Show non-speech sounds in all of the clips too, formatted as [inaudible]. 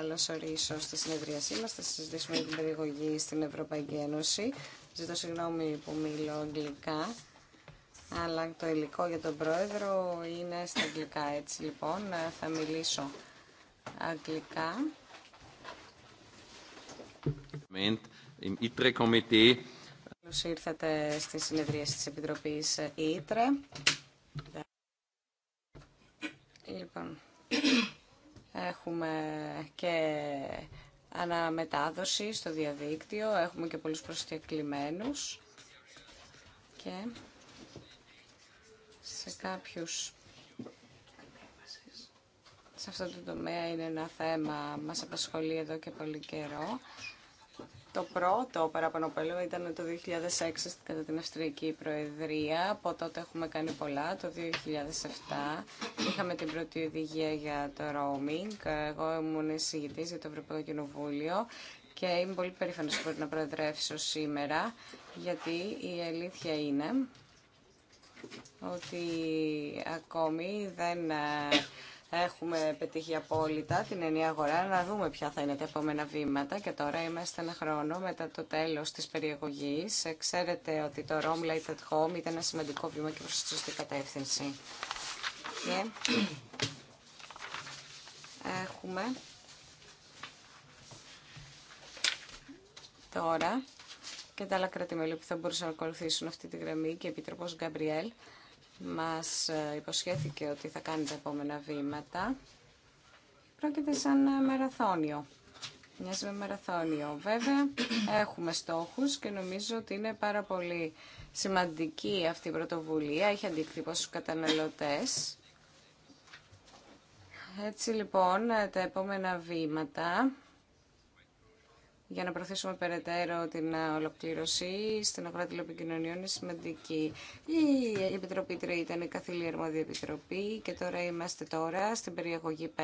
καλωσορίσω στη συνεδρίασή μα. Θα συζητήσουμε για την περιεγωγή στην Ευρωπαϊκή Ένωση. Ζητώ συγγνώμη που μιλώ αγγλικά, αλλά το υλικό για τον πρόεδρο είναι στα αγγλικά. Έτσι λοιπόν θα μιλήσω αγγλικά. Καλώ ήρθατε στη συνεδρίαση τη επιτροπή ΙΤΡΕ. Λοιπόν, Έχουμε και αναμετάδοση στο διαδίκτυο, έχουμε και πολλούς προσκεκλημένους και σε κάποιους σε αυτό το τομέα είναι ένα θέμα μας απασχολεί εδώ και πολύ καιρό το πρώτο παραπανοπέλο ήταν το 2006 κατά την Αυστριακή Προεδρία. Από τότε έχουμε κάνει πολλά. Το 2007 είχαμε την πρώτη οδηγία για το roaming. Εγώ ήμουν εισηγητής για το Ευρωπαϊκό Κοινοβούλιο και είμαι πολύ περήφανος που μπορεί να προεδρεύσω σήμερα γιατί η αλήθεια είναι ότι ακόμη δεν ε, έχουμε πετύχει απόλυτα την ενιαία αγορά, να δούμε ποια θα είναι τα επόμενα βήματα και τώρα είμαστε ένα χρόνο μετά το τέλος της περιεγωγής. Ξέρετε ότι το Rome Light at Home ήταν ένα σημαντικό βήμα και προς τη σωστή κατεύθυνση. Και έχουμε τώρα και τα άλλα κρατημέλη που θα μπορούσαν να ακολουθήσουν αυτή τη γραμμή και η Επίτροπος Γκαμπριέλ μας ε, υποσχέθηκε ότι θα κάνει τα επόμενα βήματα. Πρόκειται σαν ε, μαραθώνιο. Μοιάζει με μαραθώνιο. Βέβαια, έχουμε στόχους και νομίζω ότι είναι πάρα πολύ σημαντική αυτή η πρωτοβουλία. Έχει αντίκτυπο στους καταναλωτές. Έτσι λοιπόν, ε, τα επόμενα βήματα για να προωθήσουμε περαιτέρω την ε, ολοκλήρωση στην αγορά τηλεπικοινωνιών είναι σημαντική. Η Επιτροπή Τρία ήταν η Καθήλια αρμόδια επιτροπή και τώρα είμαστε τώρα στην περιεχογή 5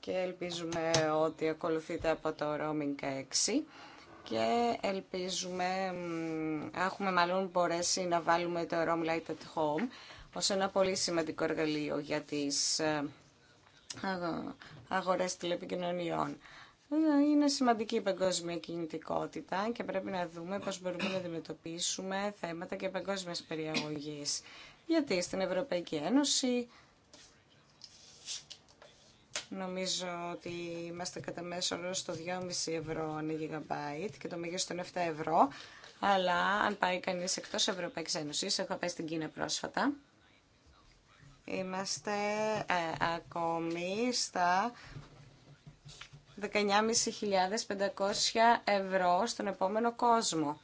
και ελπίζουμε ότι ακολουθείται από το roaming 6 και ελπίζουμε, έχουμε μάλλον μπορέσει να βάλουμε το Roam Light at Home ως ένα πολύ σημαντικό εργαλείο για τις ε, αγορές τηλεπικοινωνιών. Είναι σημαντική η παγκόσμια κινητικότητα και πρέπει να δούμε πώς μπορούμε να αντιμετωπίσουμε θέματα και παγκόσμιας περιαγωγής. Γιατί στην Ευρωπαϊκή Ένωση νομίζω ότι είμαστε κατά μέσο όρο στο 2,5 ευρώ ένα γιγαμπάιτ και το μέγιστο είναι 7 ευρώ. Αλλά αν πάει κανείς εκτός Ευρωπαϊκής Ένωσης, έχω πάει στην Κίνα πρόσφατα, είμαστε ε, ακόμη στα 19.500 ευρώ στον επόμενο κόσμο.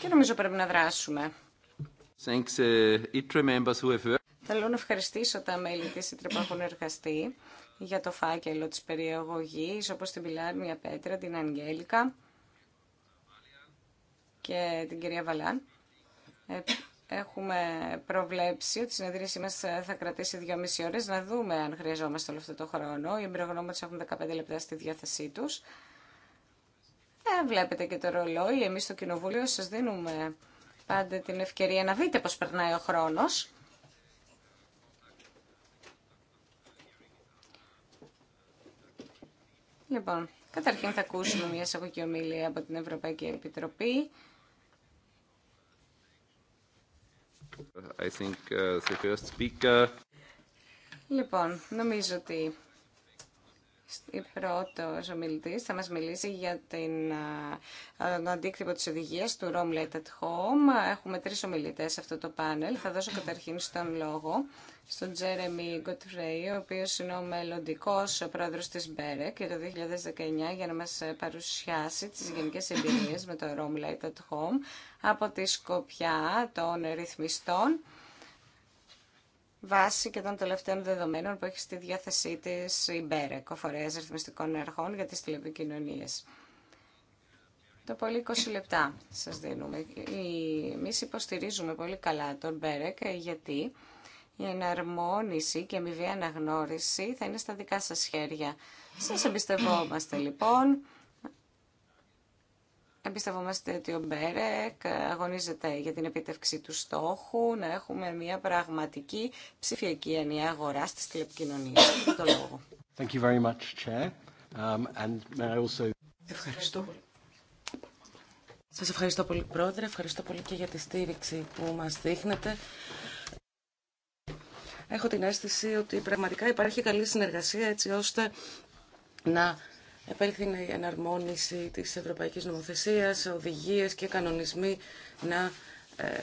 Και νομίζω πρέπει να δράσουμε. Thanks, uh, who have... Θέλω να ευχαριστήσω τα μέλη της ΙΤΡΕ που έχουν εργαστεί για το φάκελο της περιεγωγής, όπως την Πιλάρ, μια Πέτρα, την Αγγέλικα και την κυρία Βαλάν. Ε, Έχουμε προβλέψει ότι η συνεδρίαση μας θα κρατήσει 2,5 ώρε να δούμε αν χρειαζόμαστε όλο αυτό το χρόνο. Οι εμπειρογνώμονε έχουν 15 λεπτά στη διάθεσή τους. Ε, βλέπετε και το ρολόι, εμείς στο Κοινοβούλιο σας δίνουμε πάντα την ευκαιρία να δείτε πώς περνάει ο χρόνος. Λοιπόν, καταρχήν θα ακούσουμε μια εισαγωγική ομιλία από την Ευρωπαϊκή Επιτροπή. Uh, λοιπόν, νομίζω ότι η πρώτος ομιλητής θα μας μιλήσει για την, ε, τον αντίκτυπο της οδηγίας του Rome Light at Home. Έχουμε τρεις ομιλητές σε αυτό το πάνελ. Θα δώσω καταρχήν στον λόγο στον Τζέρεμι Γκοτφρέι, ο οποίο είναι ο μελλοντικό πρόεδρο τη Μπέρεκ για το 2019 για να μα παρουσιάσει τι γενικέ εμπειρίε με το Rome Light at Home από τη σκοπιά των ρυθμιστών βάσει και των τελευταίων δεδομένων που έχει στη διάθεσή τη η Μπέρεκ, ο φορέα Ρυθμιστικών Αρχών για τι τηλεπικοινωνίε. Το πολύ 20 λεπτά σας δίνουμε. Εμεί υποστηρίζουμε πολύ καλά τον Μπέρεκ γιατί η εναρμόνιση και αμοιβή αναγνώριση θα είναι στα δικά σας χέρια. Σας εμπιστευόμαστε λοιπόν. Εμπιστευόμαστε ότι ο Μπέρεκ αγωνίζεται για την επίτευξη του στόχου να έχουμε μια πραγματική ψηφιακή ενιαία αγορά στις τηλεπικοινωνίες. Το λόγο. Thank you very much, Chair. Um, and I also... Ευχαριστώ. Σας ευχαριστώ πολύ, Πρόεδρε. Ευχαριστώ πολύ και για τη στήριξη που μας δείχνετε έχω την αίσθηση ότι πραγματικά υπάρχει καλή συνεργασία έτσι ώστε να επέλθει η εναρμόνιση της ευρωπαϊκής νομοθεσίας, οδηγίες και κανονισμοί να ε,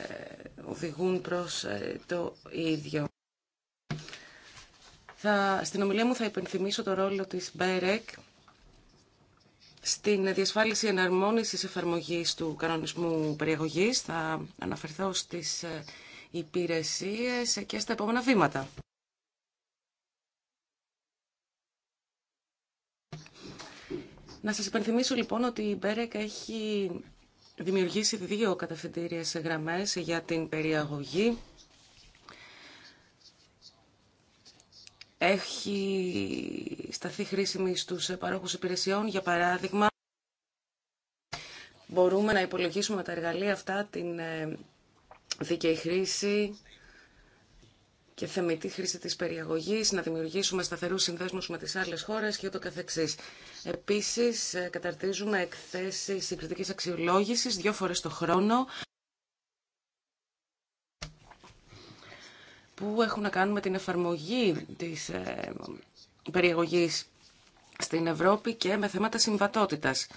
οδηγούν προς ε, το ίδιο. Θα, στην ομιλία μου θα υπενθυμίσω το ρόλο της ΜΠΕΡΕΚ στην διασφάλιση εναρμόνισης εφαρμογής του κανονισμού περιεγωγής. Θα αναφερθώ στις ε, υπηρεσίες και στα επόμενα βήματα. Να σας υπενθυμίσω λοιπόν ότι η Μπέρεκ έχει δημιουργήσει δύο σε γραμμές για την περιαγωγή. Έχει σταθεί χρήσιμη στους παρόχους υπηρεσιών, για παράδειγμα, μπορούμε να υπολογίσουμε τα εργαλεία αυτά την ε, δίκαιη χρήση και θεμητή χρήση της περιαγωγής, να δημιουργήσουμε σταθερούς συνδέσμους με τις άλλες χώρες και ούτω καθεξής. Επίσης, ε, καταρτίζουμε εκθέσεις συγκριτικής αξιολόγησης δύο φορές το χρόνο, που έχουν να κάνουν με την εφαρμογή της ε, περιαγωγής στην Ευρώπη και με θέματα συμβατότητας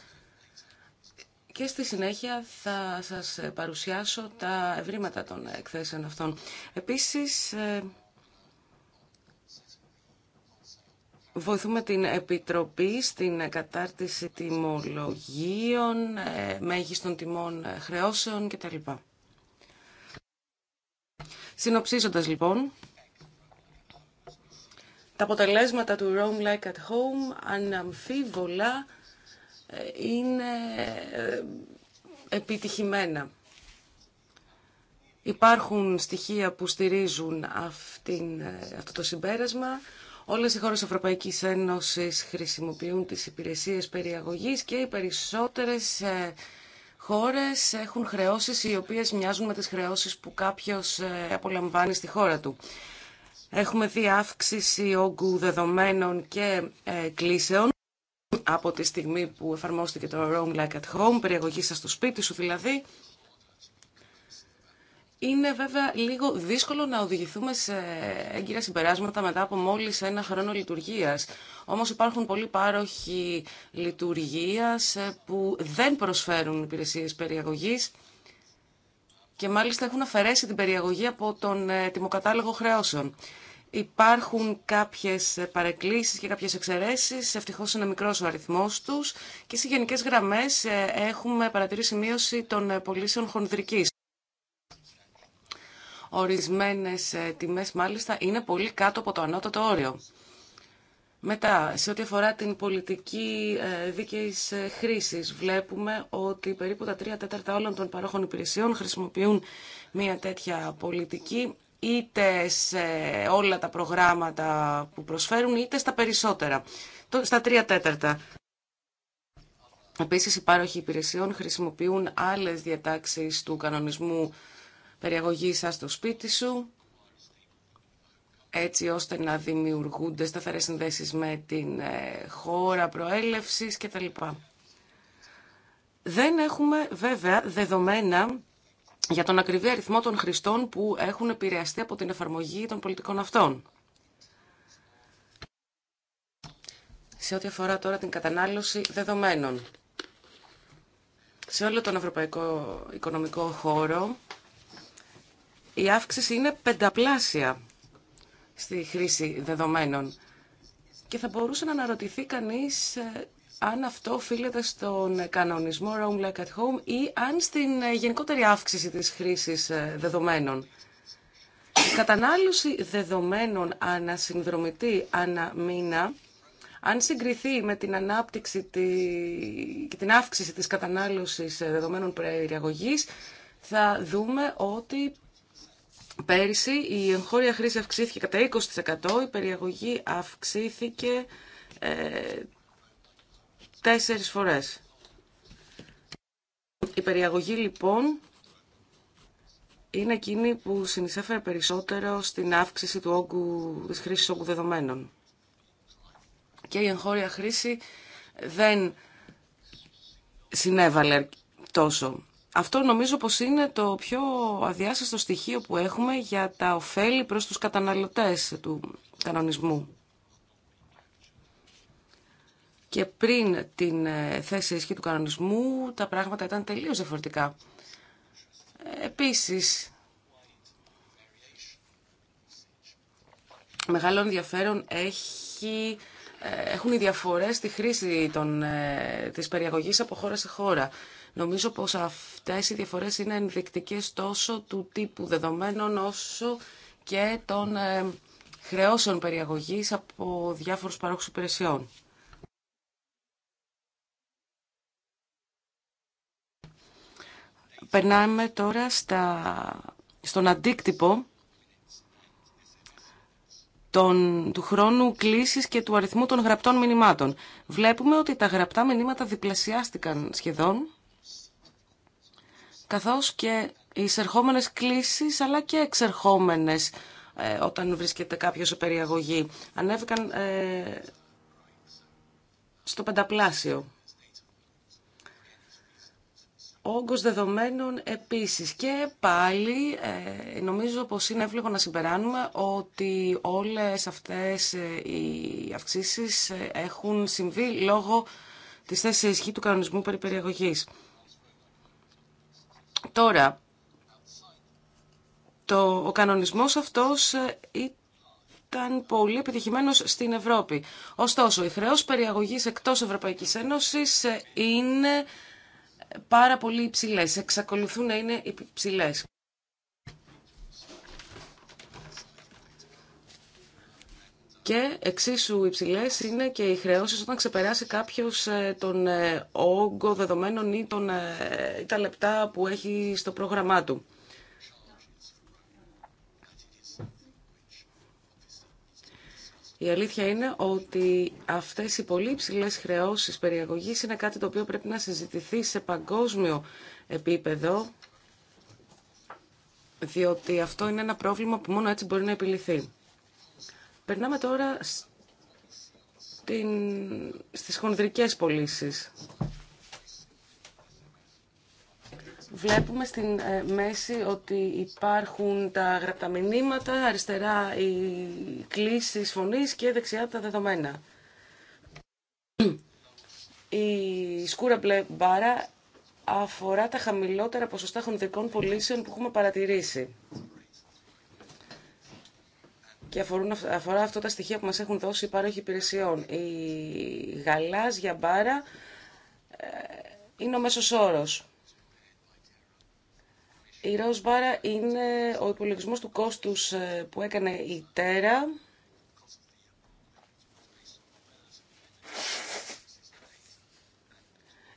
και στη συνέχεια θα σας ε, παρουσιάσω τα ευρήματα των εκθέσεων αυτών. Επίσης, ε, βοηθούμε την Επιτροπή στην κατάρτιση τιμολογίων, ε, μέγιστον τιμών χρεώσεων κτλ. Συνοψίζοντας λοιπόν, τα αποτελέσματα του Rome Like at Home αναμφίβολα είναι ε, επιτυχημένα. Υπάρχουν στοιχεία που στηρίζουν αυτήν, ε, αυτό το συμπέρασμα. Όλες οι χώρες Ευρωπαϊκής Ένωσης χρησιμοποιούν τις υπηρεσίες περιαγωγής και οι περισσότερες ε, χώρες έχουν χρεώσεις οι οποίες μοιάζουν με τις χρεώσεις που κάποιος απολαμβάνει στη χώρα του. Έχουμε δει αύξηση όγκου δεδομένων και κλίσεων από τη στιγμή που εφαρμόστηκε το Roam Like at Home, περιαγωγή σας στο σπίτι σου δηλαδή, είναι βέβαια λίγο δύσκολο να οδηγηθούμε σε έγκυρα συμπεράσματα μετά από μόλις ένα χρόνο λειτουργίας. Όμως υπάρχουν πολλοί πάροχοι λειτουργίας ε, που δεν προσφέρουν υπηρεσίες περιαγωγής και μάλιστα έχουν αφαιρέσει την περιαγωγή από τον ε, τιμοκατάλογο χρεώσεων. Υπάρχουν κάποιε παρεκκλήσει και κάποιε εξαιρέσει. Ευτυχώ είναι μικρό ο αριθμό του και σε γενικέ γραμμέ ε, έχουμε παρατηρήσει μείωση των ε, πωλήσεων χονδρική. Ορισμένε ε, τιμέ μάλιστα είναι πολύ κάτω από το ανώτατο όριο. Μετά, σε ό,τι αφορά την πολιτική δίκαιη χρήση, βλέπουμε ότι περίπου τα τρία τέταρτα όλων των παρόχων υπηρεσιών χρησιμοποιούν μια τέτοια πολιτική είτε σε όλα τα προγράμματα που προσφέρουν, είτε στα περισσότερα, στα τρία τέταρτα. Επίσης, πάροχοι υπηρεσιών χρησιμοποιούν άλλες διατάξεις του κανονισμού περιαγωγής σας στο σπίτι σου, έτσι ώστε να δημιουργούνται σταθερές συνδέσεις με την ε, χώρα προέλευσης κτλ. Δεν έχουμε βέβαια δεδομένα για τον ακριβή αριθμό των χρηστών που έχουν επηρεαστεί από την εφαρμογή των πολιτικών αυτών. Σε ό,τι αφορά τώρα την κατανάλωση δεδομένων. Σε όλο τον ευρωπαϊκό οικονομικό χώρο η αύξηση είναι πενταπλάσια στη χρήση δεδομένων. Και θα μπορούσε να αναρωτηθεί κανείς ε, αν αυτό οφείλεται στον κανονισμό Rome Like at Home ή αν στην ε, γενικότερη αύξηση της χρήσης ε, δεδομένων. Η κατανάλωση δεδομένων ανασυνδρομητή μήνα, αν συγκριθεί με την ανάπτυξη τη... και την αύξηση της κατανάλωσης ε, δεδομένων περιαγωγής, θα δούμε ότι πέρυσι η εγχώρια χρήση αυξήθηκε κατά 20%, η περιαγωγή αυξήθηκε τέσσερις φορές. Η περιαγωγή λοιπόν είναι εκείνη που συνεισέφερε περισσότερο στην αύξηση του όγκου, της χρήσης όγκου δεδομένων. Και η εγχώρια χρήση δεν συνέβαλε τόσο. Αυτό νομίζω πως είναι το πιο αδιάσταστο στοιχείο που έχουμε για τα ωφέλη προς τους καταναλωτές του κανονισμού και πριν την ε, θέση ισχύ του κανονισμού τα πράγματα ήταν τελείως διαφορετικά. Επίσης, μεγάλο ενδιαφέρον έχει, ε, έχουν οι διαφορές στη χρήση των, ε, της περιαγωγής από χώρα σε χώρα. Νομίζω πως αυτές οι διαφορές είναι ενδεικτικές τόσο του τύπου δεδομένων όσο και των χρεώσεων περιαγωγής από διάφορους παρόχους υπηρεσιών. Περνάμε τώρα στα, στον αντίκτυπο του χρόνου κλήσης και του αριθμού των γραπτών μηνυμάτων. Βλέπουμε ότι τα γραπτά μηνύματα διπλασιάστηκαν σχεδόν, καθώς και οι εισερχόμενες κλήσεις αλλά και εξερχόμενες ε, όταν βρίσκεται κάποιος σε περιαγωγή ανέβηκαν ε, στο πενταπλάσιο όγκος δεδομένων επίσης. Και πάλι ε, νομίζω πως είναι εύλογο να συμπεράνουμε ότι όλες αυτές ε, οι αυξήσεις ε, έχουν συμβεί λόγω της θέσης ισχύ του κανονισμού περιεγωγής. Τώρα, το, ο κανονισμός αυτός ήταν πολύ επιτυχημένος στην Ευρώπη. Ωστόσο, η χρέος περιαγωγής εκτός Ευρωπαϊκής Ένωσης είναι πάρα πολύ υψηλέ. εξακολουθούν να είναι υψηλέ. Και εξίσου υψηλέ είναι και οι χρεώσει όταν ξεπεράσει κάποιο ε, τον ε, όγκο δεδομένων ή, ε, ή τα λεπτά που έχει στο πρόγραμμά του. Η αλήθεια είναι ότι αυτές οι πολύ υψηλέ χρεώσει περιαγωγή είναι κάτι το οποίο πρέπει να συζητηθεί σε παγκόσμιο επίπεδο, διότι αυτό είναι ένα πρόβλημα που μόνο έτσι μπορεί να επιληθεί. Περνάμε τώρα στι στις πωλήσει. Βλέπουμε στην ε, μέση ότι υπάρχουν τα γραπτά μηνύματα, αριστερά οι κλήσεις φωνής και δεξιά τα δεδομένα. Η σκούρα μπλε μπάρα αφορά τα χαμηλότερα ποσοστά χονδρικών πωλήσεων που έχουμε παρατηρήσει. Και αφορούν, αφορά αυτά τα στοιχεία που μας έχουν δώσει οι πάροχοι υπηρεσιών. Η γαλάζια μπάρα ε, είναι ο μέσος όρος. Η Ροσβάρα είναι ο υπολογισμός του κόστους ε, που έκανε η Τέρα.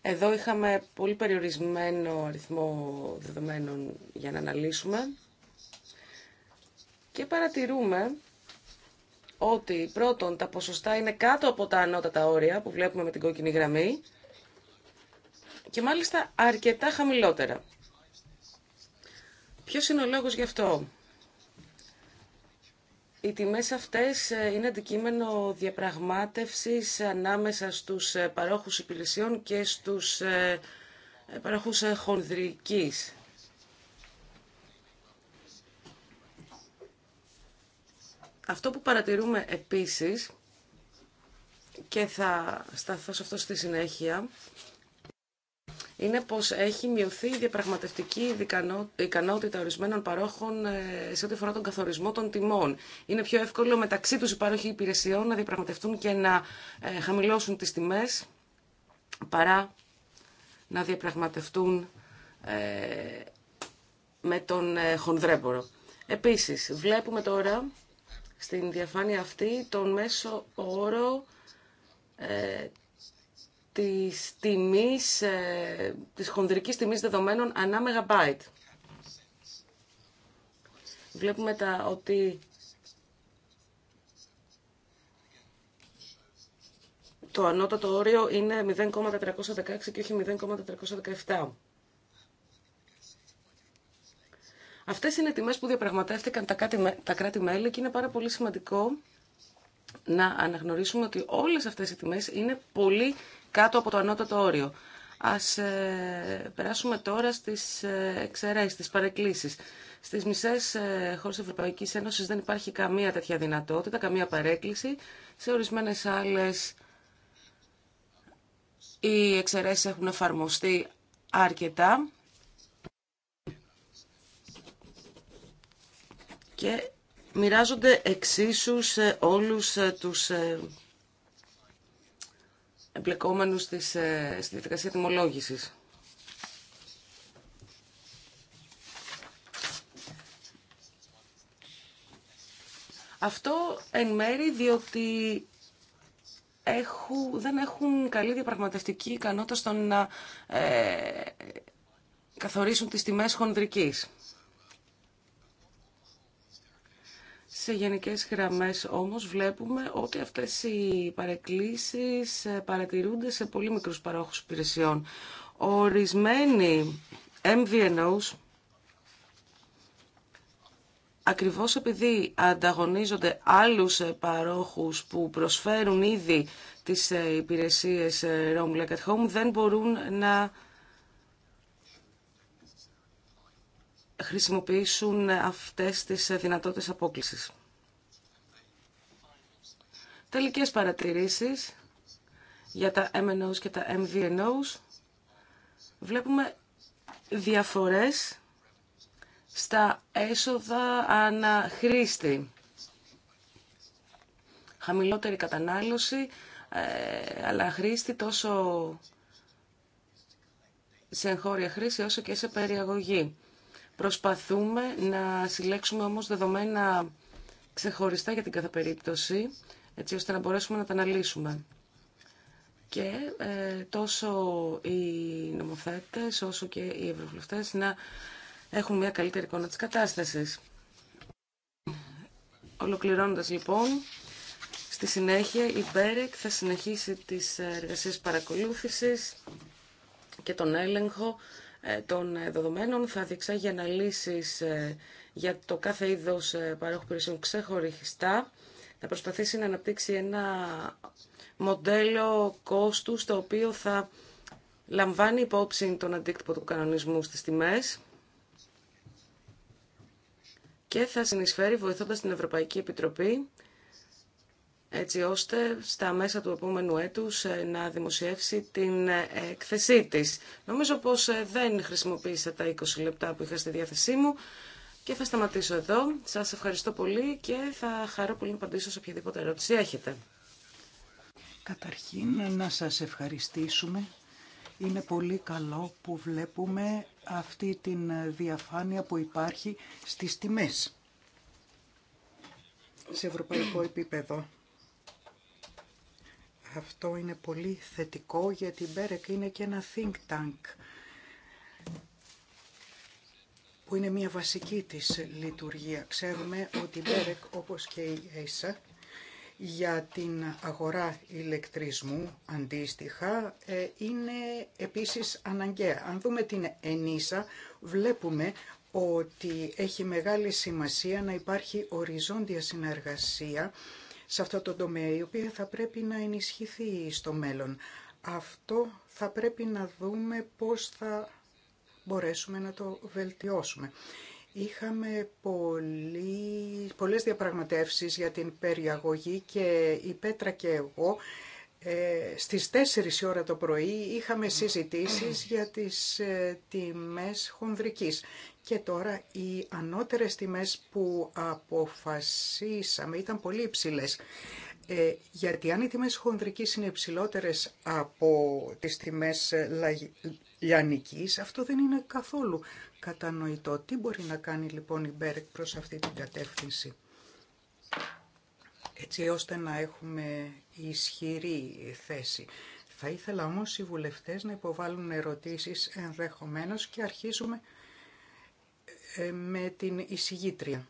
Εδώ είχαμε πολύ περιορισμένο αριθμό δεδομένων για να αναλύσουμε και παρατηρούμε ότι πρώτον τα ποσοστά είναι κάτω από τα ανώτατα όρια που βλέπουμε με την κόκκινη γραμμή και μάλιστα αρκετά χαμηλότερα. Ποιο είναι ο λόγος γι' αυτό. Οι τιμέ αυτές ε, είναι αντικείμενο διαπραγμάτευσης ανάμεσα στους ε, παρόχους υπηρεσιών και στους ε, παρόχου χονδρική. Αυτό που παρατηρούμε επίσης, και θα σταθώ σε αυτό στη συνέχεια, είναι πως έχει μειωθεί η διαπραγματευτική ικανότητα ορισμένων παρόχων ε, σε ό,τι αφορά τον καθορισμό των τιμών. Είναι πιο εύκολο μεταξύ τους οι παρόχοι υπηρεσιών να διαπραγματευτούν και να ε, χαμηλώσουν τις τιμές παρά να διαπραγματευτούν ε, με τον χονδρέμπορο. Επίσης, βλέπουμε τώρα στην διαφάνεια αυτή τον μέσο όρο της τιμής, ε, της χονδρικής τιμής δεδομένων ανά μεγαμπάιτ. Βλέπουμε τα ότι το ανώτατο όριο είναι 0,416 και όχι 0,417. Αυτές είναι οι τιμές που διαπραγματεύτηκαν τα κράτη-μέλη και είναι πάρα πολύ σημαντικό να αναγνωρίσουμε ότι όλες αυτές οι τιμές είναι πολύ κάτω από το ανώτατο όριο. Ας ε, περάσουμε τώρα στις ε, εξαιρέσεις, στις παρεκκλήσεις. Στις μισές ε, χώρες Ευρωπαϊκής Ένωσης δεν υπάρχει καμία τέτοια δυνατότητα, καμία παρέκκληση. Σε ορισμένες άλλες οι εξαιρέσεις έχουν εφαρμοστεί αρκετά. Και μοιράζονται εξίσου σε όλους ε, τους εμπλεκόμενους στις, ε, στη διαδικασία τιμολόγησης. Αυτό εν μέρη διότι έχουν, δεν έχουν καλή διαπραγματευτική ικανότητα στο να ε, καθορίσουν τις τιμές χονδρικής. Σε γενικές γραμμές όμως βλέπουμε ότι αυτές οι παρεκκλήσεις ε, παρατηρούνται σε πολύ μικρούς παρόχους υπηρεσιών. Ορισμένοι MVNOs, ακριβώς επειδή ανταγωνίζονται άλλους ε, παρόχους που προσφέρουν ήδη τις ε, υπηρεσίες Rome Black at Home, δεν μπορούν να χρησιμοποιήσουν αυτές τις δυνατότητες απόκλησης. Τελικές παρατηρήσεις για τα MNOs και τα MVNOs. Βλέπουμε διαφορές στα έσοδα αναχρήστη. Χαμηλότερη κατανάλωση, ε, αλλά χρήστη τόσο σε εγχώρια χρήση όσο και σε περιαγωγή. Προσπαθούμε να συλλέξουμε όμως δεδομένα ξεχωριστά για την κάθε περίπτωση, έτσι ώστε να μπορέσουμε να τα αναλύσουμε. Και ε, τόσο οι νομοθέτες όσο και οι ευρωβουλευτές να έχουν μια καλύτερη εικόνα της κατάστασης. Ολοκληρώνοντας λοιπόν, στη συνέχεια η ΠΕΡΕΚ θα συνεχίσει τις εργασίες παρακολούθησης και τον έλεγχο ε, των ε, δεδομένων θα διεξάγει αναλύσεις ε, για το κάθε είδος παρόχου υπηρεσιών ξεχωριστά. Θα προσπαθήσει να αναπτύξει ένα μοντέλο κόστους το οποίο θα λαμβάνει υπόψη τον αντίκτυπο του κανονισμού στις τιμές και θα συνεισφέρει βοηθώντας την Ευρωπαϊκή Επιτροπή έτσι ώστε στα μέσα του επόμενου έτους ε, να δημοσιεύσει την ε, έκθεσή της. Νομίζω πως ε, δεν χρησιμοποίησα τα 20 λεπτά που είχα στη διάθεσή μου και θα σταματήσω εδώ. Σας ευχαριστώ πολύ και θα χαρώ πολύ να απαντήσω σε οποιαδήποτε ερώτηση έχετε. Καταρχήν να σας ευχαριστήσουμε. Είναι πολύ καλό που βλέπουμε αυτή την διαφάνεια που υπάρχει στις τιμές σε ευρωπαϊκό επίπεδο. Αυτό είναι πολύ θετικό γιατί η Μπέρεκ είναι και ένα think tank που είναι μια βασική της λειτουργία. Ξέρουμε ότι η Μπέρεκ όπως και η ΕΙΣΑ για την αγορά ηλεκτρισμού αντίστοιχα ε, είναι επίσης αναγκαία. Αν δούμε την ΕΝΙΣΑ βλέπουμε ότι έχει μεγάλη σημασία να υπάρχει οριζόντια συνεργασία σε αυτό το τομέα, η οποία θα πρέπει να ενισχυθεί στο μέλλον. Αυτό θα πρέπει να δούμε πώς θα μπορέσουμε να το βελτιώσουμε. Είχαμε πολλές διαπραγματεύσεις για την περιαγωγή και η Πέτρα και εγώ ε, στις 4 η ώρα το πρωί είχαμε συζητήσεις για τις ε, τιμές χονδρικής και τώρα οι ανώτερες τιμές που αποφασίσαμε ήταν πολύ υψηλές. Ε, γιατί αν οι τιμές χονδρικής είναι υψηλότερες από τις τιμές λιανικής, αυτό δεν είναι καθόλου κατανοητό. Τι μπορεί να κάνει λοιπόν η Μπέρκ προς αυτή την κατεύθυνση έτσι ώστε να έχουμε ισχυρή θέση. Θα ήθελα όμως οι βουλευτές να υποβάλουν ερωτήσεις ενδεχομένως και αρχίζουμε ε, με την εισηγήτρια.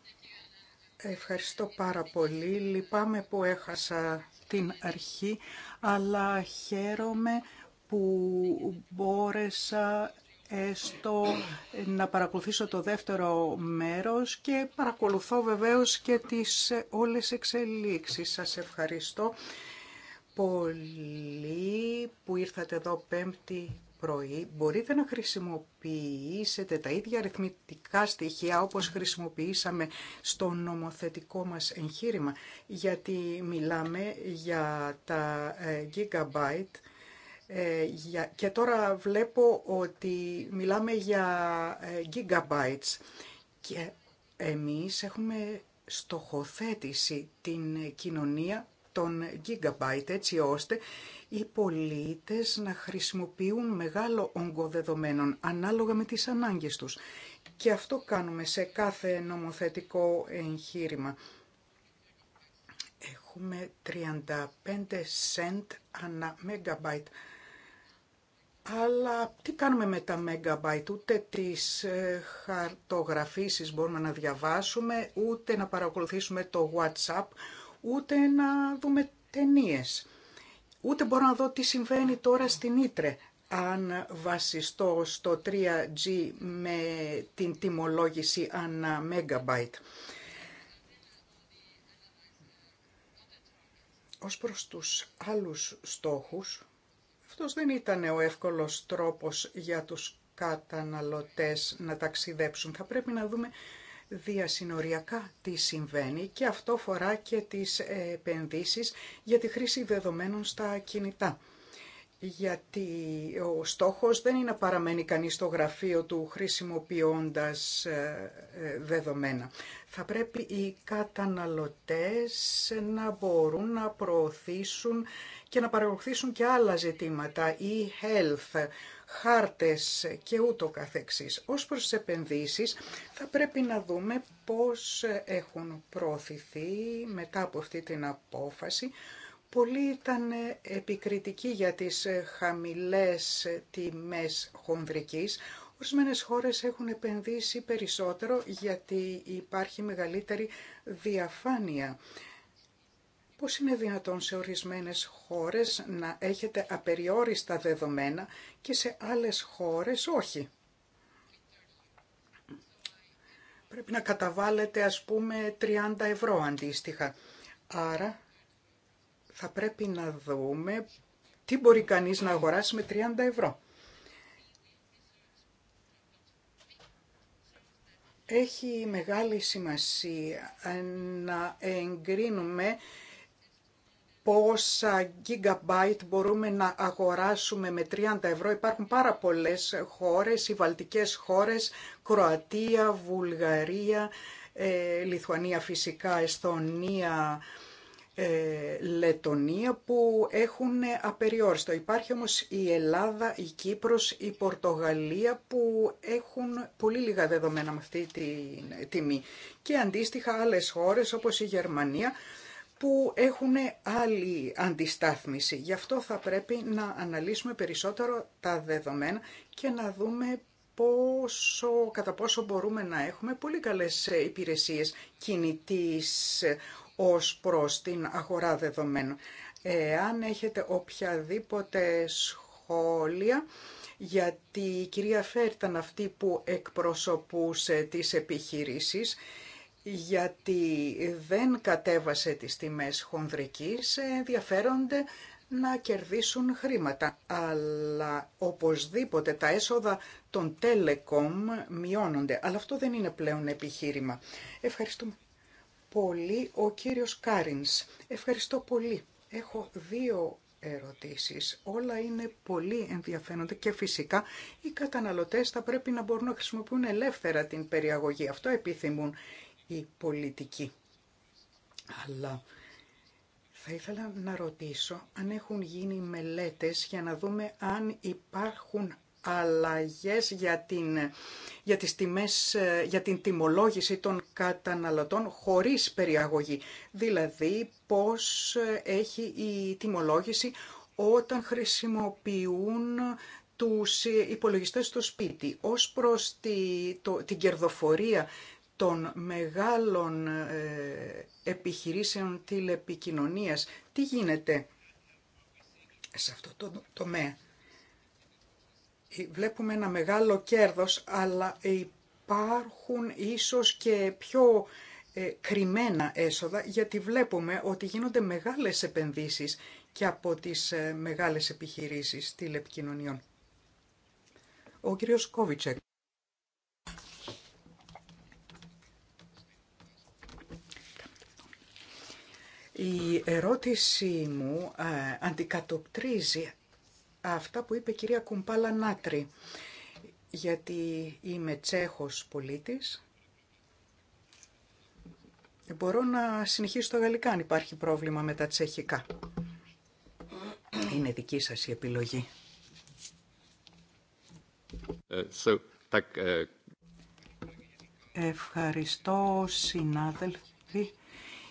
Ευχαριστώ πάρα πολύ. Λυπάμαι που έχασα την αρχή, αλλά χαίρομαι που μπόρεσα εστω να παρακολουθήσω το δεύτερο μέρος και παρακολουθώ βεβαίως και τις όλες εξελίξεις. Σας ευχαριστώ πολύ που ήρθατε εδώ πέμπτη πρωί. Μπορείτε να χρησιμοποιήσετε τα ίδια αριθμητικά στοιχεία όπως χρησιμοποιήσαμε στο νομοθετικό μας εγχείρημα γιατί μιλάμε για τα ε, gigabyte ε, και τώρα βλέπω ότι μιλάμε για ε, gigabytes και εμείς έχουμε στοχοθέτηση την κοινωνία των gigabyte έτσι ώστε οι πολίτες να χρησιμοποιούν μεγάλο όγκο δεδομένων ανάλογα με τις ανάγκες τους. Και αυτό κάνουμε σε κάθε νομοθετικό εγχείρημα. Έχουμε 35 cent ανά megabyte αλλά τι κάνουμε με τα megabyte, ούτε τις ε, χαρτογραφήσεις μπορούμε να διαβάσουμε, ούτε να παρακολουθήσουμε το WhatsApp, ούτε να δούμε ταινίες. Ούτε μπορώ να δω τι συμβαίνει τώρα στην Ήτρε, αν βασιστώ στο 3G με την τιμολόγηση ανά megabyte. Ως προς τους άλλους στόχους, αυτός δεν ήταν ο εύκολος τρόπος για τους καταναλωτές να ταξιδέψουν. Θα πρέπει να δούμε διασυνοριακά τι συμβαίνει και αυτό φορά και τις επενδύσεις για τη χρήση δεδομένων στα κινητά γιατί ο στόχος δεν είναι να παραμένει κανείς στο γραφείο του χρησιμοποιώντας ε, ε, δεδομένα. Θα πρέπει οι καταναλωτές να μπορούν να προωθήσουν και να παρακολουθήσουν και άλλα ή e-health, χάρτες και ούτω καθεξής. Ως προς τις επενδύσεις θα πρέπει να δούμε πώς έχουν προωθηθεί μετά από αυτή την απόφαση, Πολλοί ήταν επικριτικοί για τις ε, χαμηλές ε, τιμές χονδρικής. Ορισμένε χώρες έχουν επενδύσει περισσότερο γιατί υπάρχει μεγαλύτερη διαφάνεια. Πώς είναι δυνατόν σε ορισμένες χώρες να έχετε απεριόριστα δεδομένα και σε άλλες χώρες όχι. Πρέπει να καταβάλλετε ας πούμε 30 ευρώ αντίστοιχα. Άρα θα πρέπει να δούμε τι μπορεί κανείς να αγοράσει με 30 ευρώ. Έχει μεγάλη σημασία να εγκρίνουμε πόσα gigabyte μπορούμε να αγοράσουμε με 30 ευρώ. Υπάρχουν πάρα πολλές χώρες, οι βαλτικές χώρες, Κροατία, Βουλγαρία, ε, Λιθουανία φυσικά, Εσθονία, ε, Λετωνία που έχουν απεριόριστο. Υπάρχει όμως η Ελλάδα, η Κύπρος, η Πορτογαλία που έχουν πολύ λίγα δεδομένα με αυτή τη τιμή. Και αντίστοιχα άλλες χώρες όπως η Γερμανία που έχουν άλλη αντιστάθμιση. Γι' αυτό θα πρέπει να αναλύσουμε περισσότερο τα δεδομένα και να δούμε πόσο, κατά πόσο μπορούμε να έχουμε πολύ καλές υπηρεσίες κινητής ως προς την αγορά δεδομένων. Εάν έχετε οποιαδήποτε σχόλια, γιατί η κυρία Φέρ ήταν αυτή που εκπροσωπούσε τις επιχειρήσεις, γιατί δεν κατέβασε τις τιμές χονδρικής, ενδιαφέρονται να κερδίσουν χρήματα. Αλλά οπωσδήποτε τα έσοδα των Telecom μειώνονται. Αλλά αυτό δεν είναι πλέον επιχείρημα. Ευχαριστούμε πολύ ο κύριος Κάρινς. Ευχαριστώ πολύ. Έχω δύο ερωτήσεις. Όλα είναι πολύ ενδιαφέροντα και φυσικά οι καταναλωτές θα πρέπει να μπορούν να χρησιμοποιούν ελεύθερα την περιαγωγή. Αυτό επιθυμούν οι πολιτικοί. Αλλά θα ήθελα να ρωτήσω αν έχουν γίνει μελέτες για να δούμε αν υπάρχουν αλλαγές για την, για, ε, για την τιμολόγηση των καταναλωτών χωρίς περιαγωγή. Δηλαδή πώς ε, έχει η τιμολόγηση όταν χρησιμοποιούν τους ε, υπολογιστές στο σπίτι. Ως προς τη, την κερδοφορία των μεγάλων ε, επιχειρήσεων τηλεπικοινωνίας, τι γίνεται σε αυτό το τομέα βλέπουμε ένα μεγάλο κέρδος, αλλά υπάρχουν ίσως και πιο ε, κρυμμένα έσοδα, γιατί βλέπουμε ότι γίνονται μεγάλες επενδύσεις και από τις ε, μεγάλες επιχειρήσεις τηλεπικοινωνιών. Ο κύριος Κόβιτσεκ. Η ερώτησή μου ε, αντικατοπτρίζει αυτά που είπε η κυρία Κουμπάλα Νάτρη, γιατί είμαι Τσέχος πολίτης. Μπορώ να συνεχίσω το γαλλικά αν υπάρχει πρόβλημα με τα τσεχικά. Είναι δική σας η επιλογή. Ε, so, ε, Ευχαριστώ συνάδελφοι.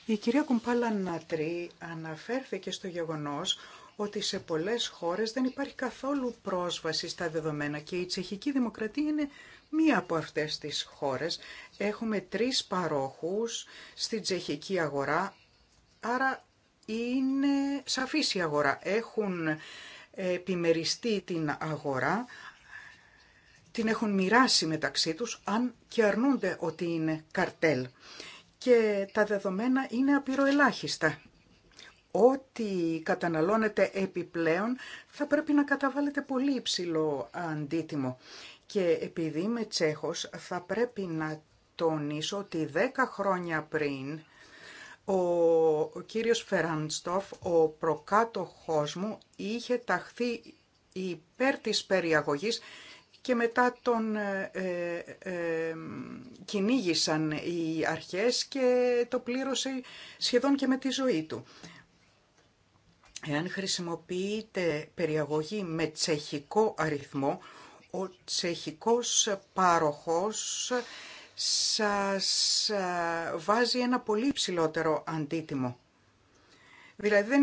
Η κυρία Κουμπάλα Νατρή αναφέρθηκε στο γεγονός ότι σε πολλές χώρες δεν υπάρχει καθόλου πρόσβαση στα δεδομένα και η τσεχική δημοκρατία είναι μία από αυτές τις χώρες. Έχουμε τρεις παρόχους στην τσεχική αγορά, άρα είναι σαφής η αγορά. Έχουν ε, επιμεριστεί την αγορά, την έχουν μοιράσει μεταξύ τους, αν και αρνούνται ότι είναι καρτέλ. Και τα δεδομένα είναι απειροελάχιστα ό,τι καταναλώνετε επιπλέον θα πρέπει να καταβάλετε πολύ υψηλό αντίτιμο. Και επειδή είμαι Τσέχος θα πρέπει να τονίσω ότι 10 χρόνια πριν ο, κύριος Φεραντστοφ, ο προκάτοχός μου, είχε ταχθεί υπέρ της περιαγωγής και μετά τον ε, ε, ε, κυνήγησαν οι αρχές και το πλήρωσε σχεδόν και με τη ζωή του. Εάν χρησιμοποιείτε περιαγωγή με τσεχικό αριθμό, ο τσεχικός πάροχος σας ε, βάζει ένα πολύ ψηλότερο αντίτιμο. Δηλαδή δεν,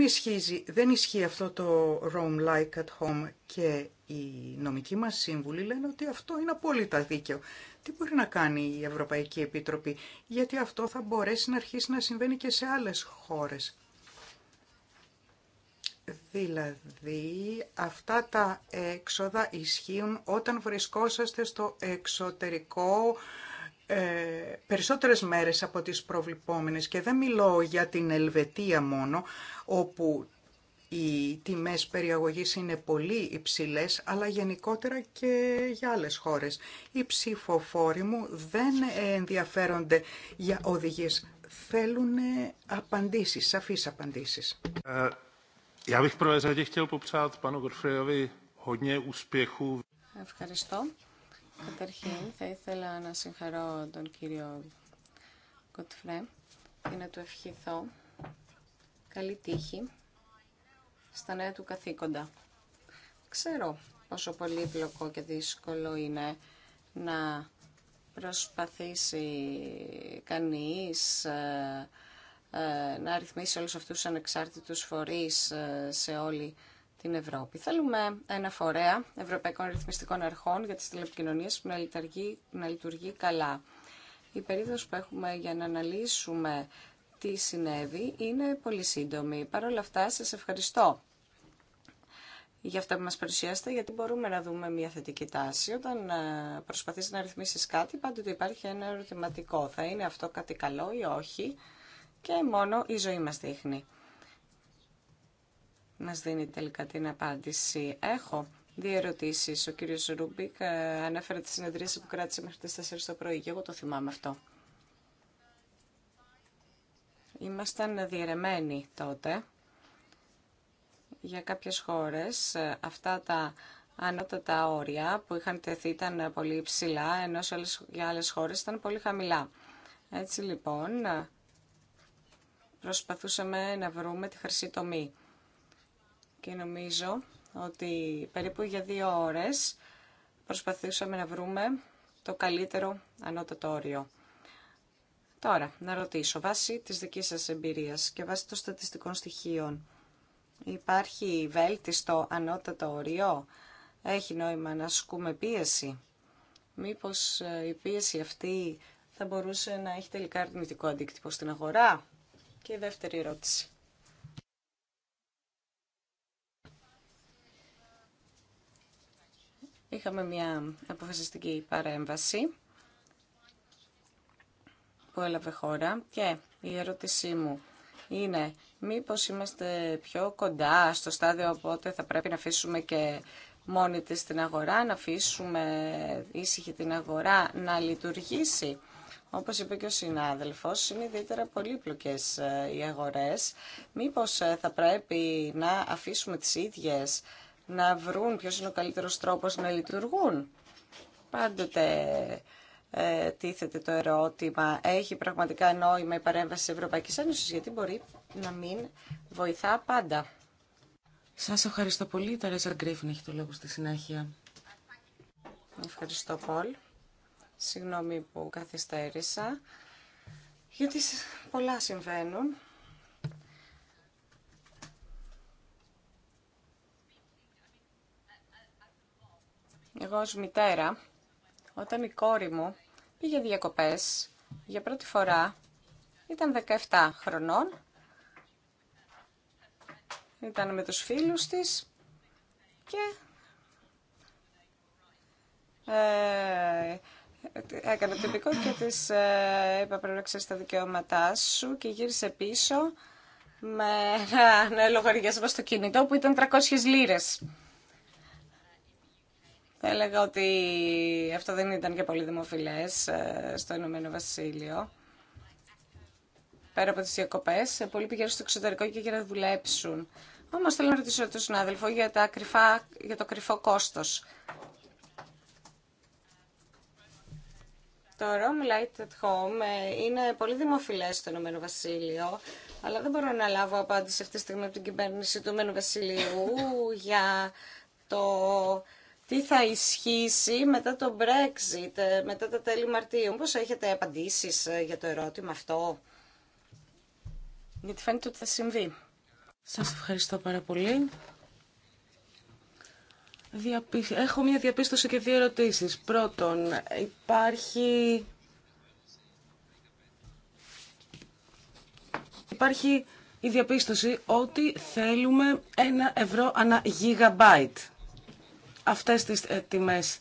δεν ισχύει αυτό το Rome Like at Home και οι νομικοί μας σύμβουλοι λένε ότι αυτό είναι απόλυτα δίκαιο. Τι μπορεί να κάνει η Ευρωπαϊκή Επίτροπη, γιατί αυτό θα μπορέσει να αρχίσει να συμβαίνει και σε άλλες χώρες. Δηλαδή, αυτά τα έξοδα ισχύουν όταν βρισκόσαστε στο εξωτερικό ε, περισσότερες μέρες από τις προβληπόμενες. Και δεν μιλώ για την Ελβετία μόνο, όπου οι τιμές περιαγωγής είναι πολύ υψηλές, αλλά γενικότερα και για άλλες χώρες. Οι ψηφοφόροι μου δεν ενδιαφέρονται για οδηγίες. Θέλουν απαντήσεις, σαφείς απαντήσεις. Ε, Ευχαριστώ. Καταρχήν θα ήθελα να συγχαρώ τον κύριο Κοτφρέ και να του ευχηθώ καλή τύχη στα νέα του καθήκοντα. Ξέρω πόσο πολύπλοκο και δύσκολο είναι να προσπαθήσει κανείς ε, ε, να ρυθμίσει όλους αυτούς τους ανεξάρτητους φορείς ε, σε όλη την Ευρώπη. Θέλουμε ένα φορέα Ευρωπαϊκών Ρυθμιστικών Αρχών για τις τηλεπικοινωνίες που να λειτουργεί, καλά. Η περίοδος που έχουμε για να αναλύσουμε τι συνέβη είναι πολύ σύντομη. Παρ' όλα αυτά σας ευχαριστώ για αυτά που μας παρουσιάσετε, γιατί μπορούμε να δούμε μια θετική τάση. Όταν ε, προσπαθείς να ρυθμίσεις κάτι, πάντοτε υπάρχει ένα ερωτηματικό. Θα είναι αυτό κάτι καλό ή όχι και μόνο η ζωή μας δείχνει. Μας δίνει τελικά την απάντηση. Έχω δύο ερωτήσει. Ο κύριος Ρούμπικ ε, ανέφερε τη συνεδρίες που κράτησε μέχρι τις 4 το πρωί και εγώ το θυμάμαι αυτό. Ήμασταν διαιρεμένοι τότε για κάποιες χώρες. Αυτά τα ανώτατα όρια που είχαν τεθεί ήταν πολύ υψηλά, ενώ για άλλες χώρες ήταν πολύ χαμηλά. Έτσι λοιπόν, προσπαθούσαμε να βρούμε τη χρυσή τομή. Και νομίζω ότι περίπου για δύο ώρες προσπαθούσαμε να βρούμε το καλύτερο ανώτατο όριο. Τώρα, να ρωτήσω, βάσει της δικής σας εμπειρίας και βάσει των στατιστικών στοιχείων, υπάρχει βέλτιστο ανώτατο όριο, έχει νόημα να ασκούμε πίεση. Μήπως ε, η πίεση αυτή θα μπορούσε να έχει τελικά αρνητικό αντίκτυπο στην αγορά. Και η δεύτερη ερώτηση. Είχαμε μια αποφασιστική παρέμβαση που έλαβε χώρα και η ερώτησή μου είναι μήπως είμαστε πιο κοντά στο στάδιο οπότε θα πρέπει να αφήσουμε και μόνη της την αγορά, να αφήσουμε ήσυχη την αγορά να λειτουργήσει όπως είπε και ο συνάδελφος, είναι ιδιαίτερα πολύπλοκες ε, οι αγορές. Μήπως ε, θα πρέπει να αφήσουμε τις ίδιες να βρουν ποιος είναι ο καλύτερος τρόπος να λειτουργούν. Πάντοτε ε, τίθεται το ερώτημα, έχει πραγματικά νόημα η παρέμβαση της Ευρωπαϊκής Ένωσης, γιατί μπορεί να μην βοηθά πάντα. Σας ευχαριστώ πολύ. Η Ταρέζα Γκρίφιν έχει το λόγο στη συνέχεια. Ευχαριστώ πολύ. Συγγνώμη που καθυστέρησα, γιατί πολλά συμβαίνουν. Εγώ ως μητέρα, όταν η κόρη μου πήγε διακοπές, για πρώτη φορά ήταν 17 χρονών, ήταν με τους φίλους της και ε, έκανε το υπηκό και της ε, είπα πρέπει τα δικαιώματά σου και γύρισε πίσω με ένα λογαριασμό στο κινητό που ήταν 300 λίρες. Θα έλεγα ότι αυτό δεν ήταν και πολύ δημοφιλές ε, στο Ηνωμένο Βασίλειο. Πέρα από τις διακοπέ, ε, πολλοί πηγαίνουν στο εξωτερικό και για να δουλέψουν. Όμω θέλω να ρωτήσω τον συνάδελφο για, για το κρυφό κόστο. Το Rome Light at Home ε, είναι πολύ δημοφιλέ στο Ηνωμένο Βασίλειο, αλλά δεν μπορώ να λάβω απάντηση αυτή τη στιγμή από την κυβέρνηση του Ηνωμένου Βασιλείου [laughs] για το τι θα ισχύσει μετά το Brexit, ε, μετά τα τέλη Μαρτίου. Πώς έχετε απαντήσεις ε, για το ερώτημα αυτό. Γιατί φαίνεται ότι θα συμβεί. Σας ευχαριστώ πάρα πολύ. Έχω μια διαπίστωση και δύο ερωτήσεις. Πρώτον, υπάρχει... Υπάρχει η διαπίστωση ότι θέλουμε ένα ευρώ ανά γιγαμπάιτ. Αυτές τις ε, τιμές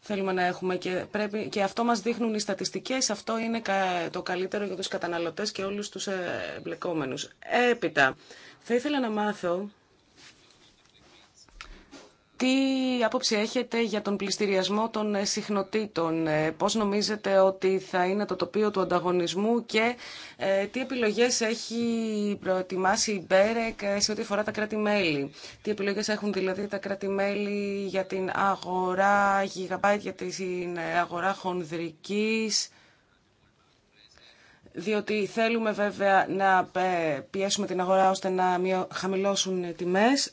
θέλουμε να έχουμε και, πρέπει, και αυτό μας δείχνουν οι στατιστικές. Αυτό είναι το καλύτερο για τους καταναλωτές και όλους τους ε, εμπλεκόμενους. Έπειτα, θα ήθελα να μάθω τι άποψη έχετε για τον πληστηριασμό των συχνοτήτων, ε, πώς νομίζετε ότι θα είναι το τοπίο του ανταγωνισμού και ε, τι επιλογές έχει προετοιμάσει η Μπέρεκ ε, σε ό,τι αφορά τα κράτη-μέλη. Τι επιλογές έχουν δηλαδή τα κράτη-μέλη για την αγορά γιγαμπάιτ, για την αγορά χονδρικής διότι θέλουμε βέβαια να πιέσουμε την αγορά ώστε να χαμηλώσουν τιμές.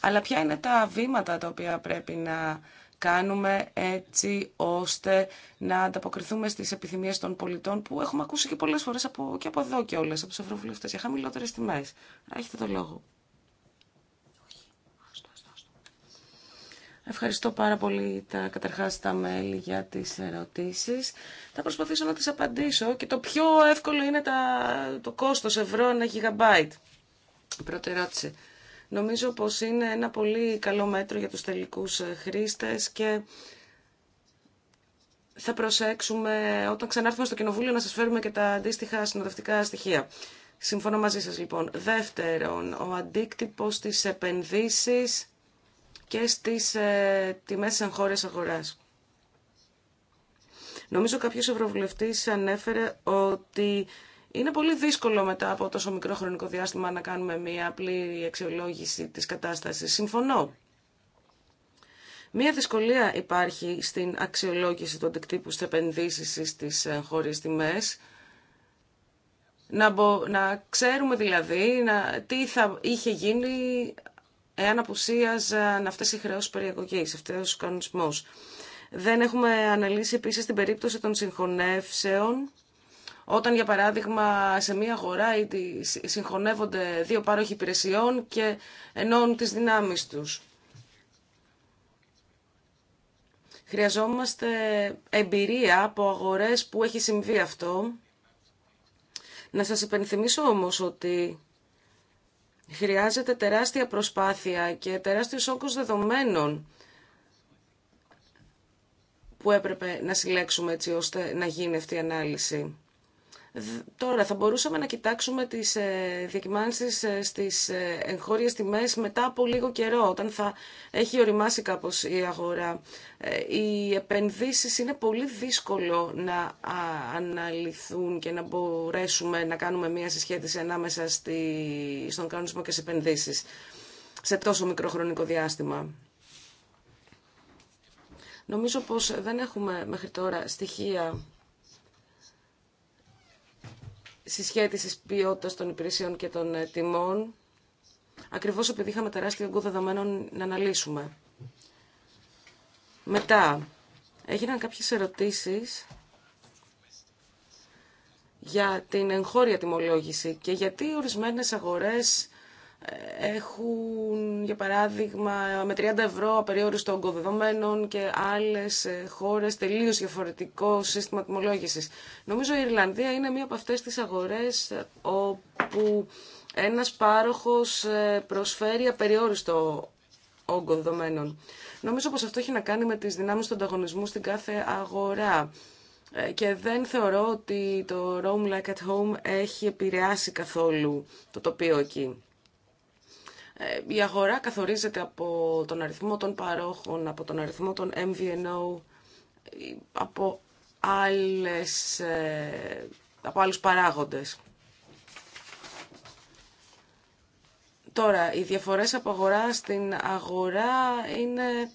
Αλλά ποια είναι τα βήματα τα οποία πρέπει να κάνουμε έτσι ώστε να ανταποκριθούμε στις επιθυμίες των πολιτών που έχουμε ακούσει και πολλές φορές από, και από εδώ και όλες, από τους ευρωβουλευτές, για χαμηλότερες τιμές. Έχετε το λόγο. Ευχαριστώ πάρα πολύ τα, καταρχάς τα μέλη για τις ερωτήσεις. Θα προσπαθήσω να τις απαντήσω και το πιο εύκολο είναι τα, το κόστος ευρώ ένα γιγαμπάιτ. Πρώτη ερώτηση. Νομίζω πως είναι ένα πολύ καλό μέτρο για τους τελικούς ε, χρήστες και θα προσέξουμε όταν ξανάρθουμε στο Κοινοβούλιο να σας φέρουμε και τα αντίστοιχα συνοδευτικά στοιχεία. Συμφωνώ μαζί σας λοιπόν. Δεύτερον, ο αντίκτυπος στις επενδύσεις και στις ε, τιμές εγχώριας αγοράς. Νομίζω κάποιος ευρωβουλευτής ανέφερε ότι είναι πολύ δύσκολο μετά από τόσο μικρό χρονικό διάστημα να κάνουμε μία απλή αξιολόγηση της κατάστασης. Συμφωνώ. Μία δυσκολία υπάρχει στην αξιολόγηση του αντικτύπου στις επενδύσεις στις ε, χώρες τιμές. Να, μπο, να ξέρουμε δηλαδή να, τι θα είχε γίνει εάν απουσίαζαν αυτές οι χρεώσεις περιεγωγής, αυτές ο κανονισμούς. Δεν έχουμε αναλύσει επίσης την περίπτωση των συγχωνεύσεων όταν, για παράδειγμα, σε μία αγορά συγχωνεύονται δύο πάροχοι υπηρεσιών και ενώνουν τις δυνάμεις τους. Χρειαζόμαστε εμπειρία από αγορές που έχει συμβεί αυτό. Να σας υπενθυμίσω όμως ότι χρειάζεται τεράστια προσπάθεια και τεράστιος όγκος δεδομένων που έπρεπε να συλλέξουμε έτσι ώστε να γίνει αυτή η ανάλυση. Τώρα θα μπορούσαμε να κοιτάξουμε τις ε, διακυμάνσεις ε, στις ε, εγχώριες τιμές μετά από λίγο καιρό, όταν θα έχει οριμάσει κάπως η αγορά. Οι επενδύσεις είναι πολύ δύσκολο να αναλυθούν και να μπορέσουμε να κάνουμε μια συσχέτιση ανάμεσα στον κανονισμό και στις επενδύσεις σε τόσο μικρό χρονικό διάστημα. Νομίζω πως δεν έχουμε μέχρι τώρα στοιχεία συσχέτισης ποιότητα των υπηρεσιών και των ε, τιμών, ακριβώς επειδή είχαμε τεράστιο όγκο δεδομένων να αναλύσουμε. Μετά, έγιναν κάποιες ερωτήσεις για την εγχώρια τιμολόγηση και γιατί ορισμένες αγορές έχουν, για παράδειγμα, με 30 ευρώ απεριόριστο όγκο δεδομένων και άλλες ε, χώρες τελείως διαφορετικό σύστημα τιμολόγησης. Νομίζω η Ιρλανδία είναι μία από αυτές τις αγορές όπου ένας πάροχος ε, προσφέρει απεριόριστο όγκο δεδομένων. Νομίζω πως αυτό έχει να κάνει με τις δυνάμεις του ανταγωνισμού στην κάθε αγορά. Ε, και δεν θεωρώ ότι το «Rome Like at Home έχει επηρεάσει καθόλου το τοπίο εκεί. Ε, η αγορά καθορίζεται από τον αριθμό των παρόχων, από τον αριθμό των MVNO, ε, από, άλλες, ε, από άλλους παράγοντες. Τώρα, οι διαφορές από αγορά στην αγορά είναι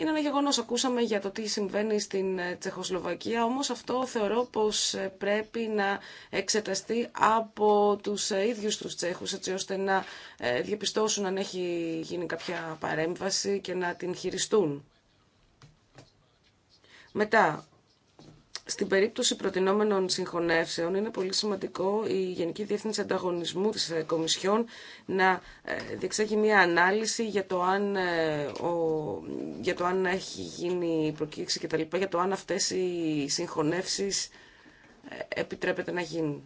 είναι ένα γεγονός, ακούσαμε για το τι συμβαίνει στην ε, Τσεχοσλοβακία, όμως αυτό θεωρώ πως ε, πρέπει να εξεταστεί από τους ε, ίδιους τους Τσέχους, έτσι ώστε να διαπιστώσουν αν έχει γίνει κάποια παρέμβαση και να την χειριστούν. Μετά, στην περίπτωση προτινόμενων συγχωνεύσεων είναι πολύ σημαντικό η Γενική Διεύθυνση Ανταγωνισμού της ε, Κομισιόν να ε, διεξάγει μια ανάλυση για το αν, ε, ο, για το αν έχει γίνει προκήρυξη κτλ. για το αν αυτές οι συγχωνεύσεις επιτρέπεται να γίνουν.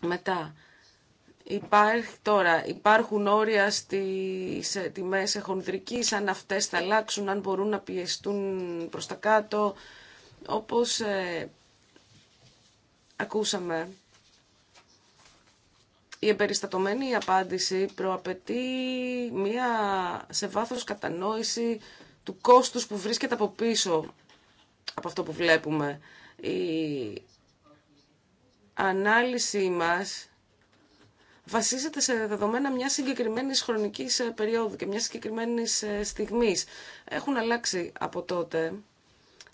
Μετά, υπάρχει, τώρα, υπάρχουν όρια στις τιμές εχονδρικής, αν αυτές θα αλλάξουν, αν μπορούν να πιεστούν προς τα κάτω, όπως ε, ακούσαμε, η εμπεριστατωμένη απάντηση προαπαιτεί μία σε βάθος κατανόηση του κόστους που βρίσκεται από πίσω από αυτό που βλέπουμε. Η ανάλυση μας βασίζεται σε δεδομένα μια συγκεκριμένη χρονική βασιζεται σε δεδομενα μια συγκεκριμενη χρονικής ε, περιοδου και μια συγκεκριμένη ε, στιγμή. Έχουν αλλάξει από τότε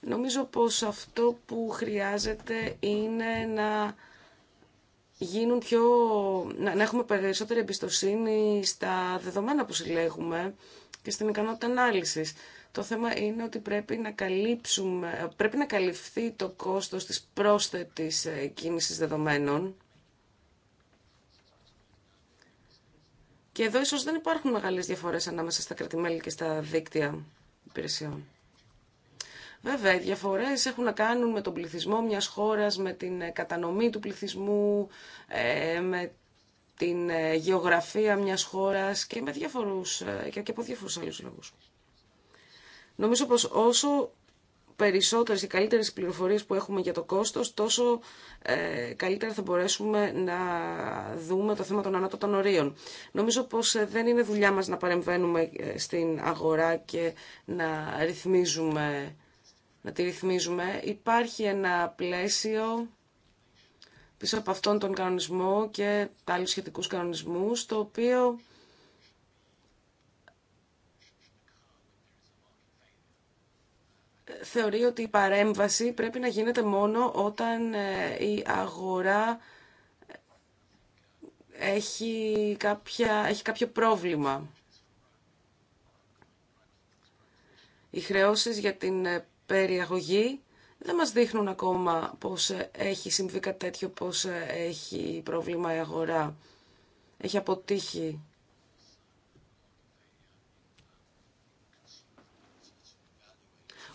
Νομίζω πως αυτό που χρειάζεται είναι να γίνουν πιο... να, έχουμε περισσότερη εμπιστοσύνη στα δεδομένα που συλλέγουμε και στην ικανότητα ανάλυσης. Το θέμα είναι ότι πρέπει να, καλύψουμε, πρέπει να καλυφθεί το κόστος της πρόσθετης ε, κίνησης δεδομένων. Και εδώ ίσως δεν υπάρχουν μεγάλες διαφορές ανάμεσα στα κρατημέλη και στα δίκτυα υπηρεσιών. Βέβαια, οι διαφορές έχουν να κάνουν με τον πληθυσμό μιας χώρας, με την ε, κατανομή του πληθυσμού, ε, με την ε, γεωγραφία μια χώρας και, με διαφορούς, και από διάφορου άλλους λόγους. Νομίζω πως όσο περισσότερες και καλύτερες πληροφορίες που έχουμε για το κόστος, τόσο καλύτερα θα μπορέσουμε να δούμε το θέμα των ανώτατων ορίων. Νομίζω πως δεν είναι δουλειά μας να παρεμβαίνουμε στην αγορά και να ρυθμίζουμε να τη ρυθμίζουμε. Υπάρχει ένα πλαίσιο πίσω από αυτόν τον κανονισμό και άλλους σχετικούς κανονισμούς, το οποίο θεωρεί ότι η παρέμβαση πρέπει να γίνεται μόνο όταν ε, η αγορά έχει, κάποια, έχει κάποιο πρόβλημα. Οι χρεώσεις για την ε, περιαγωγή δεν μας δείχνουν ακόμα πώς ε, έχει συμβεί κάτι τέτοιο, πώς ε, έχει πρόβλημα η αγορά. Έχει αποτύχει.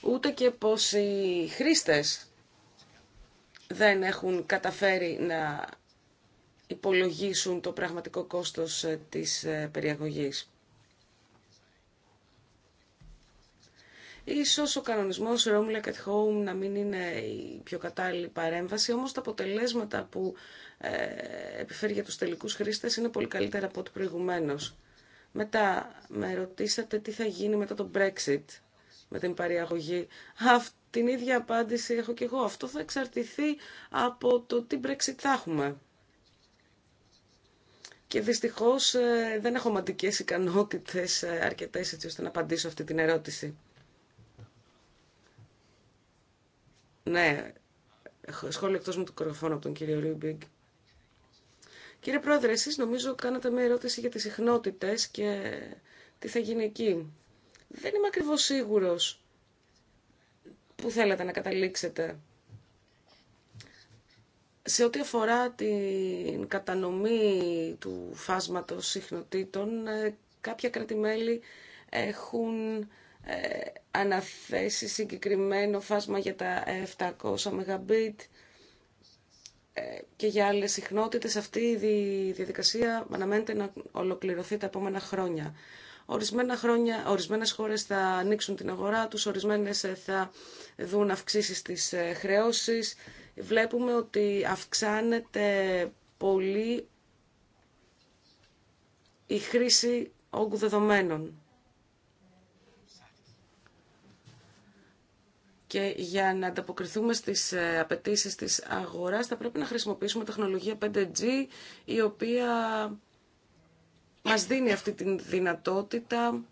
Ούτε και πώς οι χρήστες δεν έχουν καταφέρει να υπολογίσουν το πραγματικό κόστος ε, της περιαγωγής. Ίσως ο κανονισμός Roam Like at Home να μην είναι η πιο κατάλληλη παρέμβαση, όμως τα αποτελέσματα που ε, επιφέρει για τους τελικούς χρήστες είναι πολύ καλύτερα από ό,τι προηγουμένως. Μετά με ρωτήσατε τι θα γίνει μετά το Brexit, με την παριαγωγή. Αυτή την ίδια απάντηση έχω και εγώ. Αυτό θα εξαρτηθεί από το τι Brexit θα έχουμε. Και δυστυχώς ε, δεν έχω μαντικές ικανότητες ε, αρκετές έτσι ώστε να απαντήσω αυτή την ερώτηση. Ναι, σχόλιο εκτό μου του κοροφώνου από τον κύριο Ρίμπιγκ. Κύριε Πρόεδρε, εσεί νομίζω κάνατε μια ερώτηση για τις συχνότητε και τι θα γίνει εκεί. Δεν είμαι ακριβώ σίγουρο που θέλατε να καταλήξετε. Σε ό,τι αφορά την κατανομή του φάσματος συχνοτήτων, ε, κάποια κρατημέλη έχουν ε, αναθέσει συγκεκριμένο φάσμα για τα 700 MB ε, και για άλλες συχνότητες. Αυτή η διαδικασία αναμένεται να ολοκληρωθεί τα επόμενα χρόνια. Ορισμένα χρόνια, ορισμένες χώρες θα ανοίξουν την αγορά τους, ορισμένες ε, θα δουν αυξήσεις στις χρεώσεις. Βλέπουμε ότι αυξάνεται πολύ η χρήση όγκου δεδομένων. Και για να ανταποκριθούμε στις ε, απαιτήσεις της αγοράς θα πρέπει να χρησιμοποιήσουμε τεχνολογία 5G η οποία μας δίνει αυτή τη δυνατότητα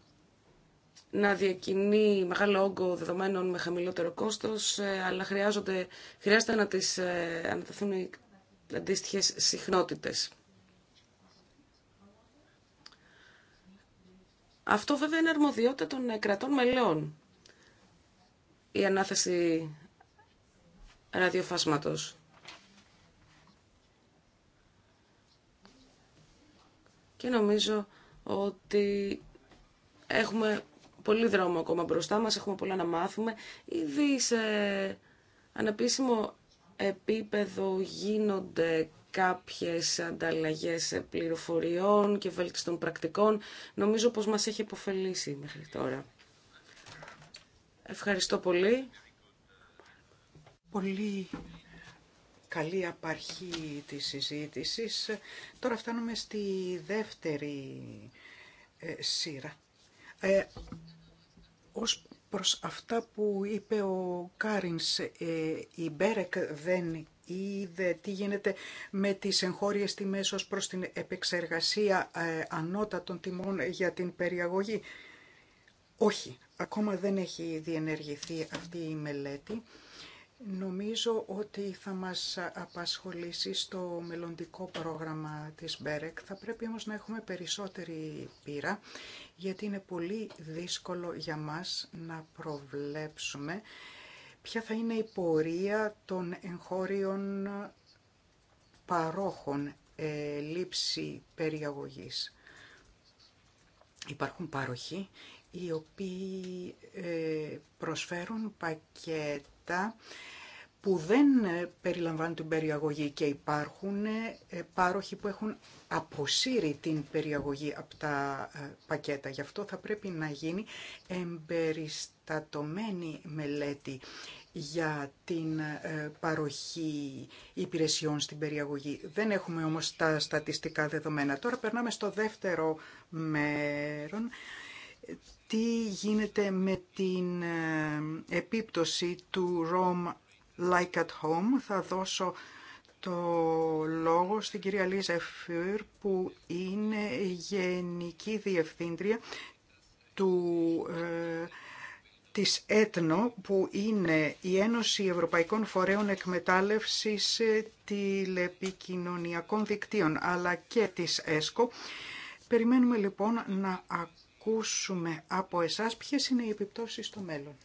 να διακινεί μεγάλο όγκο δεδομένων με χαμηλότερο κόστος, ε, αλλά χρειάζονται, χρειάζεται να τις ε, αναταθούν οι αντίστοιχες συχνότητες. Αυτό βέβαια είναι αρμοδιότητα των κρατών μελών η ανάθεση ραδιοφάσματος. Και νομίζω ότι έχουμε πολύ δρόμο ακόμα μπροστά μας, έχουμε πολλά να μάθουμε. Ήδη σε αναπίσημο επίπεδο γίνονται κάποιες ανταλλαγές πληροφοριών και βέλτιστων πρακτικών. Νομίζω πως μας έχει υποφελήσει μέχρι τώρα. Ευχαριστώ πολύ. Πολύ καλή απαρχή της συζήτησης. Τώρα φτάνουμε στη δεύτερη ε, σειρά. Ε, ως προς αυτά που είπε ο Κάρινς, ε, η Μπέρεκ δεν είδε τι γίνεται με τις εγχώριες τιμές ως προς την επεξεργασία ε, ανώτατων τιμών για την περιαγωγή. Όχι, ακόμα δεν έχει διενεργηθεί αυτή η μελέτη. Νομίζω ότι θα μας απασχολήσει στο μελλοντικό πρόγραμμα της Μπέρεκ. Θα πρέπει όμως να έχουμε περισσότερη πείρα, γιατί είναι πολύ δύσκολο για μας να προβλέψουμε ποια θα είναι η πορεία των εγχώριων παρόχων ε, λήψη περιαγωγής. Υπάρχουν παροχοί οι οποίοι ε, προσφέρουν πακέτα που δεν ε, περιλαμβάνουν την περιαγωγή και υπάρχουν ε, πάροχοι που έχουν αποσύρει την περιαγωγή από τα πακέτα. Γι' αυτό θα πρέπει να γίνει εμπεριστατωμένη μελέτη για την παροχή υπηρεσιών στην περιαγωγή. Δεν έχουμε όμως τα στατιστικά δεδομένα. Τώρα περνάμε στο δεύτερο μέρον τι γίνεται με την ε, επίπτωση του Rome Like at Home. Θα δώσω το λόγο στην κυρία Λίζα Φιούρ που είναι Γενική Διευθύντρια του, ε, της ΕΤΝΟ που είναι η Ένωση Ευρωπαϊκών Φορέων Εκμετάλλευσης Τηλεπικοινωνιακών Δικτύων αλλά και της ΕΣΚΟ. Περιμένουμε λοιπόν να ακούσουμε ακούσουμε από εσάς ποιες είναι οι επιπτώσεις στο μέλλον.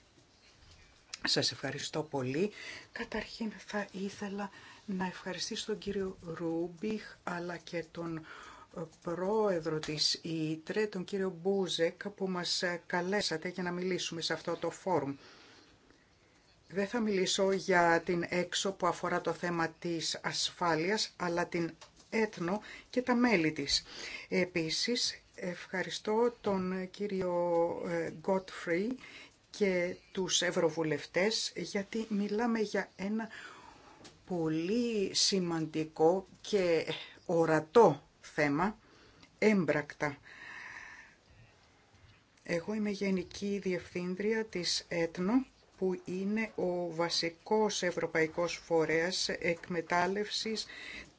Σας ευχαριστώ πολύ. Καταρχήν θα ήθελα να ευχαριστήσω τον κύριο Ρούμπιχ αλλά και τον ε, πρόεδρο της ΙΤΡΕ, τον κύριο Μπούζεκ, που μας ε, καλέσατε για να μιλήσουμε σε αυτό το φόρουμ. Δεν θα μιλήσω για την έξω που αφορά το θέμα της ασφάλειας, αλλά την έθνο και τα μέλη της. Επίσης, Ευχαριστώ τον κύριο ε, Godfrey και τους ευρωβουλευτές γιατί μιλάμε για ένα πολύ σημαντικό και ορατό θέμα έμπρακτα. Εγώ είμαι Γενική Διευθύντρια της ΕΤΝΟ που είναι ο βασικός ευρωπαϊκός φορέας εκμετάλλευσης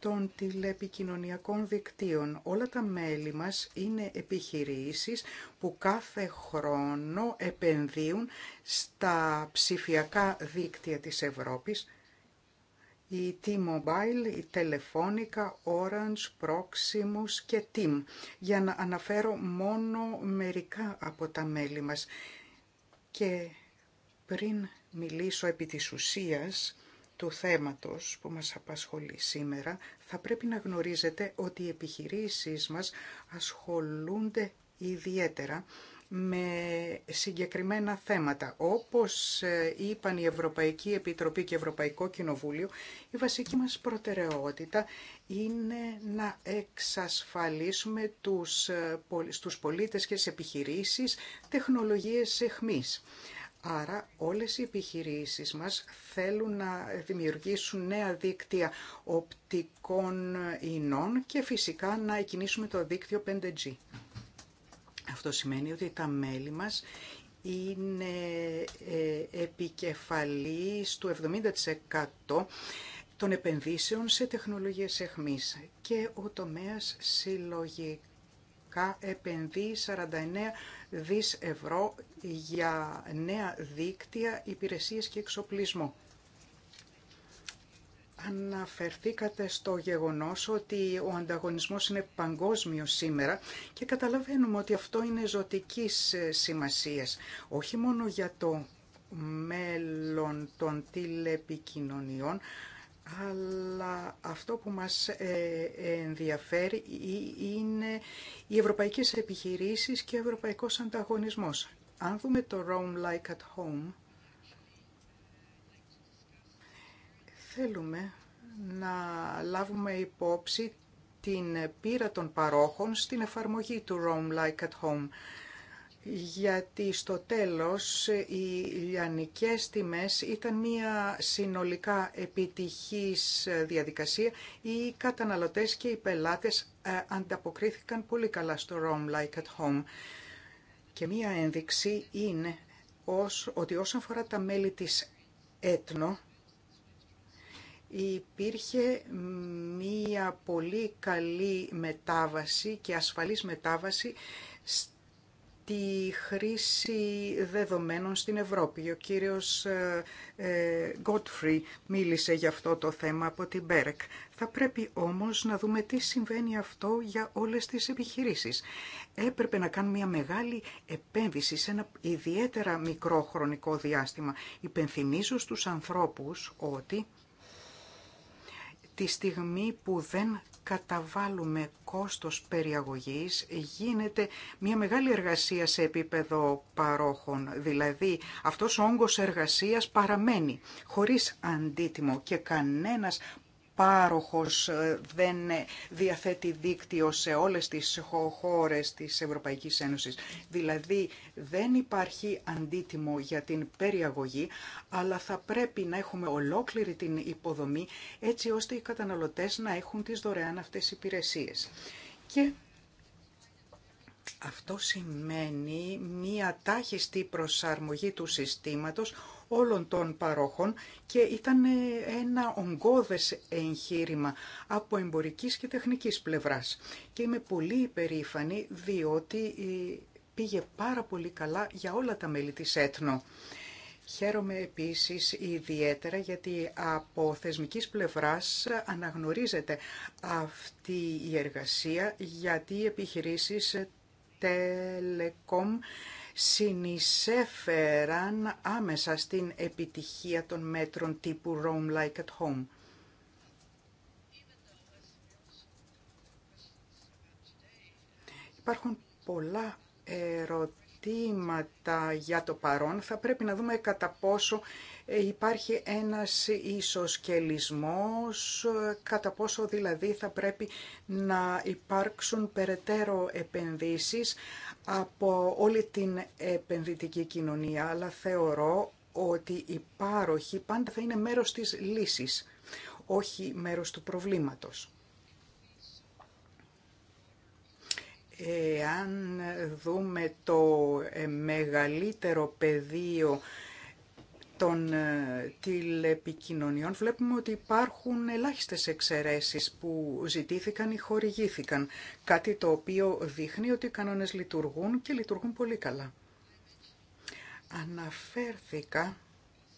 των τηλεπικοινωνιακών δικτύων. Όλα τα μέλη μας είναι επιχειρήσεις που κάθε χρόνο επενδύουν στα ψηφιακά δίκτυα της Ευρώπης, η T-Mobile, η Telefonica, Orange, Proximus και TIM, για να αναφέρω μόνο μερικά από τα μέλη μας. Και πριν μιλήσω επί της ουσίας του θέματος που μας απασχολεί σήμερα, θα πρέπει να γνωρίζετε ότι οι επιχειρήσεις μας ασχολούνται ιδιαίτερα με συγκεκριμένα θέματα. Όπως ε, είπαν η Ευρωπαϊκή Επιτροπή και Ευρωπαϊκό Κοινοβούλιο, η βασική μας προτεραιότητα είναι να εξασφαλίσουμε τους, ε, στους πολίτες και τις επιχειρήσεις τεχνολογίες εχμής. Άρα όλες οι επιχειρήσεις μας θέλουν να δημιουργήσουν νέα δίκτυα οπτικών ινών και φυσικά να εκινήσουμε το δίκτυο 5G. Αυτό σημαίνει ότι τα μέλη μας είναι ε, επικεφαλής του 70% των επενδύσεων σε τεχνολογίες εχμής και ο τομέας συλλογικά επενδύει 49 δις ευρώ για νέα δίκτυα, υπηρεσίες και εξοπλισμό. Αναφερθήκατε στο γεγονός ότι ο ανταγωνισμός είναι παγκόσμιο σήμερα και καταλαβαίνουμε ότι αυτό είναι ζωτικής ε, σημασίας, όχι μόνο για το μέλλον των τηλεπικοινωνιών, αλλά αυτό που μας ε, ενδιαφέρει είναι οι ευρωπαϊκές επιχειρήσεις και ο ευρωπαϊκός ανταγωνισμός. Αν δούμε το Rome Like at Home, θέλουμε να λάβουμε υπόψη την πείρα των παρόχων στην εφαρμογή του Rome Like at Home γιατί στο τέλος οι λιανικές τιμές ήταν μια συνολικά επιτυχής διαδικασία. Οι καταναλωτές και οι πελάτες ε, ανταποκρίθηκαν πολύ καλά στο Rome Like at Home. Και μια ένδειξη είναι ότι όσον αφορά τα μέλη της έτνο, υπήρχε μία πολύ καλή μετάβαση και ασφαλής μετάβαση τη χρήση δεδομένων στην Ευρώπη. Ο κύριος ε, ε, Godfrey μίλησε για αυτό το θέμα από την Μπέρεκ. Θα πρέπει όμως να δούμε τι συμβαίνει αυτό για όλες τις επιχειρήσεις. Έπρεπε να κάνουμε μια μεγάλη επένδυση σε ένα ιδιαίτερα μικρό χρονικό διάστημα. Υπενθυμίζω στους ανθρώπους ότι τη στιγμή που δεν καταβάλουμε κόστος περιαγωγής γίνεται μια μεγάλη εργασία σε επίπεδο παρόχων. Δηλαδή αυτός ο όγκος εργασίας παραμένει χωρίς αντίτιμο και κανένας πάροχος ε, δεν διαθέτει δίκτυο σε όλες τις χώρες της Ευρωπαϊκής Ένωσης. Δηλαδή δεν υπάρχει αντίτιμο για την περιαγωγή, αλλά θα πρέπει να έχουμε ολόκληρη την υποδομή έτσι ώστε οι καταναλωτές να έχουν τις δωρεάν αυτές υπηρεσίες. Και αυτό σημαίνει μία τάχιστη προσαρμογή του συστήματος όλων των παρόχων και ήταν ένα ογκώδες εγχείρημα από εμπορικής και τεχνικής πλευράς. Και είμαι πολύ υπερήφανη διότι ε, πήγε πάρα πολύ καλά για όλα τα μέλη της ΕΤΝΟ. Χαίρομαι επίσης ιδιαίτερα γιατί από θεσμικής πλευράς αναγνωρίζεται αυτή η εργασία γιατί οι επιχειρήσεις Telecom συνεισέφεραν άμεσα στην επιτυχία των μέτρων τύπου Rome Like at Home. Υπάρχουν πολλά ερωτήματα ερωτήματα για το παρόν, θα πρέπει να δούμε κατά πόσο ε, υπάρχει ένας κελισμός, ε, κατά πόσο δηλαδή θα πρέπει να υπάρξουν περαιτέρω επενδύσεις από όλη την επενδυτική κοινωνία, αλλά θεωρώ ότι η πάροχοι πάντα θα είναι μέρος της λύσης, όχι μέρος του προβλήματος. Αν δούμε το ε, μεγαλύτερο πεδίο των ε, τηλεπικοινωνιών βλέπουμε ότι υπάρχουν ελάχιστες εξαιρέσεις που ζητήθηκαν ή χορηγήθηκαν, κάτι το οποίο δείχνει ότι οι κανόνες λειτουργούν και λειτουργούν πολύ καλά. Αναφέρθηκα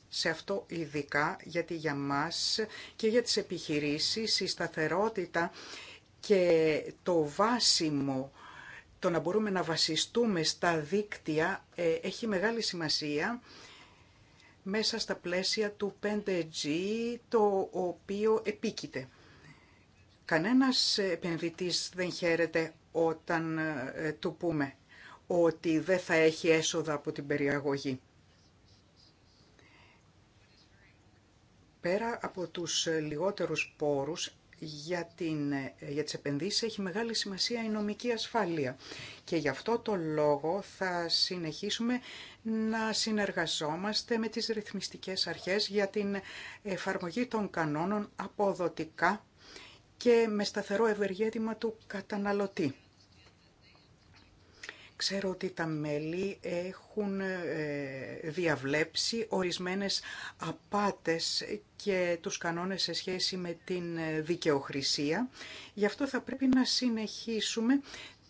σε αυτό ειδικά γιατί για μας και για τις επιχειρήσεις η σταθερότητα και το βάσιμο το να μπορούμε να βασιστούμε στα δίκτυα ε, έχει μεγάλη σημασία μέσα στα πλαίσια του 5G το οποίο επίκειται. Κανένας επενδυτής δεν χαίρεται όταν ε, του πούμε ότι δεν θα έχει έσοδα από την περιαγωγή. Πέρα από τους ε, λιγότερους πόρους, για, την, ε, για τις επενδύσεις έχει μεγάλη σημασία η νομική ασφάλεια. Και γι' αυτό το λόγο θα συνεχίσουμε να συνεργαζόμαστε με τις ρυθμιστικές αρχές για την εφαρμογή των κανόνων αποδοτικά και με σταθερό ευεργέτημα του καταναλωτή. Ξέρω ότι τα μέλη έχουν ε, διαβλέψει ορισμένες απάτες και τους κανόνες σε σχέση με την ε, δικαιοχρησία. Γι' αυτό θα πρέπει να συνεχίσουμε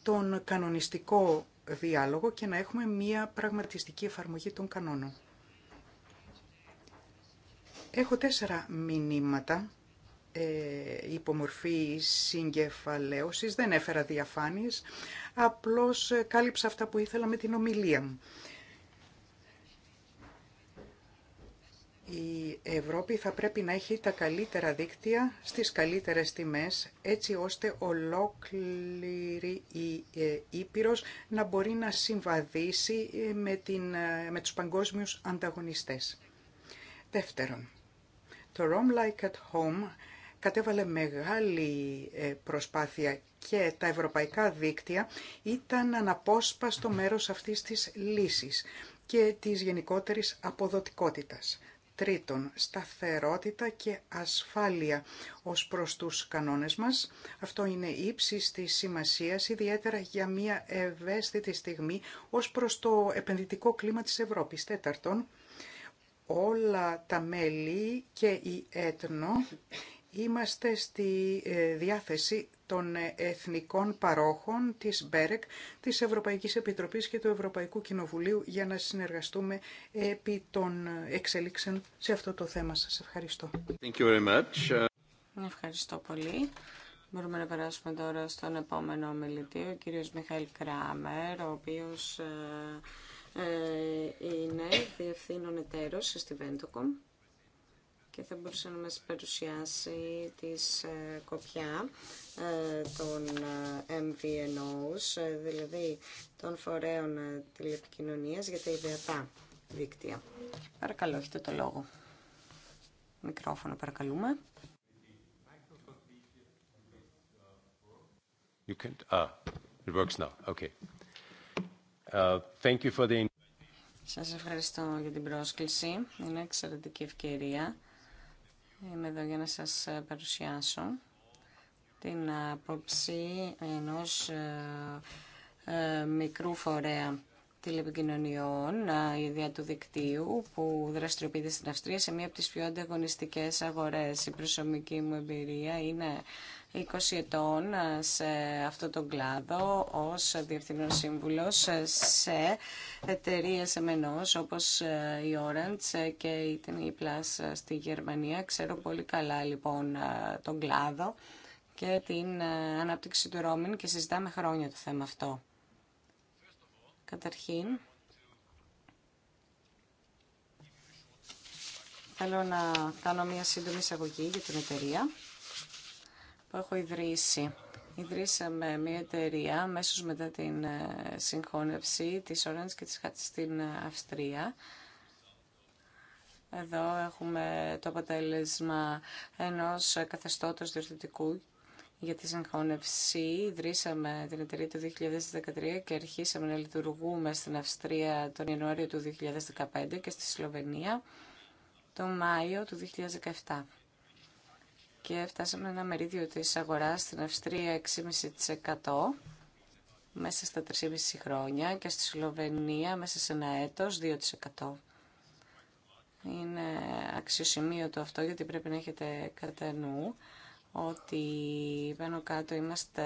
τον κανονιστικό διάλογο και να έχουμε μία πραγματιστική εφαρμογή των κανόνων. Έχω τέσσερα μηνύματα ε, υπομορφή συγκεφαλαίωσης, δεν έφερα διαφάνειες, απλώς ε, κάλυψα αυτά που ήθελα με την ομιλία μου. Η Ευρώπη θα πρέπει να έχει τα καλύτερα δίκτυα στις καλύτερες τιμές, έτσι ώστε ολόκληρη η ε, Ήπειρος να μπορεί να συμβαδίσει με, την, με τους παγκόσμιους ανταγωνιστές. Δεύτερον, το Rome Like at Home κατέβαλε μεγάλη ε, προσπάθεια και τα ευρωπαϊκά δίκτυα ήταν αναπόσπαστο μέρος αυτής της λύσης και της γενικότερης αποδοτικότητας. Τρίτον, σταθερότητα και ασφάλεια ως προς τους κανόνες μας. Αυτό είναι ύψης της σημασίας, ιδιαίτερα για μια ευαίσθητη στιγμή ως προς το επενδυτικό κλίμα της Ευρώπης. Τέταρτον, όλα τα μέλη και η έτνο... Είμαστε στη ε, διάθεση των ε, εθνικών παρόχων της ΜΠΕΡΕΚ, της Ευρωπαϊκής Επιτροπής και του Ευρωπαϊκού Κοινοβουλίου για να συνεργαστούμε επί των ε, εξελίξεων σε αυτό το θέμα. Σας ευχαριστώ. Thank you very much. Ευχαριστώ πολύ. Μπορούμε να περάσουμε τώρα στον επόμενο ομιλητή, ο κύριος Μιχαήλ Κράμερ, ο οποίος είναι διευθύνων εταίρος στη Βεντοκομ και θα μπορούσε να μας παρουσιάσει τις ε, κοπιά ε, των ε, MVNOs, δηλαδή των φορέων τηλεπικοινωνίας για τα ιδεατά δίκτυα. Παρακαλώ, έχετε το λόγο. Μικρόφωνο παρακαλούμε. You can, ah, it works now. Okay. Uh, thank you for the... Σας ευχαριστώ για την πρόσκληση. Είναι εξαιρετική ευκαιρία Είμαι εδώ για να σας ε, παρουσιάσω την άποψη ενός ε, ε, μικρού φορέα τηλεπικοινωνιών ιδέα του δικτύου που δραστηριοποιείται στην Αυστρία σε μία από τις πιο ανταγωνιστικές αγορές. Η προσωπική μου εμπειρία είναι 20 ετών ε, σε αυτό τον κλάδο ως διευθυνός σύμβουλος ε, σε εταιρείε εμενός όπως ε, η Orange και η TNI e Plus στη Γερμανία. Ξέρω πολύ καλά λοιπόν τον κλάδο και την ανάπτυξη του Ρόμιν και συζητάμε χρόνια το θέμα αυτό. Καταρχήν, θέλω να κάνω μια σύντομη εισαγωγή για την εταιρεία που έχω ιδρύσει. Ιδρύσαμε μια εταιρεία μέσω μετά την ε, συγχώνευση της Orange και της Hatch στην ε, Αυστρία. Εδώ έχουμε το αποτέλεσμα ενός καθεστώτος διορθωτικού για τη συγχώνευση. Ιδρύσαμε την εταιρεία το 2013 και αρχίσαμε να λειτουργούμε στην Αυστρία τον Ιανουάριο του 2015 και στη Σλοβενία τον Μάιο του 2017 και φτάσαμε ένα μερίδιο της αγοράς στην Αυστρία 6,5% μέσα στα 3,5 χρόνια και στη Σλοβενία μέσα σε ένα έτος 2%. Είναι αξιοσημείωτο αυτό γιατί πρέπει να έχετε κατά νου ότι πάνω κάτω είμαστε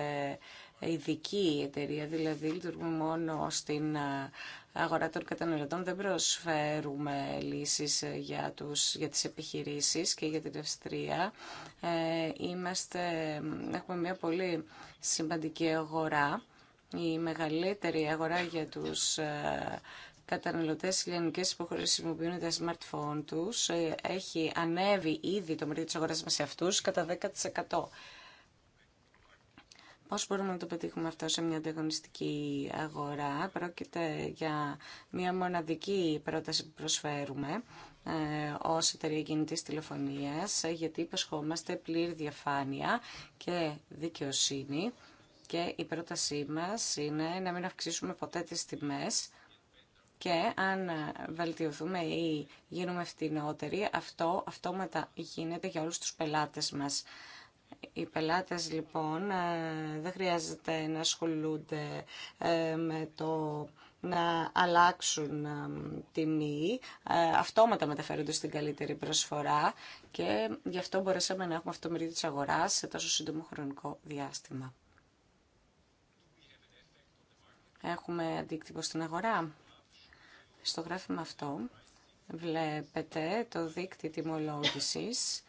ειδική εταιρεία, δηλαδή λειτουργούμε μόνο στην αγορά των καταναλωτών δεν προσφέρουμε λύσεις ε, για, τους, για τις επιχειρήσεις και για την Αυστρία. Ε, είμαστε, έχουμε μια πολύ σημαντική αγορά, η μεγαλύτερη αγορά για τους ε, καταναλωτές ηλιανικές που χρησιμοποιούν τα smartphone τους. Έχει ανέβει ήδη το μερίδιο της αγοράς μας σε αυτούς κατά 10%. Πώς μπορούμε να το πετύχουμε αυτό σε μια ανταγωνιστική αγορά. Πρόκειται για μια μοναδική πρόταση που προσφέρουμε ε, ως εταιρεία κινητής τηλεφωνίας, ε, γιατί υπασχόμαστε πλήρη διαφάνεια και δικαιοσύνη και η πρότασή μας είναι να μην αυξήσουμε ποτέ τις τιμές και αν βελτιωθούμε ή γίνουμε φτηνότεροι, αυτό αυτόματα γίνεται για όλους τους πελάτες μας. Οι πελάτες λοιπόν ε, δεν χρειάζεται να ασχολούνται ε, με το να αλλάξουν ε, τιμή, αυτόματα μεταφέρονται στην καλύτερη προσφορά και γι' αυτό μπορέσαμε να έχουμε αυτομερίδιο της αγοράς σε τόσο σύντομο χρονικό διάστημα. Έχουμε αντίκτυπο στην αγορά. Στο γράφημα αυτό βλέπετε το δίκτυο τιμολόγησης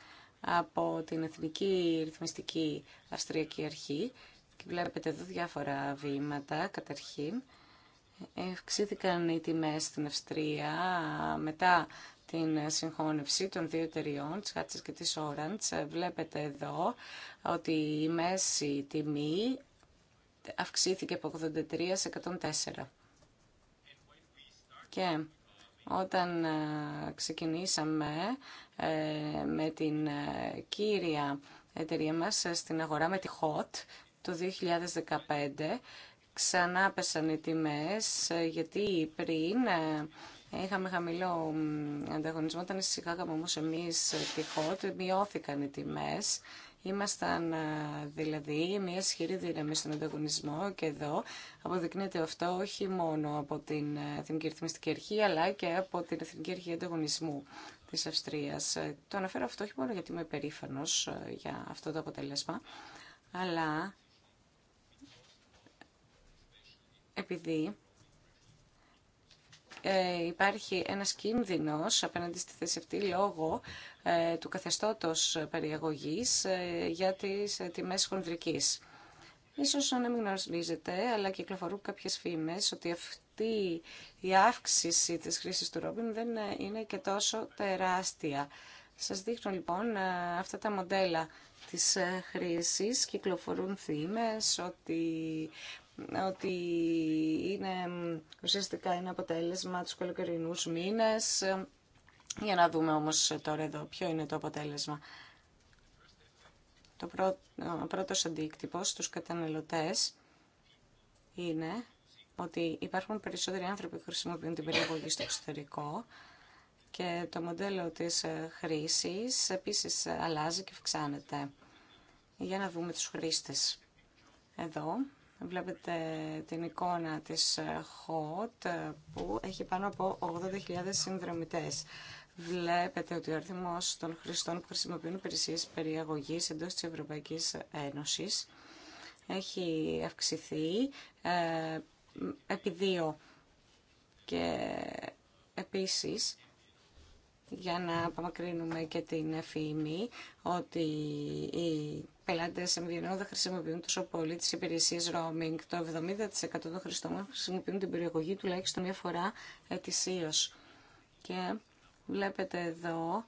από την Εθνική Ρυθμιστική Αυστριακή Αρχή. Και βλέπετε εδώ διάφορα βήματα. Καταρχήν, αυξήθηκαν οι τιμές στην Αυστρία μετά την συγχώνευση των δύο εταιριών, της Χάτσας και της Όραντς. Βλέπετε εδώ ότι η μέση τιμή αυξήθηκε από 83 σε 104. Και όταν ε, ξεκινήσαμε ε, με την ε, κύρια εταιρεία μας στην αγορά με τη HOT το 2015, ξανά πέσαν οι τιμές γιατί πριν είχαμε χαμηλό ανταγωνισμό. Όταν εισηγάγαμε όμως εμείς τη HOT μειώθηκαν οι τιμές Ήμασταν δηλαδή μια ισχυρή δύναμη στον ανταγωνισμό και εδώ αποδεικνύεται αυτό όχι μόνο από την Εθνική Ρυθμιστική Αρχή αλλά και από την Εθνική Αρχή Ανταγωνισμού της Αυστρίας. Ε, το αναφέρω αυτό όχι μόνο γιατί είμαι περήφανο για αυτό το αποτέλεσμα αλλά επειδή ε, υπάρχει ένας κίνδυνος απέναντι στη θέση αυτή λόγω ε, του καθεστώτος περιαγωγής ε, για τις τιμές χονδρικής. Ίσως να μην γνωρίζετε, αλλά κυκλοφορούν κάποιες φήμες ότι αυτή η αύξηση της χρήσης του Ρόμπιν δεν είναι και τόσο τεράστια. Σας δείχνω λοιπόν αυτά τα μοντέλα της χρήσης. Κυκλοφορούν θύμες ότι ότι είναι ουσιαστικά ένα αποτέλεσμα τους καλοκαιρινού μήνες. Για να δούμε όμως τώρα εδώ ποιο είναι το αποτέλεσμα. Το πρώτο, ο πρώτος αντίκτυπος στους καταναλωτές είναι ότι υπάρχουν περισσότεροι άνθρωποι που χρησιμοποιούν την περιοχή στο εξωτερικό και το μοντέλο της χρήσης επίσης αλλάζει και αυξάνεται. Για να δούμε τους χρήστες. Εδώ Βλέπετε την εικόνα της HOT που έχει πάνω από 80.000 συνδρομητές. Βλέπετε ότι ο αριθμό των χρηστών που χρησιμοποιούν υπηρεσίε περιαγωγή εντό τη Ευρωπαϊκή Ένωση έχει αυξηθεί ε, επί δύο. Και επίσης για να απομακρύνουμε και την φήμη e e, ότι οι πελάτε MVNO δεν χρησιμοποιούν τόσο πολύ τι υπηρεσίε roaming. Το 70% των χρηστών χρησιμοποιούν την περιοχή τουλάχιστον μία φορά ετησίω. Και βλέπετε εδώ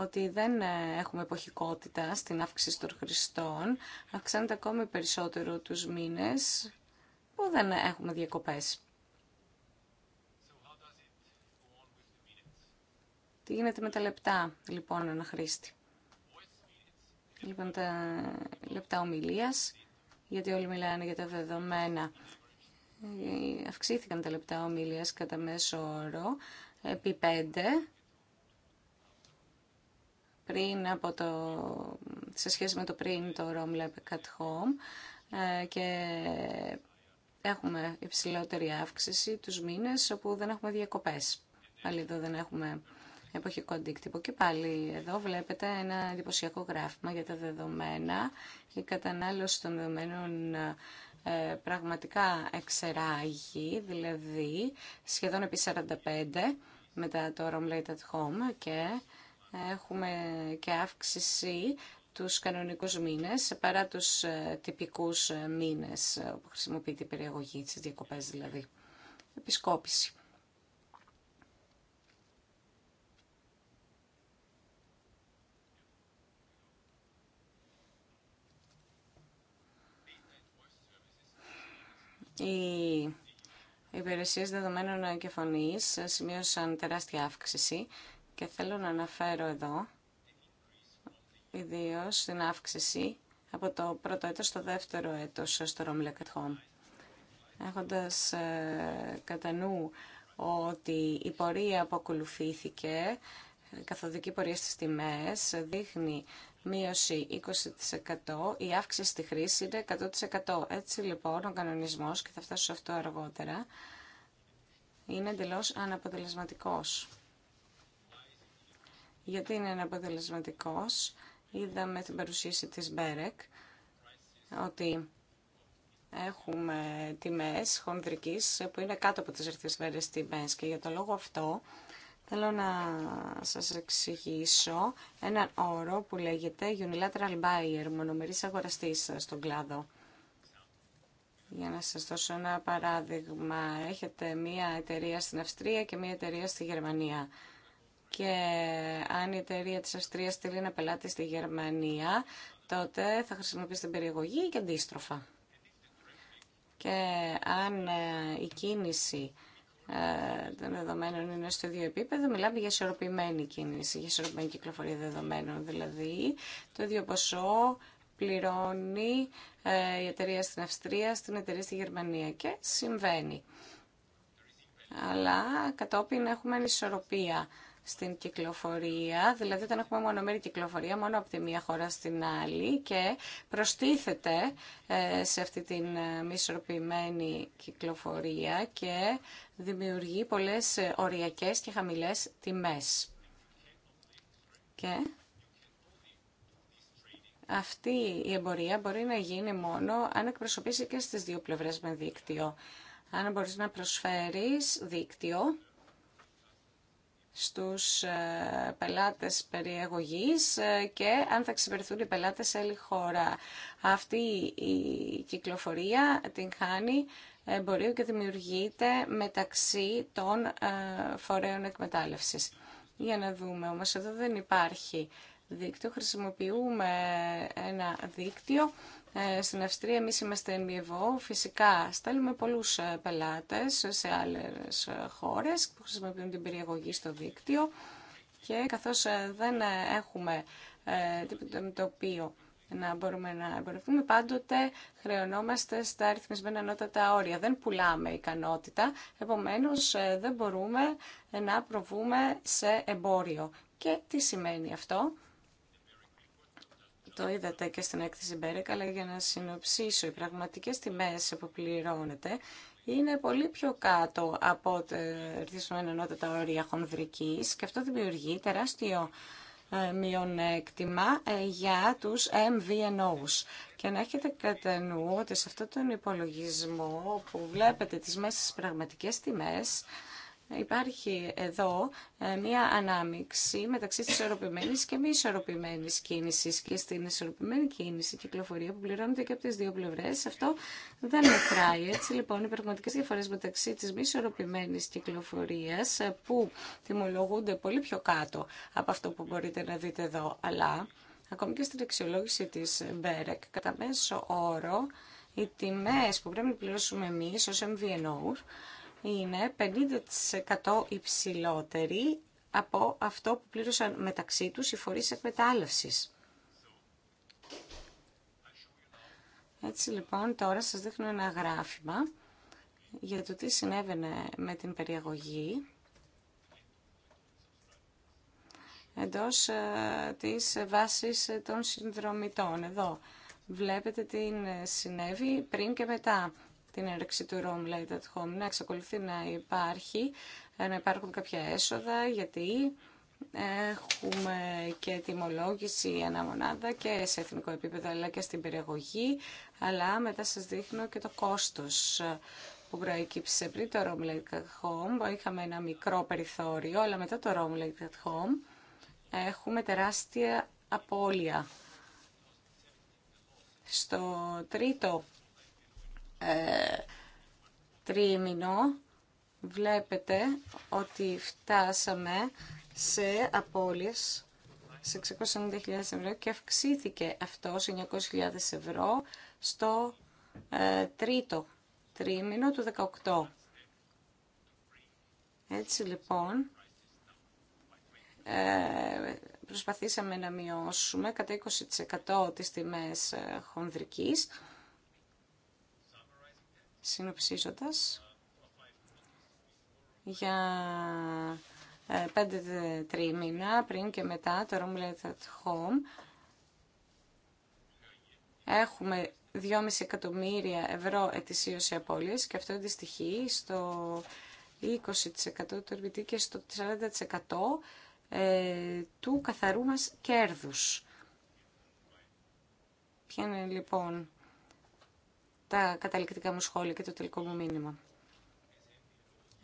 ότι δεν έχουμε εποχικότητα στην αύξηση των χρηστών. Αυξάνεται ακόμη περισσότερο τους μήνες που δεν έχουμε διακοπές. Τι γίνεται με τα λεπτά, λοιπόν, ένα χρήστη. Λοιπόν, τα λεπτά ομιλίας, γιατί όλοι μιλάνε για τα δεδομένα. Αυξήθηκαν τα λεπτά ομιλίας κατά μέσο όρο επί πέντε πριν από το, σε σχέση με το πριν το Rome Lab at Home ε, και έχουμε υψηλότερη αύξηση τους μήνες όπου δεν έχουμε διακοπές. Πάλι εδώ δεν έχουμε εποχικό αντίκτυπο. Και πάλι εδώ βλέπετε ένα εντυπωσιακό γράφημα για τα δεδομένα. Η κατανάλωση των δεδομένων ε, πραγματικά εξεράγει, δηλαδή σχεδόν επί 45 μετά το Rome Late at Home και έχουμε και αύξηση τους κανονικούς μήνες παρά τους ε, τυπικούς ε, μήνες που χρησιμοποιείται η περιεγωγή, της διακοπές δηλαδή. Επισκόπηση. Οι υπηρεσίες δεδομένων και φωνής σημείωσαν τεράστια αύξηση και θέλω να αναφέρω εδώ ιδίως την αύξηση από το πρώτο έτος στο δεύτερο έτος στο Ρομιλεκτ Χομ. Home. Έχοντας ε, κατά νου ότι η πορεία που ακολουθήθηκε, η ε, καθοδική πορεία στις τιμές, δείχνει μείωση 20%, η αύξηση στη χρήση είναι 100%. Έτσι λοιπόν ο κανονισμός, και θα φτάσω σε αυτό αργότερα, είναι εντελώ αναποτελεσματικός. Γιατί είναι αναποτελεσματικός, είδαμε την παρουσίαση της Μπέρεκ, ότι έχουμε τιμές χονδρικής που είναι κάτω από τις ρυθμισμένες τιμές και για το λόγο αυτό Θέλω να σας εξηγήσω έναν όρο που λέγεται Unilateral Buyer, μονομερής αγοραστής στον κλάδο. Για να σας δώσω ένα παράδειγμα, έχετε μία εταιρεία στην Αυστρία και μία εταιρεία στη Γερμανία. Και αν η εταιρεία της Αυστρίας στείλει ένα πελάτη στη Γερμανία, τότε θα χρησιμοποιήσει την περιεγωγή και αντίστροφα. Και αν ε, η κίνηση ε, των δεδομένων είναι στο ίδιο επίπεδο, μιλάμε για ισορροπημένη κίνηση, για ισορροπημένη κυκλοφορία δεδομένων. Δηλαδή, το ίδιο ποσό πληρώνει ε, η εταιρεία στην Αυστρία, στην εταιρεία στη Γερμανία και συμβαίνει. Αλλά κατόπιν έχουμε ανισορροπία στην κυκλοφορία, δηλαδή όταν έχουμε μονομερή κυκλοφορία μόνο από τη μία χώρα στην άλλη και προστίθεται ε, σε αυτή την μη κυκλοφορία και δημιουργεί πολλές ε, οριακές και χαμηλές τιμές. Και αυτή η εμπορία μπορεί να γίνει μόνο αν εκπροσωπήσει και στις δύο πλευρές με δίκτυο. Αν μπορείς να προσφέρεις δίκτυο στους ε, πελάτες περιεγωγής ε, και αν θα ξεπερθούν οι πελάτες σε άλλη χώρα. Αυτή η κυκλοφορία την χάνει εμπορίου και δημιουργείται μεταξύ των ε, φορέων εκμετάλλευσης. Για να δούμε, όμως εδώ δεν υπάρχει δίκτυο, χρησιμοποιούμε ένα δίκτυο. Ε, στην Αυστρία εμείς είμαστε NBVO, φυσικά στέλνουμε πολλούς ε, πελάτες σε άλλες χώρες που χρησιμοποιούν την περιεγωγή στο δίκτυο και καθώς δεν έχουμε τίποτα με το οποίο να μπορούμε να εμπορευτούμε. Πάντοτε χρεωνόμαστε στα αριθμισμένα ανώτατα όρια. Δεν πουλάμε ικανότητα, επομένως ε, δεν μπορούμε ε, να προβούμε σε εμπόριο. Και τι σημαίνει αυτό. Το είδατε και στην έκθεση Μπέρεκα αλλά για να συνοψίσω, οι πραγματικές τιμές που πληρώνετε είναι πολύ πιο κάτω από τα ρυθμισμένα ανώτατα όρια χονδρικής και αυτό δημιουργεί τεράστιο ε, μειονέκτημα ε, για τους MVNOs. Και να έχετε κατά νου ότι σε αυτόν τον υπολογισμό που βλέπετε τις μέσες πραγματικές τιμές, Υπάρχει εδώ ε, μία ανάμειξη μεταξύ της ισορροπημένης και μη ισορροπημένης κίνησης και στην ισορροπημένη κίνηση κυκλοφορία που πληρώνεται και από τις δύο πλευρές. Αυτό δεν μετράει. Έτσι λοιπόν οι πραγματικές διαφορές μεταξύ της μη ισορροπημένης κυκλοφορίας ε, που τιμολογούνται πολύ πιο κάτω από αυτό που μπορείτε να δείτε εδώ, αλλά ακόμη και στην αξιολόγηση της Μπέρεκ κατά μέσο όρο οι τιμές που πρέπει να πληρώσουμε εμείς ως MVNO είναι 50% υψηλότερη από αυτό που πλήρωσαν μεταξύ τους οι φορείς εκμετάλλευσης. Έτσι λοιπόν τώρα σας δείχνω ένα γράφημα για το τι συνέβαινε με την περιαγωγή εντός ε, της βάσης των συνδρομητών. Εδώ βλέπετε τι συνέβη πριν και μετά την έρεξη του Rome at Home, να εξακολουθεί να υπάρχει, ε, να υπάρχουν κάποια έσοδα, γιατί έχουμε και τιμολόγηση μονάδα και σε εθνικό επίπεδο αλλά και στην περιεγωγή, αλλά μετά σας δείχνω και το κόστος που προέκυψε πριν το Rome Light at Home, είχαμε ένα μικρό περιθώριο, αλλά μετά το Rome at Home έχουμε τεράστια απώλεια. Στο τρίτο τρίμηνο βλέπετε ότι φτάσαμε σε απόλυση σε 690.000 ευρώ και αυξήθηκε αυτό σε 900.000 ευρώ στο ε, τρίτο τρίμηνο του 18. Έτσι λοιπόν ε, προσπαθήσαμε να μειώσουμε κατά 20% τις τιμές ε, χονδρικής Συνοψίζοντας, για ε, πέντε τρίμηνα πριν και μετά το Romulet at Home έχουμε 2,5 εκατομμύρια ευρώ ετησίω σε απώλειες και αυτό αντιστοιχεί στο 20% του εργητή και στο 40% ε, του καθαρού μας κέρδους. Ποια είναι λοιπόν τα καταληκτικά μου σχόλια και το τελικό μου μήνυμα.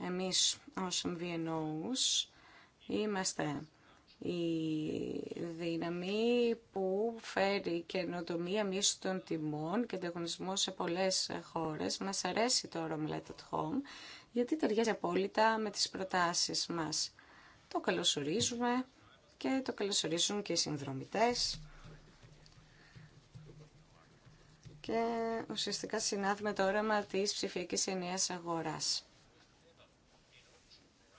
Εμείς ως MVNOs είμαστε η δύναμη που φέρει καινοτομία μίσου των τιμών και ανταγωνισμό σε πολλές χώρες. Μας αρέσει το Rome at Home γιατί ταιριάζει απόλυτα με τις προτάσεις μας. Το καλωσορίζουμε και το καλωσορίζουν και οι συνδρομητές και ουσιαστικά συνάδει με το όραμα της ψηφιακής ενιαίας αγοράς.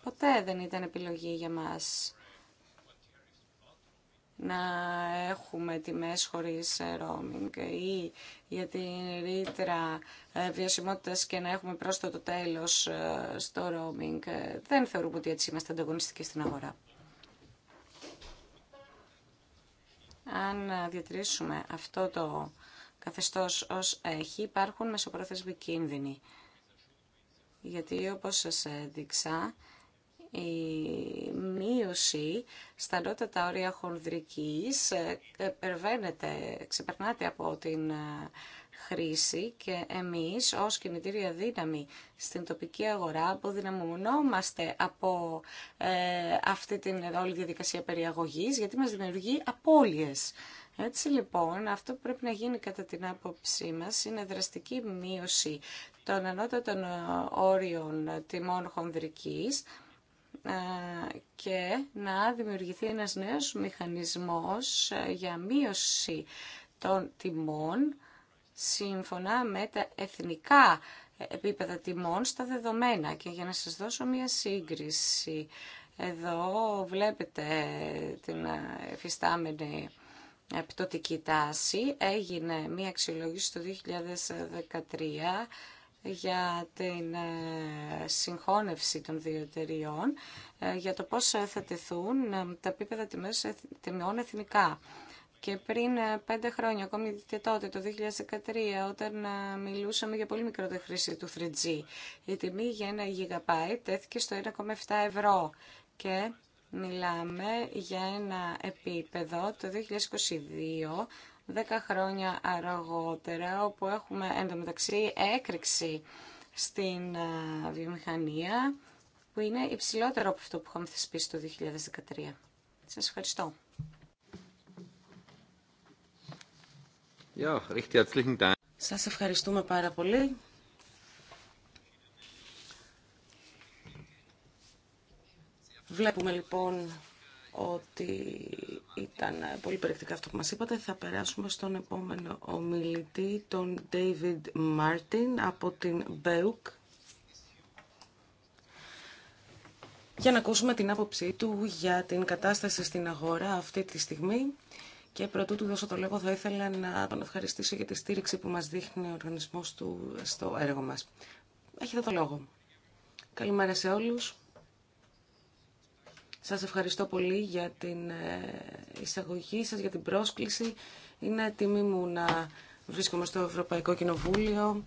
Ποτέ δεν ήταν επιλογή για μας να έχουμε τιμές χωρίς ε, roaming ή για την ρήτρα ε, βιωσιμότητας και να έχουμε πρόσθετο τέλος ε, στο roaming. Δεν θεωρούμε ότι έτσι είμαστε ανταγωνιστικοί στην αγορά. Αν διατηρήσουμε αυτό το καθεστώς ως έχει υπάρχουν μεσοπρόθεσμοι κίνδυνοι. Γιατί όπως σας έδειξα, η μείωση στα τα όρια χονδρικής ε, ξεπερνάται από την ε, χρήση και εμείς ως κινητήρια δύναμη στην τοπική αγορά αποδυναμωνόμαστε από ε, αυτή την όλη διαδικασία περιαγωγής γιατί μας δημιουργεί απώλειες. Έτσι λοιπόν, αυτό που πρέπει να γίνει κατά την άποψή μας είναι δραστική μείωση των ανώτατων ε, όριων τιμών χονδρικής ε, και να δημιουργηθεί ένας νέος μηχανισμός ε, για μείωση των τιμών σύμφωνα με τα εθνικά επίπεδα τιμών στα δεδομένα. Και για να σας δώσω μία σύγκριση, εδώ βλέπετε την εφιστάμενη επιτοτική τάση. Έγινε μία αξιολόγηση το 2013 για την ε, συγχώνευση των δύο εταιριών, ε, για το πώς θα τεθούν ε, τα επίπεδα τιμών εθνικά. Και πριν πέντε χρόνια, ακόμη και τότε, το 2013, όταν μιλούσαμε για πολύ μικρότερη χρήση του 3G, η τιμή για ένα γιγαπάιτ τέθηκε στο 1,7 ευρώ. Και Μιλάμε για ένα επίπεδο το 2022 10 χρόνια αργότερα, όπου έχουμε εντωμεταξύ έκρηξη στην βιομηχανία, που είναι υψηλότερο από αυτό που είχαμε θεσπίσει το 2013. Σας ευχαριστώ. Σας ευχαριστούμε πάρα πολύ. Βλέπουμε λοιπόν ότι ήταν πολύ περιεκτικά αυτό που μας είπατε. Θα περάσουμε στον επόμενο ομιλητή, τον David Martin από την BEUC. Για να ακούσουμε την άποψή του για την κατάσταση στην αγορά αυτή τη στιγμή. Και πρωτού του δώσω το λόγο, θα ήθελα να τον ευχαριστήσω για τη στήριξη που μας δείχνει ο οργανισμός του στο έργο μας. Έχετε το λόγο. Καλημέρα σε όλους. Σας ευχαριστώ πολύ για την ε, εισαγωγή σας, για την πρόσκληση. Είναι τιμή μου να βρίσκομαι στο Ευρωπαϊκό Κοινοβούλιο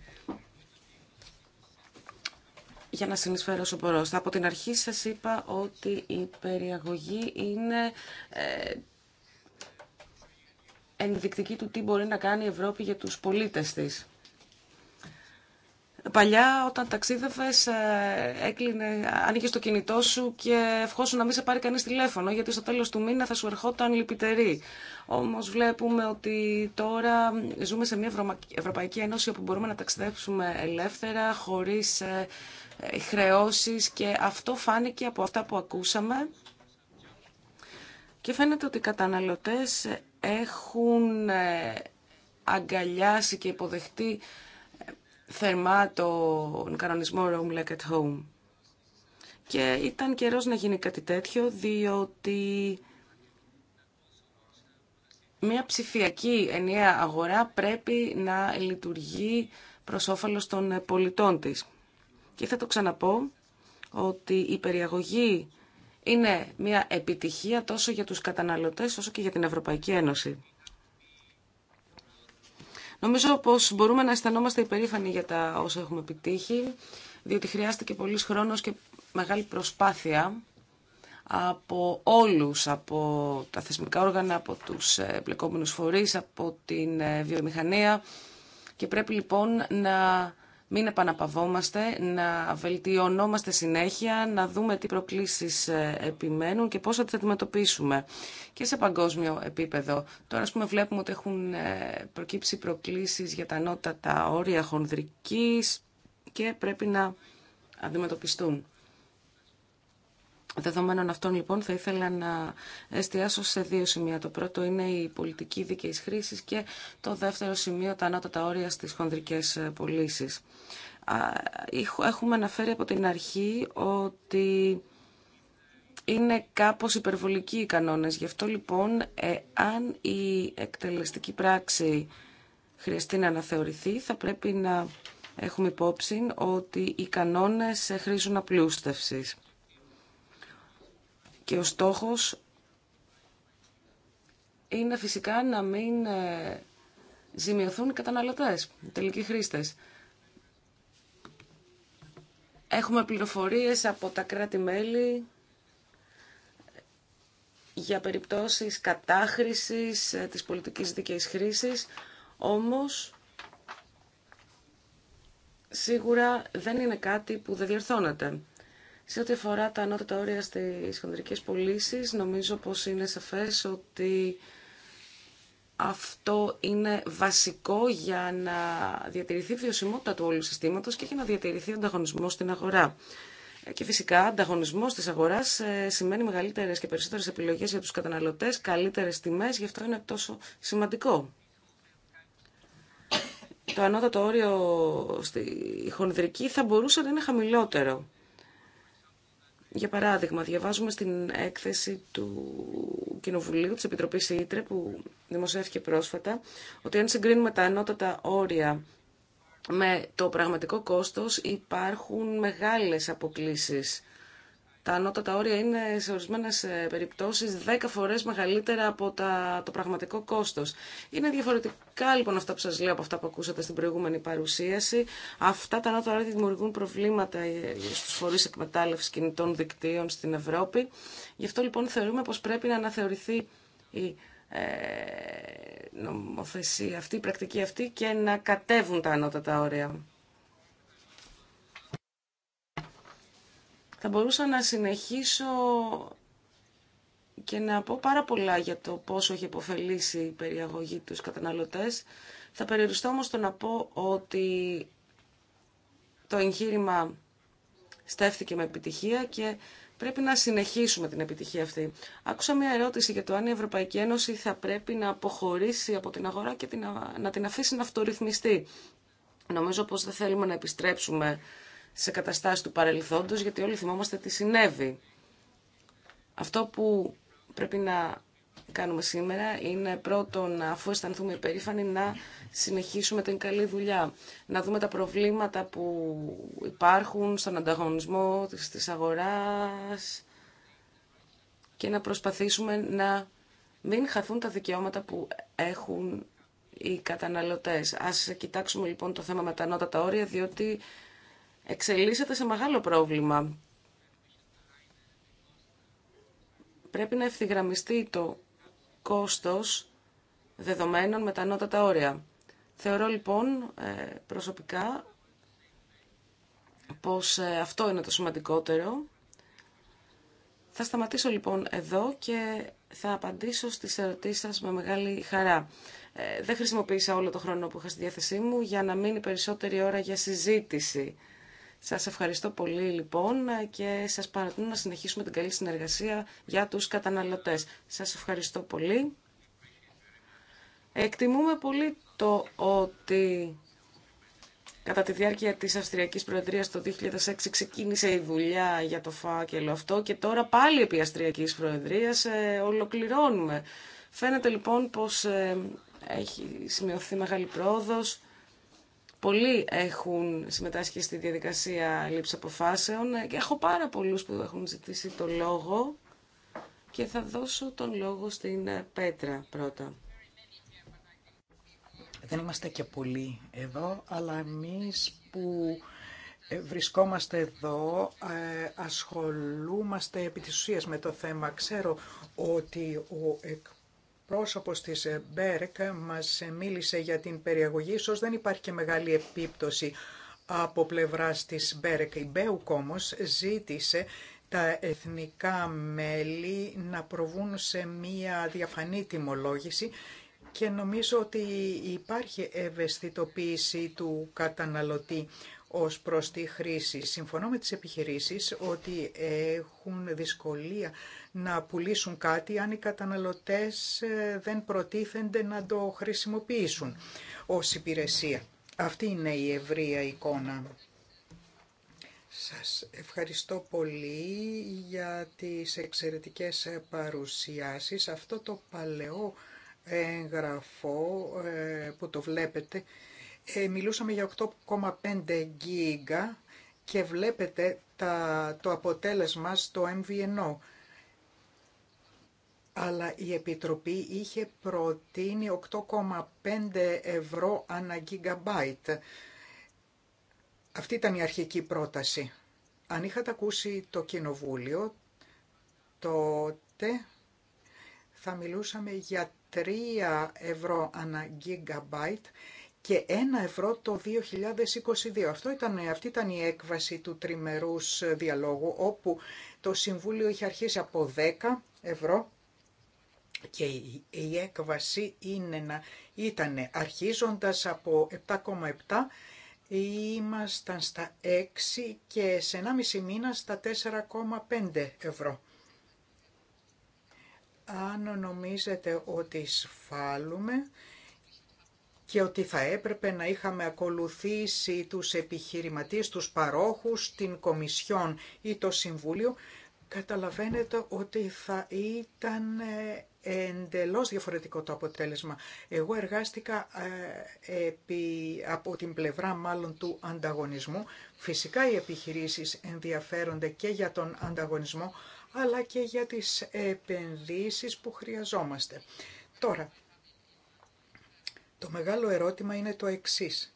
για να συνεισφέρω όσο μπορώ. Από την αρχή σας είπα ότι η περιαγωγή είναι ε, ενδεικτική του τι μπορεί να κάνει η Ευρώπη για τους πολίτες της. Παλιά όταν ταξίδευες ε, έκλεινε, άνοιγες το κινητό σου και ευχόσου να μην σε πάρει κανείς τηλέφωνο γιατί στο τέλος του μήνα θα σου ερχόταν λυπητερή. Όμως βλέπουμε ότι τώρα ζούμε σε μια Ευρωπαϊκή Ένωση όπου μπορούμε να ταξιδέψουμε ελεύθερα, χωρίς ε, ε, χρεώσεις και αυτό φάνηκε από αυτά που ακούσαμε. Και φαίνεται ότι οι καταναλωτές έχουν αγκαλιάσει και υποδεχτεί θερμά τον κανονισμό Rome Like at Home. Και ήταν καιρός να γίνει κάτι τέτοιο, διότι μια ψηφιακή ενιαία αγορά πρέπει να λειτουργεί προς όφελος των πολιτών της. Και θα το ξαναπώ ότι η περιαγωγή είναι μια επιτυχία τόσο για τους καταναλωτές όσο και για την Ευρωπαϊκή Ένωση. Νομίζω πως μπορούμε να αισθανόμαστε υπερήφανοι για τα όσα έχουμε επιτύχει, διότι χρειάστηκε πολλής χρόνος και μεγάλη προσπάθεια από όλους, από τα θεσμικά όργανα, από τους ε, εμπλεκόμενους φορείς, από την ε, βιομηχανία και πρέπει λοιπόν να μην επαναπαυόμαστε, να βελτιωνόμαστε συνέχεια, να δούμε τι προκλήσεις ε, επιμένουν και πώς θα τι αντιμετωπίσουμε και σε παγκόσμιο επίπεδο. Τώρα, βλέπουμε ότι έχουν ε, προκύψει προκλήσεις για τα ανώτατα όρια χονδρικής και πρέπει να αντιμετωπιστούν. Δεδομένων αυτών λοιπόν θα ήθελα να εστιάσω σε δύο σημεία. Το πρώτο είναι η πολιτική δίκαιης χρήσης και το δεύτερο σημείο τα ανώτατα όρια στις χονδρικές ε, πωλήσει. Έχουμε αναφέρει από την αρχή ότι είναι κάπως υπερβολικοί οι κανόνες. Γι' αυτό λοιπόν ε, αν η εκτελεστική πράξη χρειαστεί να αναθεωρηθεί θα πρέπει να έχουμε υπόψη ότι οι κανόνες ε, χρήζουν απλούστευσης. Και ο στόχος είναι φυσικά να μην ε, ζημιωθούν οι καταναλωτές, οι τελικοί χρήστες. Έχουμε πληροφορίες από τα κράτη-μέλη για περιπτώσεις κατάχρησης ε, της πολιτικής δικαιής χρήσης, όμως σίγουρα δεν είναι κάτι που δεν διορθώνεται. Σε ό,τι αφορά τα ανώτατα όρια στις χοντρικές πωλήσει, νομίζω πως είναι σαφές ότι αυτό είναι βασικό για να διατηρηθεί η βιωσιμότητα του όλου συστήματος και για να διατηρηθεί ο ανταγωνισμός στην αγορά. Ε, και φυσικά, ανταγωνισμός της αγοράς ε, σημαίνει μεγαλύτερες και περισσότερες επιλογές για τους καταναλωτές, καλύτερες τιμές, γι' αυτό είναι τόσο σημαντικό. Το ανώτατο όριο στη χονδρική θα μπορούσε να είναι χαμηλότερο. Για παράδειγμα, διαβάζουμε στην έκθεση του Κοινοβουλίου της Επιτροπής Ήτρε που δημοσιεύτηκε πρόσφατα ότι αν συγκρίνουμε τα ενότατα όρια με το πραγματικό κόστος υπάρχουν μεγάλες αποκλήσεις τα ανώτατα όρια είναι σε ορισμένε περιπτώσει 10 φορέ μεγαλύτερα από τα, το πραγματικό κόστο. Είναι διαφορετικά λοιπόν αυτά που σα λέω από αυτά που ακούσατε στην προηγούμενη παρουσίαση. Αυτά τα ανώτατα όρια δημιουργούν προβλήματα ε, στου φορείς εκμετάλλευση κινητών δικτύων στην Ευρώπη. Γι' αυτό λοιπόν θεωρούμε πω πρέπει να αναθεωρηθεί η ε, νομοθεσία αυτή, η πρακτική αυτή και να κατέβουν τα ανώτατα όρια. Θα μπορούσα να συνεχίσω και να πω πάρα πολλά για το πόσο έχει υποφελήσει η περιαγωγή τους καταναλωτές. Θα περιοριστώ όμως το να πω ότι το εγχείρημα στέφθηκε με επιτυχία και πρέπει να συνεχίσουμε την επιτυχία αυτή. Άκουσα μια ερώτηση για το αν η Ευρωπαϊκή Ένωση θα πρέπει να αποχωρήσει από την αγορά και να την αφήσει να αυτορυθμιστεί. Νομίζω πως δεν θέλουμε να επιστρέψουμε σε καταστάσεις του παρελθόντος, γιατί όλοι θυμόμαστε τι συνέβη. Αυτό που πρέπει να κάνουμε σήμερα είναι πρώτον, αφού αισθανθούμε υπερήφανοι, να συνεχίσουμε την καλή δουλειά. Να δούμε τα προβλήματα που υπάρχουν στον ανταγωνισμό της αγοράς και να προσπαθήσουμε να μην χαθούν τα δικαιώματα που έχουν οι καταναλωτές. Ας κοιτάξουμε λοιπόν το θέμα με τα ανώτατα όρια, διότι εξελίσσεται σε μεγάλο πρόβλημα. Πρέπει να ευθυγραμμιστεί το κόστος δεδομένων με τα ανώτατα όρια. Θεωρώ λοιπόν ε, προσωπικά πως ε, αυτό είναι το σημαντικότερο. Θα σταματήσω λοιπόν εδώ και θα απαντήσω στις ερωτήσεις σας με μεγάλη χαρά. Ε, δεν χρησιμοποίησα όλο το χρόνο που είχα στη διάθεσή μου για να μείνει περισσότερη ώρα για συζήτηση. Σας ευχαριστώ πολύ λοιπόν και σας παρατηρούμε να συνεχίσουμε την καλή συνεργασία για τους καταναλωτές. Σας ευχαριστώ πολύ. Εκτιμούμε πολύ το ότι κατά τη διάρκεια της Αυστριακής Προεδρίας το 2006 ξεκίνησε η δουλειά για το φάκελο αυτό και τώρα πάλι επί Αυστριακής Προεδρίας ε, ολοκληρώνουμε. Φαίνεται λοιπόν πως ε, έχει σημειωθεί μεγάλη πρόοδος Πολλοί έχουν συμμετάσχει στη διαδικασία λήψη αποφάσεων και ε, έχω πάρα πολλούς που έχουν ζητήσει το λόγο και θα δώσω τον λόγο στην ε, Πέτρα πρώτα. Δεν είμαστε και πολλοί εδώ, αλλά εμείς που ε, βρισκόμαστε εδώ, ασχολούμαστε επί με το θέμα. Ξέρω ότι ο πρόσωπο της ε, Μπέρκ μας ε, μίλησε για την περιαγωγή. Ίσως δεν υπάρχει και μεγάλη επίπτωση από πλευράς της Μπέρκ. Η Μπέουκ ζήτησε τα εθνικά μέλη να προβούν σε μία διαφανή τιμολόγηση και νομίζω ότι υπάρχει ευαισθητοποίηση του καταναλωτή ως προς τη χρήση. Συμφωνώ με τις επιχειρήσεις ότι έχουν δυσκολία να πουλήσουν κάτι αν οι καταναλωτές ε, δεν προτίθενται να το χρησιμοποιήσουν ως υπηρεσία. Αυτή είναι η ευρεία εικόνα. Σας ευχαριστώ πολύ για τις εξαιρετικές παρουσιάσεις. Αυτό το παλαιό έγγραφο ε, που το βλέπετε ε, μιλούσαμε για 8,5 γίγκα και βλέπετε τα, το αποτέλεσμα στο MVNO. Αλλά η Επιτροπή είχε προτείνει 8,5 ευρώ ανά γιγκαμπάιτ. Αυτή ήταν η αρχική πρόταση. Αν είχατε ακούσει το Κοινοβούλιο, τότε θα μιλούσαμε για 3 ευρώ ανά γιγκαμπάιτ και 1 ευρώ το 2022. Αυτό ήταν, αυτή ήταν η έκβαση του τριμερούς διαλόγου, όπου το Συμβούλιο είχε αρχίσει από 10 ευρώ και η έκβαση είναι ήταν αρχίζοντας από 7,7 ήμασταν στα 6 και σε 1,5 μήνα στα 4,5 ευρώ. Αν νομίζετε ότι σφάλουμε, και ότι θα έπρεπε να είχαμε ακολουθήσει τους επιχειρηματίες, τους παρόχους, την Κομισιόν ή το Συμβούλιο, καταλαβαίνετε ότι θα ήταν ε, εντελώς διαφορετικό το αποτέλεσμα. Εγώ εργάστηκα ε, από την πλευρά μάλλον του ανταγωνισμού. Φυσικά οι επιχειρήσεις ενδιαφέρονται και για τον ανταγωνισμό, αλλά και για τις επενδύσεις που χρειαζόμαστε. Τώρα, το μεγάλο ερώτημα είναι το εξής.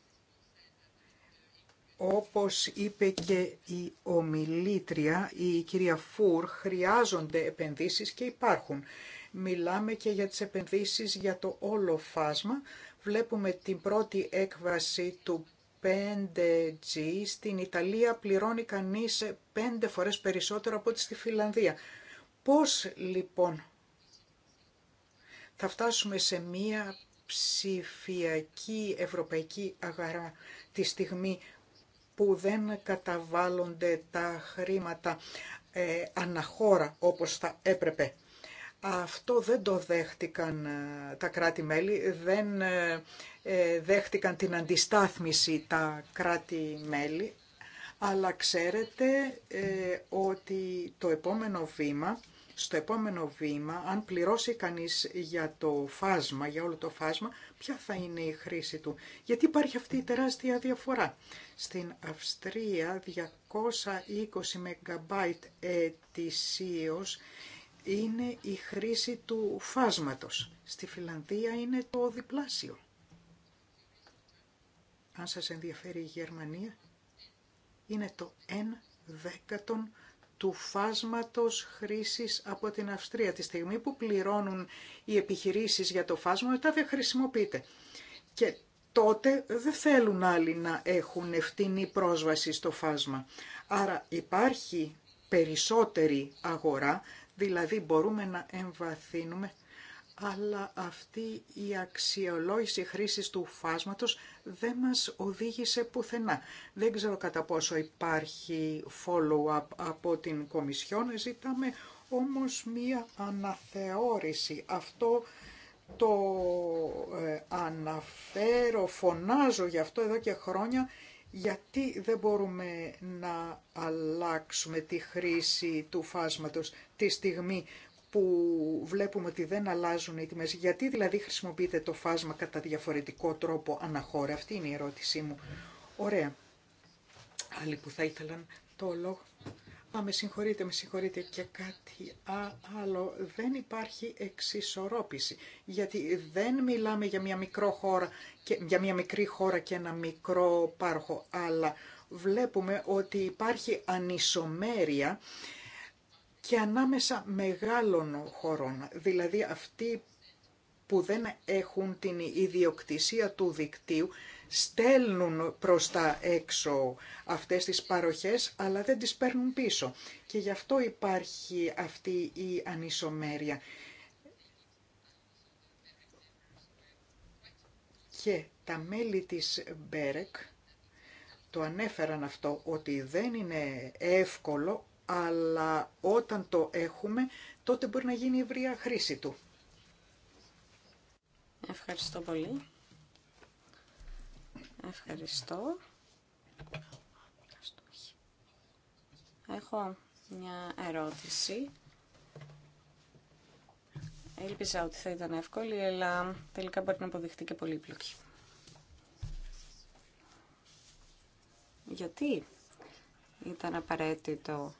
Όπως είπε και η ομιλήτρια, η κυρία Φούρ, χρειάζονται επενδύσεις και υπάρχουν. Μιλάμε και για τις επενδύσεις για το όλο φάσμα. Βλέπουμε την πρώτη έκβαση του 5G. Στην Ιταλία πληρώνει κανείς πέντε φορές περισσότερο από ό,τι στη Φιλανδία. Πώς λοιπόν θα φτάσουμε σε μία ψηφιακή ευρωπαϊκή αγαρά τη στιγμή που δεν καταβάλλονται τα χρήματα ε, αναχώρα όπως θα έπρεπε. Αυτό δεν το δέχτηκαν ε, τα κράτη-μέλη, δεν ε, δέχτηκαν την αντιστάθμιση τα κράτη-μέλη, αλλά ξέρετε ότι το επόμενο βήμα στο επόμενο βήμα, αν πληρώσει κανείς για το φάσμα, για όλο το φάσμα, ποια θα είναι η χρήση του. Γιατί υπάρχει αυτή η τεράστια διαφορά. Στην Αυστρία 220 MB ετησίως είναι η χρήση του φάσματος. Στη Φιλανδία είναι το διπλάσιο. Αν σας ενδιαφέρει η Γερμανία, είναι το 1 δέκατον του φάσματος χρήσης από την Αυστρία. Τη στιγμή που πληρώνουν οι επιχειρήσεις για το φάσμα, μετά δεν χρησιμοποιείται. Και τότε δεν θέλουν άλλοι να έχουν ευθυνή πρόσβαση στο φάσμα. Άρα υπάρχει περισσότερη αγορά, δηλαδή μπορούμε να εμβαθύνουμε αλλά αυτή η αξιολόγηση χρήσης του φάσματος δεν μας οδήγησε πουθενά. Δεν ξέρω κατά πόσο υπάρχει follow-up από την Κομισιόν, ζητάμε όμως μία αναθεώρηση. Αυτό το ε, αναφέρω, φωνάζω γι' αυτό εδώ και χρόνια, γιατί δεν μπορούμε να αλλάξουμε τη χρήση του φάσματος τη στιγμή που βλέπουμε ότι δεν αλλάζουν οι τιμές. Γιατί δηλαδή χρησιμοποιείτε το φάσμα κατά διαφορετικό τρόπο αναχώρα. Αυτή είναι η ερώτησή μου. Ωραία. Άλλοι που θα ήθελαν το λόγο. Α, με συγχωρείτε, με συγχωρείτε και κάτι άλλο. Δεν υπάρχει εξισορρόπηση, γιατί δεν μιλάμε για μια, μικρό και, για μια μικρή χώρα και ένα μικρό πάροχο, αλλά βλέπουμε ότι υπάρχει ανισομέρεια και ανάμεσα μεγάλων χωρών, δηλαδή αυτοί που δεν έχουν την ιδιοκτησία του δικτύου, στέλνουν προς τα έξω αυτές τις παροχές, αλλά δεν τις παίρνουν πίσω. Και γι' αυτό υπάρχει αυτή η ανισομέρεια. Και τα μέλη της Μπέρεκ το ανέφεραν αυτό, ότι δεν είναι εύκολο αλλά όταν το έχουμε, τότε μπορεί να γίνει ευρεία χρήση του. Ευχαριστώ πολύ. Ευχαριστώ. Έχω μια ερώτηση. Ελπίζα ότι θα ήταν εύκολη, αλλά τελικά μπορεί να αποδειχτεί και πολύπλοκη. Γιατί ήταν απαραίτητο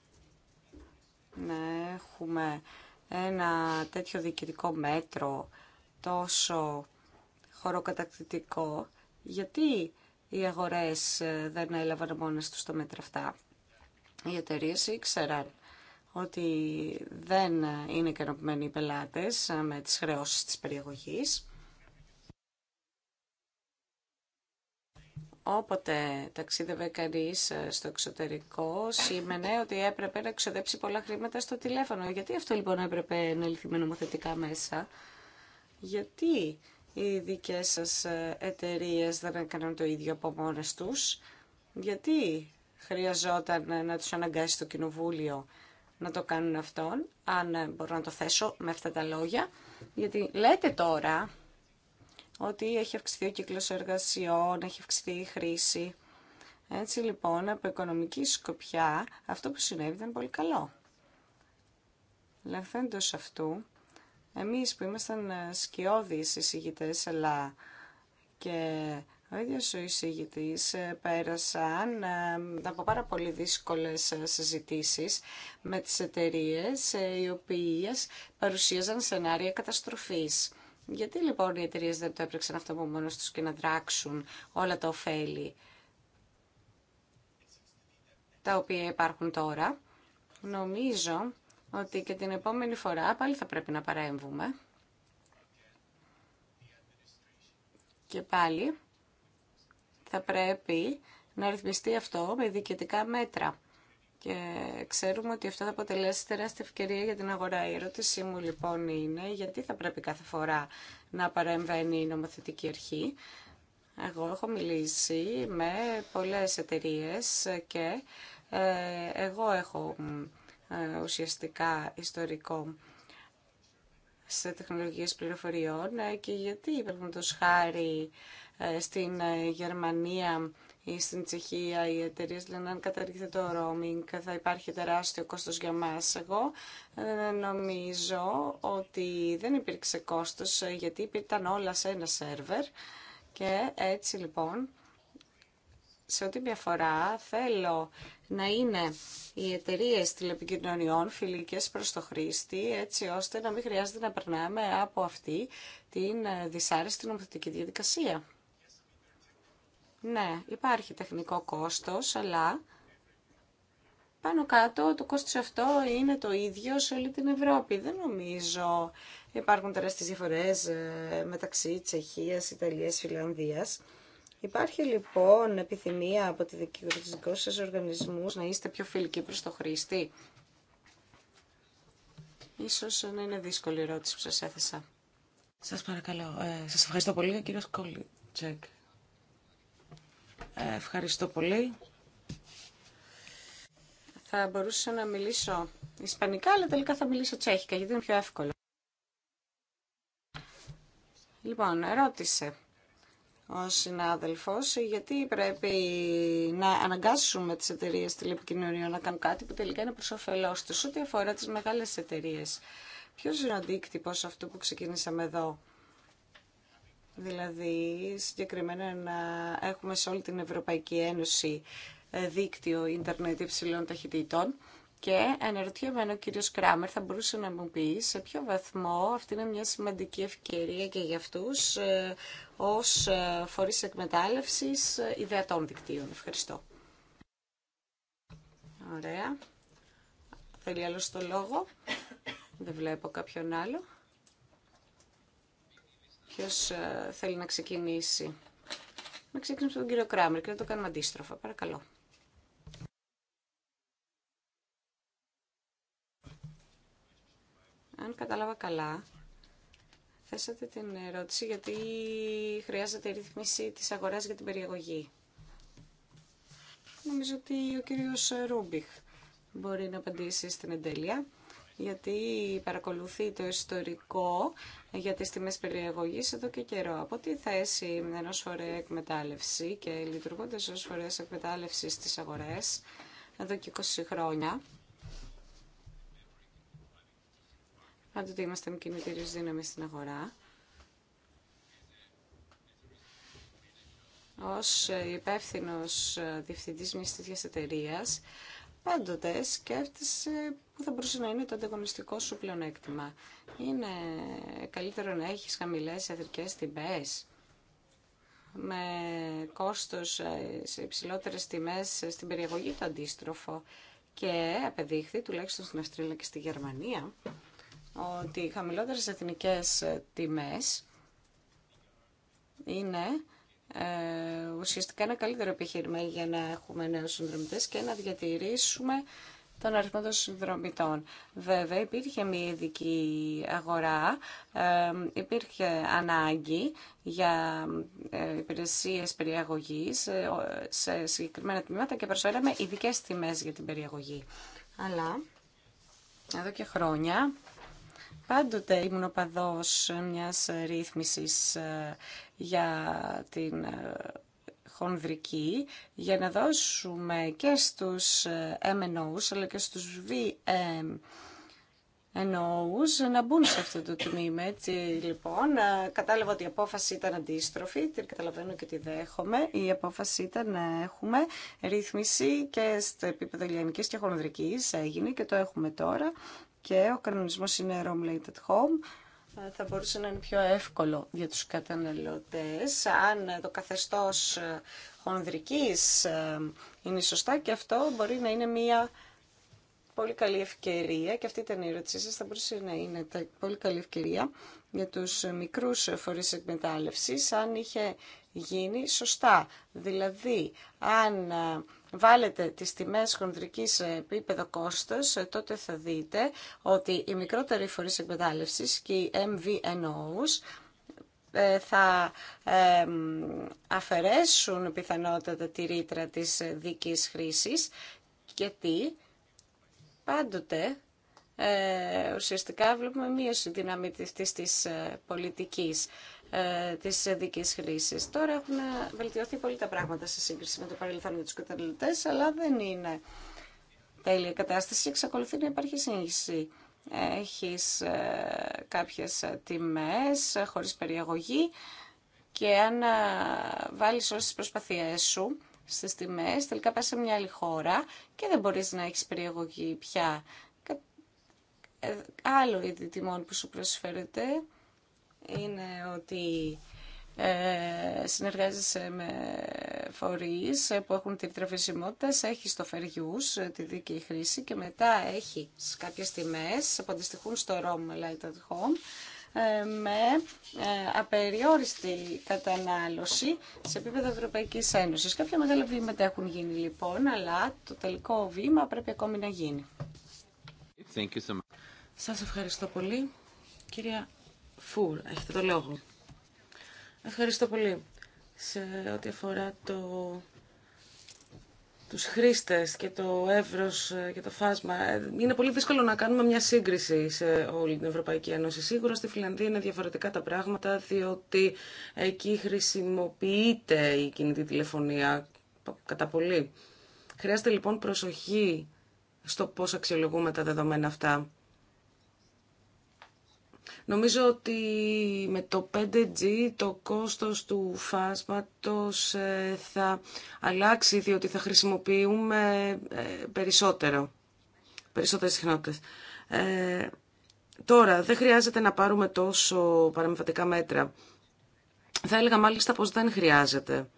να έχουμε ένα τέτοιο διοικητικό μέτρο τόσο χωροκατακτητικό, γιατί οι αγορές ε, δεν έλαβαν μόνες τους τα μέτρα αυτά. Οι εταιρείε ήξεραν ότι δεν είναι ικανοποιημένοι οι πελάτες ε, με τις χρεώσεις της περιεγωγής Όποτε ταξίδευε κανεί ε, στο εξωτερικό, σήμαινε ότι έπρεπε να ξοδέψει πολλά χρήματα στο τηλέφωνο. Γιατί αυτό λοιπόν έπρεπε να λυθεί με νομοθετικά μέσα. Γιατί οι δικές σας ε, εταιρείε δεν έκαναν το ίδιο από μόνες τους. Γιατί χρειαζόταν ε, να τους αναγκάσει το κοινοβούλιο να το κάνουν αυτόν, αν μπορώ να το θέσω με αυτά τα λόγια. Γιατί λέτε τώρα ότι έχει αυξηθεί ο κύκλος εργασιών, έχει αυξηθεί η χρήση. Έτσι λοιπόν, από οικονομική σκοπιά, αυτό που συνέβη ήταν πολύ καλό. Λαμβάνοντας αυτού, εμείς που ήμασταν ε, σκιώδεις εισηγητές, αλλά και ο ίδιος ο εισηγητής ε, πέρασαν ε, από πάρα πολύ δύσκολες συζητήσεις με τις εταιρείες οι οποίες παρουσίαζαν σενάρια καταστροφής. Γιατί λοιπόν οι εταιρείε δεν το έπρεξαν αυτό από μόνο του και να δράξουν όλα τα ωφέλη τα οποία υπάρχουν τώρα. Νομίζω ότι και την επόμενη φορά πάλι θα πρέπει να παρέμβουμε. Και πάλι θα πρέπει να ρυθμιστεί αυτό με διοικητικά μέτρα. Και ξέρουμε ότι αυτό θα αποτελέσει τεράστια ευκαιρία για την αγορά. Η ερώτησή μου λοιπόν είναι γιατί θα πρέπει κάθε φορά να παρεμβαίνει η νομοθετική αρχή. Εγώ έχω μιλήσει με πολλές εταιρείες και ε, εγώ έχω ε, ουσιαστικά ιστορικό σε τεχνολογίες πληροφοριών ε, και γιατί, παραδείγματος χάρη, στην Γερμανία ή στην Τσεχία οι εταιρείε λένε αν καταργείται το roaming θα υπάρχει τεράστιο κόστος για μας. Εγώ ε, νομίζω ότι δεν υπήρξε κόστος ε, γιατί ήταν όλα σε ένα σερβερ και έτσι λοιπόν σε ό,τι με αφορά θέλω να είναι οι εταιρείε τηλεπικοινωνιών φιλικές προς το χρήστη έτσι ώστε να μην χρειάζεται να περνάμε από αυτή την ε, δυσάρεστη νομοθετική διαδικασία. Ναι, υπάρχει τεχνικό κόστος, αλλά πάνω κάτω το κόστος αυτό είναι το ίδιο σε όλη την Ευρώπη. Δεν νομίζω υπάρχουν τεράστιες διαφορές ε, μεταξύ Τσεχίας, Ιταλίας, Φιλανδίας. Υπάρχει λοιπόν επιθυμία από τη δικαιωτικού σας οργανισμούς να είστε πιο φιλικοί προς το χρήστη. Ίσως να είναι δύσκολη η ερώτηση που σας έθεσα. Σας παρακαλώ. Ε, σας ευχαριστώ πολύ, κύριος Κόλιτσεκ. Ε, ευχαριστώ πολύ. Θα μπορούσα να μιλήσω ισπανικά, αλλά τελικά θα μιλήσω τσέχικα, γιατί είναι πιο εύκολο. Λοιπόν, ρώτησε ο συνάδελφος γιατί πρέπει να αναγκάσουμε τις εταιρείες τηλεπικοινωνίων να κάνουν κάτι που τελικά είναι προς όφελός τους, ό,τι αφορά τις μεγάλες εταιρείες. Ποιος είναι ο αντίκτυπος αυτού που ξεκινήσαμε εδώ. Δηλαδή, συγκεκριμένα να έχουμε σε όλη την Ευρωπαϊκή Ένωση ε, δίκτυο ίντερνετ υψηλών ταχυτήτων. Και αναρωτιέμαι αν ο κύριος Κράμερ θα μπορούσε να μου πει σε ποιο βαθμό αυτή είναι μια σημαντική ευκαιρία και για αυτούς ε, ως ε, φορείς εκμετάλλευσης ιδεατών δικτύων. Ευχαριστώ. Ωραία. Θέλει άλλο το λόγο. Δεν βλέπω κάποιον άλλο. Ποιος ε, θέλει να ξεκινήσει. Να ξεκινήσουμε τον κύριο Κράμερ και να το κάνουμε αντίστροφα. Παρακαλώ. Αν κατάλαβα καλά, θέσατε την ερώτηση γιατί χρειάζεται η ρύθμιση της αγοράς για την περιεγωγή. Νομίζω ότι ο κύριος Ρούμπιχ μπορεί να απαντήσει στην εντέλεια, γιατί παρακολουθεί το ιστορικό για τις τιμές περιεγωγής εδώ και καιρό. Από τη θέση ενό φορέα εκμετάλλευση και λειτουργώντας ως φορέας εκμετάλλευση στις αγορές εδώ και 20 χρόνια, πάντοτε είμαστε με δύναμη στην αγορά, ως υπεύθυνος διευθυντής μιας τέτοιας εταιρείας, πάντοτε σκέφτεσαι που θα μπορούσε να είναι το ανταγωνιστικό σου πλεονέκτημα. Είναι καλύτερο να έχεις χαμηλές ιατρικές τιμές με κόστος ε, σε υψηλότερες τιμές ε, στην περιαγωγή το αντίστροφο και απεδείχθη τουλάχιστον στην Αυστρία και στη Γερμανία ότι οι χαμηλότερες εθνικές ε, τιμές είναι ε, ουσιαστικά ένα καλύτερο επιχείρημα για να έχουμε νέους συνδρομητές και να διατηρήσουμε τον αριθμό των συνδρομητών. Βέβαια, υπήρχε μια ειδική αγορά, ε, υπήρχε ανάγκη για ε, υπηρεσίες περιαγωγής σε συγκεκριμένα τμήματα και προσφέραμε ειδικές τιμές για την περιαγωγή. Αλλά, εδώ και χρόνια, Πάντοτε ήμουν οπαδός μιας ρύθμισης ε, για την ε, χονδρική για να δώσουμε και στους ε, MNOs αλλά και στους VMNOs να μπουν σε αυτό το τμήμα. Έτσι, λοιπόν, κατάλαβα ότι η απόφαση ήταν αντίστροφη, την καταλαβαίνω και τη δέχομαι. Η απόφαση ήταν να έχουμε ρύθμιση και στο επίπεδο λιανικής και χονδρικής έγινε και το έχουμε τώρα και ο κανονισμός είναι rom Late at Home ε, θα μπορούσε να είναι πιο εύκολο για τους καταναλωτές αν το καθεστώς ε, χονδρικής ε, είναι σωστά και αυτό μπορεί να είναι μια πολύ καλή ευκαιρία και αυτή ήταν η ερώτησή σας θα μπορούσε να είναι πολύ καλή ευκαιρία για τους μικρούς φορείς εκμετάλλευσης αν είχε γίνει σωστά. Δηλαδή, αν βάλετε τις τιμές χονδρικής επίπεδο κόστος, ε, τότε θα δείτε ότι οι μικρότεροι φορείς εκμετάλλευσης και οι MVNOs ε, θα αφαιρέσουν πιθανότατα τη ρήτρα της δικής χρήσης, γιατί πάντοτε ε, ουσιαστικά βλέπουμε μείωση της της πολιτικής. Ε, Τη δικής χρήση. Τώρα έχουν βελτιωθεί πολύ τα πράγματα σε σύγκριση με το παρελθόν για του καταναλωτέ, αλλά δεν είναι τέλεια κατάσταση. Εξακολουθεί να υπάρχει σύγχυση. Έχεις ε, κάποιες τιμέ χωρίς περιαγωγή και αν ε, βάλεις όλες τις προσπαθίες σου στις τιμέ, τελικά πά σε μια άλλη χώρα και δεν μπορεί να έχει περιαγωγή πια. Άλλο είδη τιμών που σου προσφέρεται είναι ότι ε, συνεργάζεσαι με φορείς που έχουν την τρεφησιμότητα, έχει το fair ε, τη δίκαιη χρήση και μετά έχει κάποιες τιμές που αντιστοιχούν στο ROM Light at Home ε, με απεριόριστη κατανάλωση σε επίπεδο Ευρωπαϊκής Ένωσης. Κάποια μεγάλα βήματα έχουν γίνει λοιπόν, αλλά το τελικό βήμα πρέπει ακόμη να γίνει. Thank so Σας ευχαριστώ πολύ. Κυρία Φουρ, έχετε το λόγο. Ευχαριστώ πολύ. Σε ό,τι αφορά το... τους χρήστες και το εύρος ε, και το φάσμα, ε, είναι πολύ δύσκολο να κάνουμε μια σύγκριση σε όλη την Ευρωπαϊκή Ένωση. Σίγουρα στη Φιλανδία είναι διαφορετικά τα πράγματα, διότι εκεί χρησιμοποιείται η κινητή τηλεφωνία κατά πολύ. Χρειάζεται λοιπόν προσοχή στο πώς αξιολογούμε τα δεδομένα αυτά. Νομίζω ότι με το 5G το κόστος του φάσματος ε, θα αλλάξει διότι θα χρησιμοποιούμε ε, περισσότερο, περισσότερες συχνότητες. Ε, τώρα, δεν χρειάζεται να πάρουμε τόσο παραμυθατικά μέτρα. Θα έλεγα μάλιστα πως δεν χρειάζεται.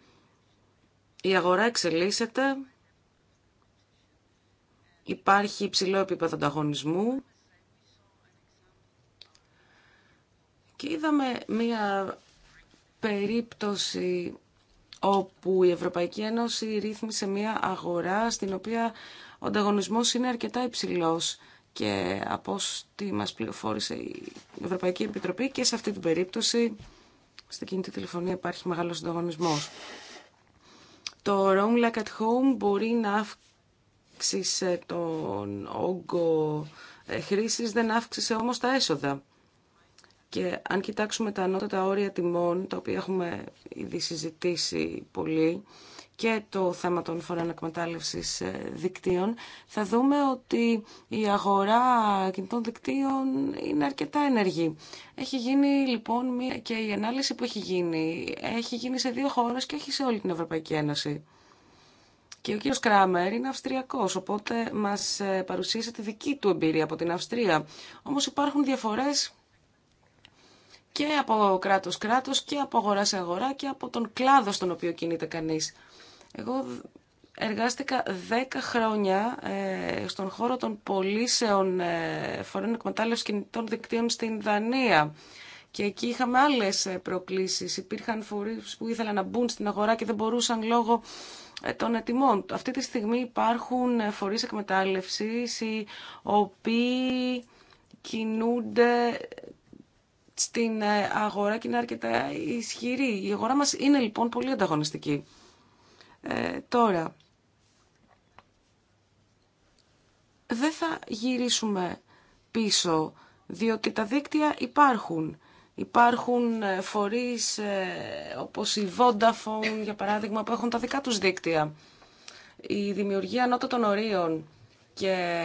Η αγορά εξελίσσεται, υπάρχει υψηλό επίπεδο ανταγωνισμού Και είδαμε μία περίπτωση όπου η Ευρωπαϊκή Ένωση ρύθμισε μία αγορά στην οποία ο ανταγωνισμός είναι αρκετά υψηλός και από ό,τι μας πληροφόρησε η Ευρωπαϊκή Επιτροπή και σε αυτή την περίπτωση στην κινητή τηλεφωνία υπάρχει μεγάλος ανταγωνισμός. Το Roam Like at Home μπορεί να αύξησε τον όγκο ε, χρήσης, δεν αύξησε όμως τα έσοδα. Και αν κοιτάξουμε τα ανώτατα όρια τιμών, τα οποία έχουμε ήδη συζητήσει πολύ, και το θέμα των φορών εκμετάλλευσης ε, δικτύων, θα δούμε ότι η αγορά κινητών δικτύων είναι αρκετά ενεργή. Έχει γίνει λοιπόν και η ανάλυση που έχει γίνει, έχει γίνει σε δύο χώρες και όχι σε όλη την Ευρωπαϊκή Ένωση. Και ο κύριος Κράμερ είναι Αυστριακός, οπότε μας ε, παρουσίασε τη δική του εμπειρία από την Αυστρία. Όμως υπάρχουν διαφορές και από κράτος κράτος και από αγορά σε αγορά και από τον κλάδο στον οποίο κινείται κανείς. Εγώ εργάστηκα 10 χρόνια ε, στον χώρο των πωλήσεων ε, φορών εκμετάλλευσης κινητών δικτύων στην Δανία. Και εκεί είχαμε άλλες ε, προκλήσεις. Υπήρχαν φορείς που ήθελαν να μπουν στην αγορά και δεν μπορούσαν λόγω των ετοιμών. Αυτή τη στιγμή υπάρχουν φορείς εκμετάλλευσης οι οποίοι κινούνται στην ε, αγορά και είναι αρκετά ισχυρή. Η αγορά μας είναι λοιπόν πολύ ανταγωνιστική. Ε, τώρα, δεν θα γυρίσουμε πίσω, διότι τα δίκτυα υπάρχουν. Υπάρχουν ε, φορείς όπως η Vodafone, για παράδειγμα, που έχουν τα δικά τους δίκτυα. Η δημιουργία ανώτατων των ορίων και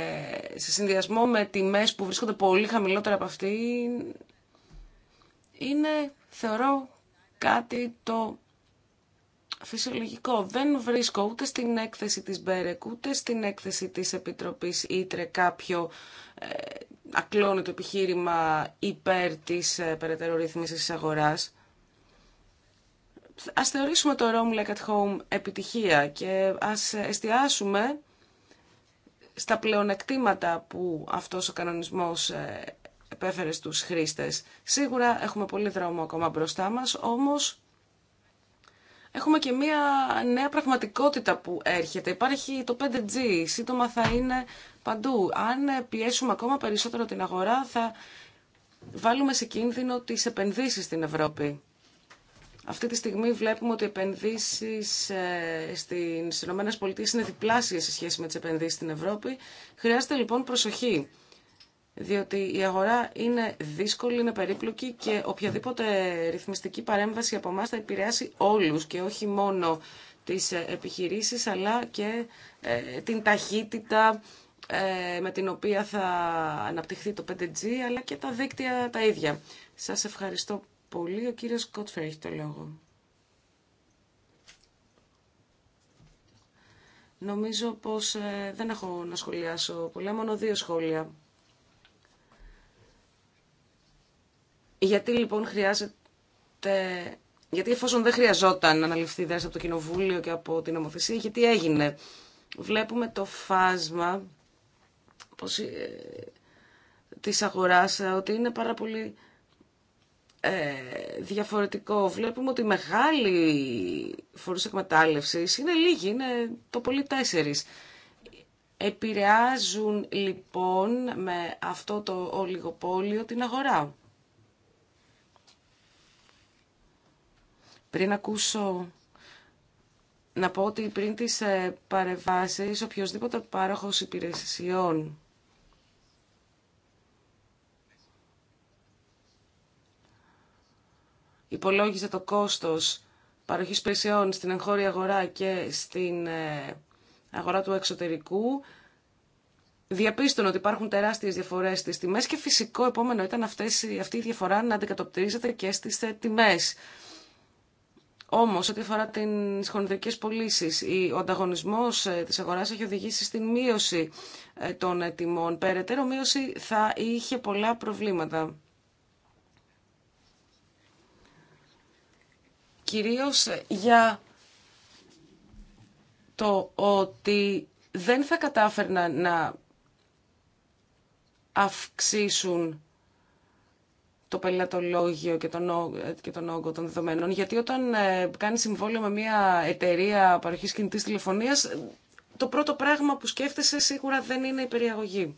σε συνδυασμό με τιμές που βρίσκονται πολύ χαμηλότερα από αυτή είναι, θεωρώ, κάτι το φυσιολογικό. Δεν βρίσκω ούτε στην έκθεση της Μπέρεκ, ούτε στην έκθεση της Επιτροπής Ήτρε κάποιο ε, ακλόνητο επιχείρημα υπέρ της ε, περαιτέρω ρύθμισης της αγοράς. Ας θεωρήσουμε το Rome Like at Home επιτυχία και ας εστιάσουμε στα πλεονεκτήματα που αυτός ο κανονισμός ε, επέφερε στους χρήστες. Σίγουρα έχουμε πολύ δρόμο ακόμα μπροστά μας, όμως έχουμε και μια νέα πραγματικότητα που έρχεται. Υπάρχει το 5G, σύντομα θα είναι παντού. Αν πιέσουμε ακόμα περισσότερο την αγορά θα βάλουμε σε κίνδυνο τις επενδύσεις στην Ευρώπη. Αυτή τη στιγμή βλέπουμε ότι οι επενδύσει ε, στι ΗΠΑ είναι διπλάσια σε σχέση με τι επενδύσει στην Ευρώπη. Χρειάζεται λοιπόν προσοχή διότι η αγορά είναι δύσκολη, είναι περίπλοκη και οποιαδήποτε ρυθμιστική παρέμβαση από εμά θα επηρεάσει όλους και όχι μόνο τις ε, επιχειρήσεις αλλά και ε, την ταχύτητα ε, με την οποία θα αναπτυχθεί το 5G αλλά και τα δίκτυα τα ίδια. Σας ευχαριστώ πολύ. Ο κύριος Κότφερ έχει το λόγο. Νομίζω πως δεν έχω να σχολιάσω πολλά, μόνο δύο σχόλια. Γιατί λοιπόν χρειάζεται... Γιατί εφόσον δεν χρειαζόταν να αναλυφθεί δράση από το Κοινοβούλιο και από την νομοθεσία, γιατί έγινε. Βλέπουμε το φάσμα πως, ε, της αγοράς ε, ότι είναι πάρα πολύ ε, διαφορετικό. Βλέπουμε ότι μεγάλη φορούς εκμετάλλευση είναι λίγοι, είναι το πολύ τέσσερις. Επηρεάζουν λοιπόν με αυτό το ολιγοπόλιο την αγορά. Πριν ακούσω να πω ότι πριν τις ε, παρεμβάσεις οποιοδήποτε πάροχος υπηρεσιών υπολόγιζε το κόστος παροχής υπηρεσιών στην εγχώρια αγορά και στην ε, αγορά του εξωτερικού διαπίστωνε ότι υπάρχουν τεράστιες διαφορές στις τιμές και φυσικό επόμενο ήταν αυτές, αυτή η διαφορά να αντικατοπτρίζεται και στις ε, τιμές. Όμως, ό,τι αφορά τι χονδρικέ πωλήσει, ο ανταγωνισμό ε, της αγοράς έχει οδηγήσει στην μείωση ε, των τιμών. Περαιτέρω μείωση θα είχε πολλά προβλήματα. Κυρίως ε, για το ότι δεν θα κατάφερναν να αυξήσουν το πελατολόγιο και τον, και τον όγκο των δεδομένων, γιατί όταν ε, κάνει συμβόλαιο με μια εταιρεία παροχής κινητής τηλεφωνίας, ε, το πρώτο πράγμα που σκέφτεσαι σίγουρα δεν είναι η περιαγωγή.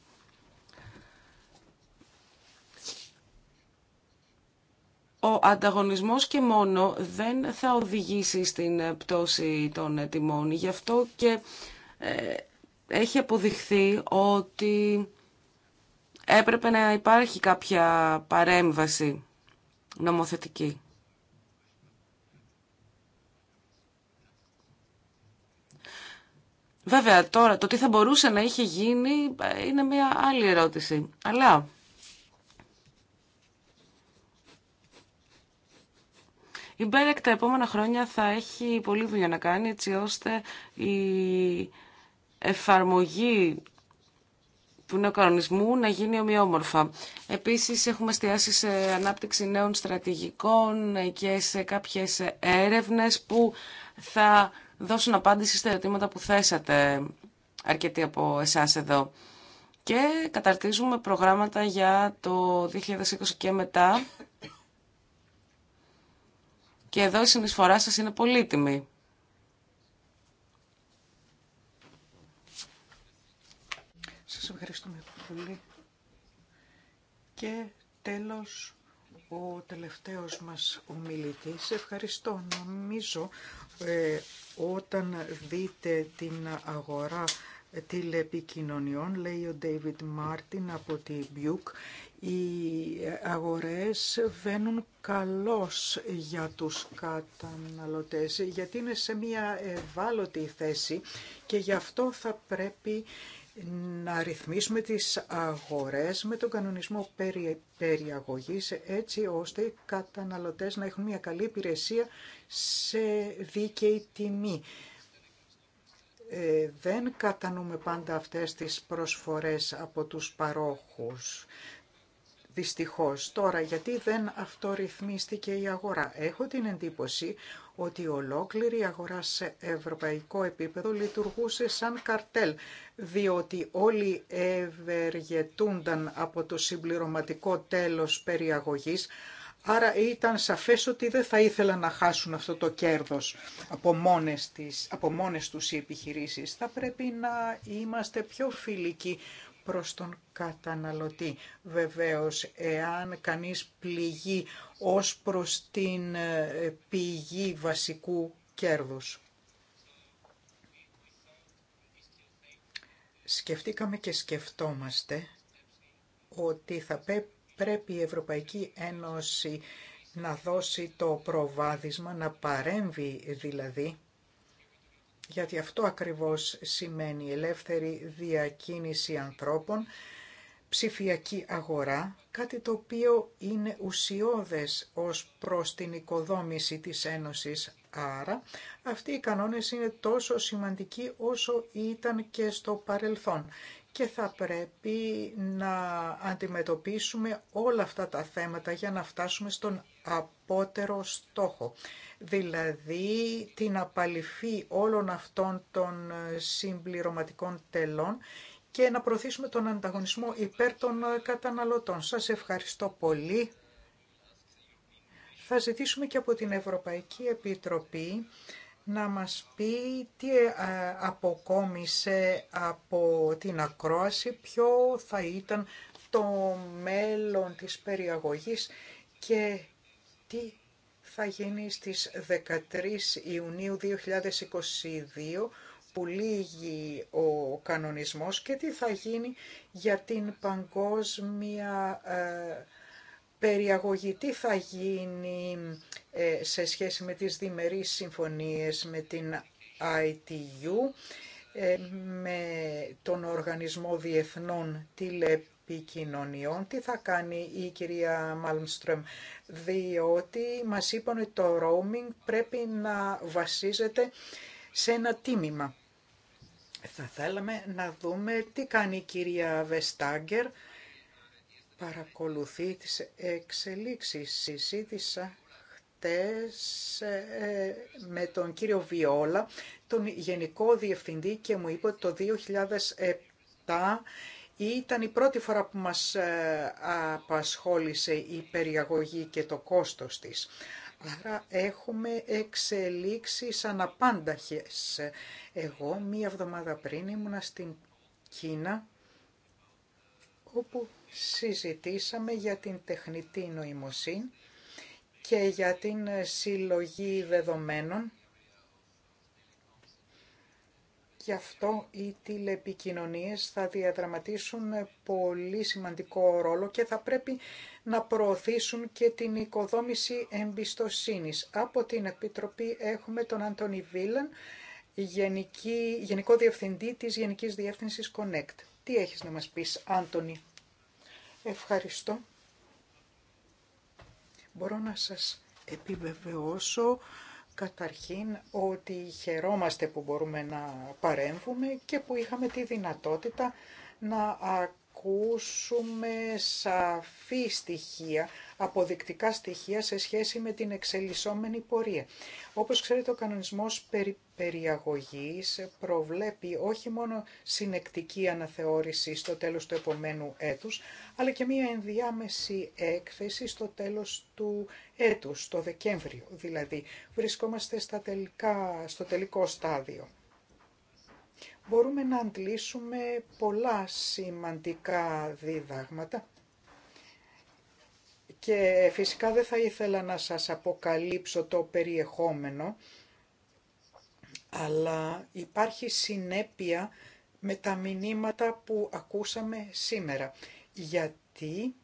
Ο ανταγωνισμός και μόνο δεν θα οδηγήσει στην ε, πτώση των ε, τιμών. Γι' αυτό και έχει αποδειχθεί ότι έπρεπε να υπάρχει κάποια παρέμβαση νομοθετική. Βέβαια, τώρα το τι θα μπορούσε να είχε γίνει ε, είναι μια άλλη ερώτηση. Αλλά η Μπέρεκ τα επόμενα χρόνια θα έχει πολύ δουλειά να κάνει έτσι ώστε η εφαρμογή του νέου κανονισμού να γίνει ομοιόμορφα. Επίσης έχουμε εστιάσει σε ανάπτυξη νέων στρατηγικών και σε κάποιες έρευνες που θα δώσουν απάντηση στα ερωτήματα που θέσατε αρκετοί από εσάς εδώ. Και καταρτίζουμε προγράμματα για το 2020 και μετά. Και εδώ η συνεισφορά σας είναι πολύτιμη. ευχαριστούμε πολύ. Και τέλος ο τελευταίος μας ομιλητής. Ευχαριστώ. Νομίζω ε, όταν δείτε την αγορά τηλεπικοινωνιών, λέει ο David Μάρτιν από τη Μπιούκ, οι αγορές βαίνουν καλώς για τους καταναλωτές, γιατί είναι σε μια ευάλωτη θέση και γι' αυτό θα πρέπει να ρυθμίσουμε τις αγορές με τον κανονισμό περι, περιαγωγής έτσι ώστε οι καταναλωτές να έχουν μια καλή υπηρεσία σε δίκαιη τιμή. Ε, δεν κατανοούμε πάντα αυτές τις προσφορές από τους παρόχους. Δυστυχώς τώρα γιατί δεν αυτορυθμίστηκε η αγορά. Έχω την εντύπωση ότι ολόκληρη η αγορά σε ευρωπαϊκό επίπεδο λειτουργούσε σαν καρτέλ, διότι όλοι ευεργετούνταν από το συμπληρωματικό τέλος περιαγωγής, άρα ήταν σαφές ότι δεν θα ήθελαν να χάσουν αυτό το κέρδος από μόνες, τις, από μόνες τους οι επιχειρήσεις. Θα πρέπει να είμαστε πιο φιλικοί προς τον καταναλωτή. Βεβαίως, εάν κανείς πληγεί ως προς την ε, πηγή βασικού κέρδους. Σκεφτήκαμε και σκεφτόμαστε ότι θα πρέπει η Ευρωπαϊκή Ένωση να δώσει το προβάδισμα, να παρέμβει δηλαδή γιατί αυτό ακριβώς σημαίνει ελεύθερη διακίνηση ανθρώπων, ψηφιακή αγορά, κάτι το οποίο είναι ουσιώδες ως προς την οικοδόμηση της Ένωσης. Άρα, αυτοί οι κανόνες είναι τόσο σημαντικοί όσο ήταν και στο παρελθόν και θα πρέπει να αντιμετωπίσουμε όλα αυτά τα θέματα για να φτάσουμε στον απότερο στόχο, δηλαδή την απαλυφή όλων αυτών των ε, συμπληρωματικών τελών και να προωθήσουμε τον ανταγωνισμό υπέρ των ε, καταναλωτών. Σας ευχαριστώ πολύ. Θα ζητήσουμε και από την Ευρωπαϊκή Επιτροπή να μας πει τι ε, αποκόμισε από την ακρόαση, ποιο θα ήταν το μέλλον της περιαγωγής και τι θα γίνει στις 13 Ιουνίου 2022 που λύγει ο κανονισμός και τι θα γίνει για την παγκόσμια ε, περιαγωγή. Τι θα γίνει ε, σε σχέση με τις διμερείς συμφωνίες με την ITU, ε, με τον Οργανισμό Διεθνών Τηλεπίδρασης Επικοινωνιών. Τι θα κάνει η κυρία Μάλμστρομ, διότι μας είπαν ότι το roaming πρέπει να βασίζεται σε ένα τίμημα. Θα θέλαμε να δούμε τι κάνει η κυρία Βεστάγκερ. Παρακολουθεί τις εξελίξεις. Συζήτησα ε, με τον κύριο Βιόλα, τον Γενικό Διευθυντή και μου είπε ότι το 2007 ήταν η πρώτη φορά που μας ε, απασχόλησε η περιαγωγή και το κόστος της. Άρα έχουμε εξελίξεις αναπάνταχες. Εγώ μία εβδομάδα πριν ήμουνα στην Κίνα όπου συζητήσαμε για την τεχνητή νοημοσύνη και για την συλλογή δεδομένων Γι' αυτό οι τηλεπικοινωνίες θα διαδραματίσουν πολύ σημαντικό ρόλο και θα πρέπει να προωθήσουν και την οικοδόμηση εμπιστοσύνης. Από την Επιτροπή έχουμε τον Αντώνη Βίλαν, Γενική, Γενικό Διευθυντή της Γενικής Διεύθυνσης Connect. Τι έχεις να μας πεις, Άντωνη. Ευχαριστώ. Μπορώ να σας επιβεβαιώσω Καταρχήν ότι χαιρόμαστε που μπορούμε να παρέμβουμε και που είχαμε τη δυνατότητα να ακούσουμε σαφή στοιχεία, αποδεικτικά στοιχεία σε σχέση με την εξελισσόμενη πορεία. Όπως ξέρετε ο κανονισμός περι, περιαγωγής προβλέπει όχι μόνο συνεκτική αναθεώρηση στο τέλος του επομένου έτους, αλλά και μία ενδιάμεση έκθεση στο τέλος του έτους, το Δεκέμβριο δηλαδή. Βρισκόμαστε στα τελικά, στο τελικό στάδιο μπορούμε να αντλήσουμε πολλά σημαντικά δίδαγματα και φυσικά δεν θα ήθελα να σας αποκαλύψω το περιεχόμενο, αλλά υπάρχει συνέπεια με τα μηνύματα που ακούσαμε σήμερα, γιατί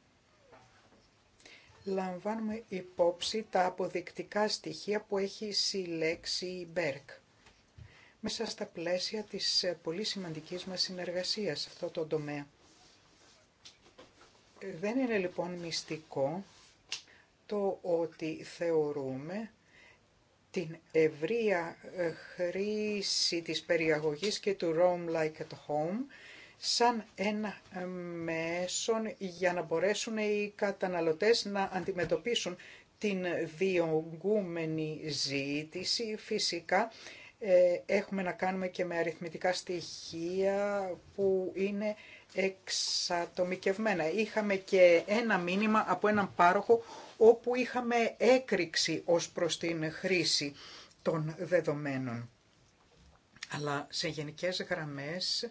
λαμβάνουμε υπόψη τα αποδεικτικά στοιχεία που έχει συλλέξει η Μπέρκ μέσα στα πλαίσια της ε, πολύ σημαντικής μας συνεργασίας σε αυτό το τομέα. Ε, δεν είναι λοιπόν μυστικό το ότι θεωρούμε την ευρεία ε, χρήση της περιαγωγής και του Roam Like at Home σαν ένα μέσο για να μπορέσουν οι καταναλωτές να αντιμετωπίσουν την διωγγούμενη ζήτηση φυσικά ε, έχουμε να κάνουμε και με αριθμητικά στοιχεία που είναι εξατομικευμένα. Είχαμε και ένα μήνυμα από έναν πάροχο όπου είχαμε έκρηξη ως προς την χρήση των δεδομένων. Αλλά σε γενικές γραμμές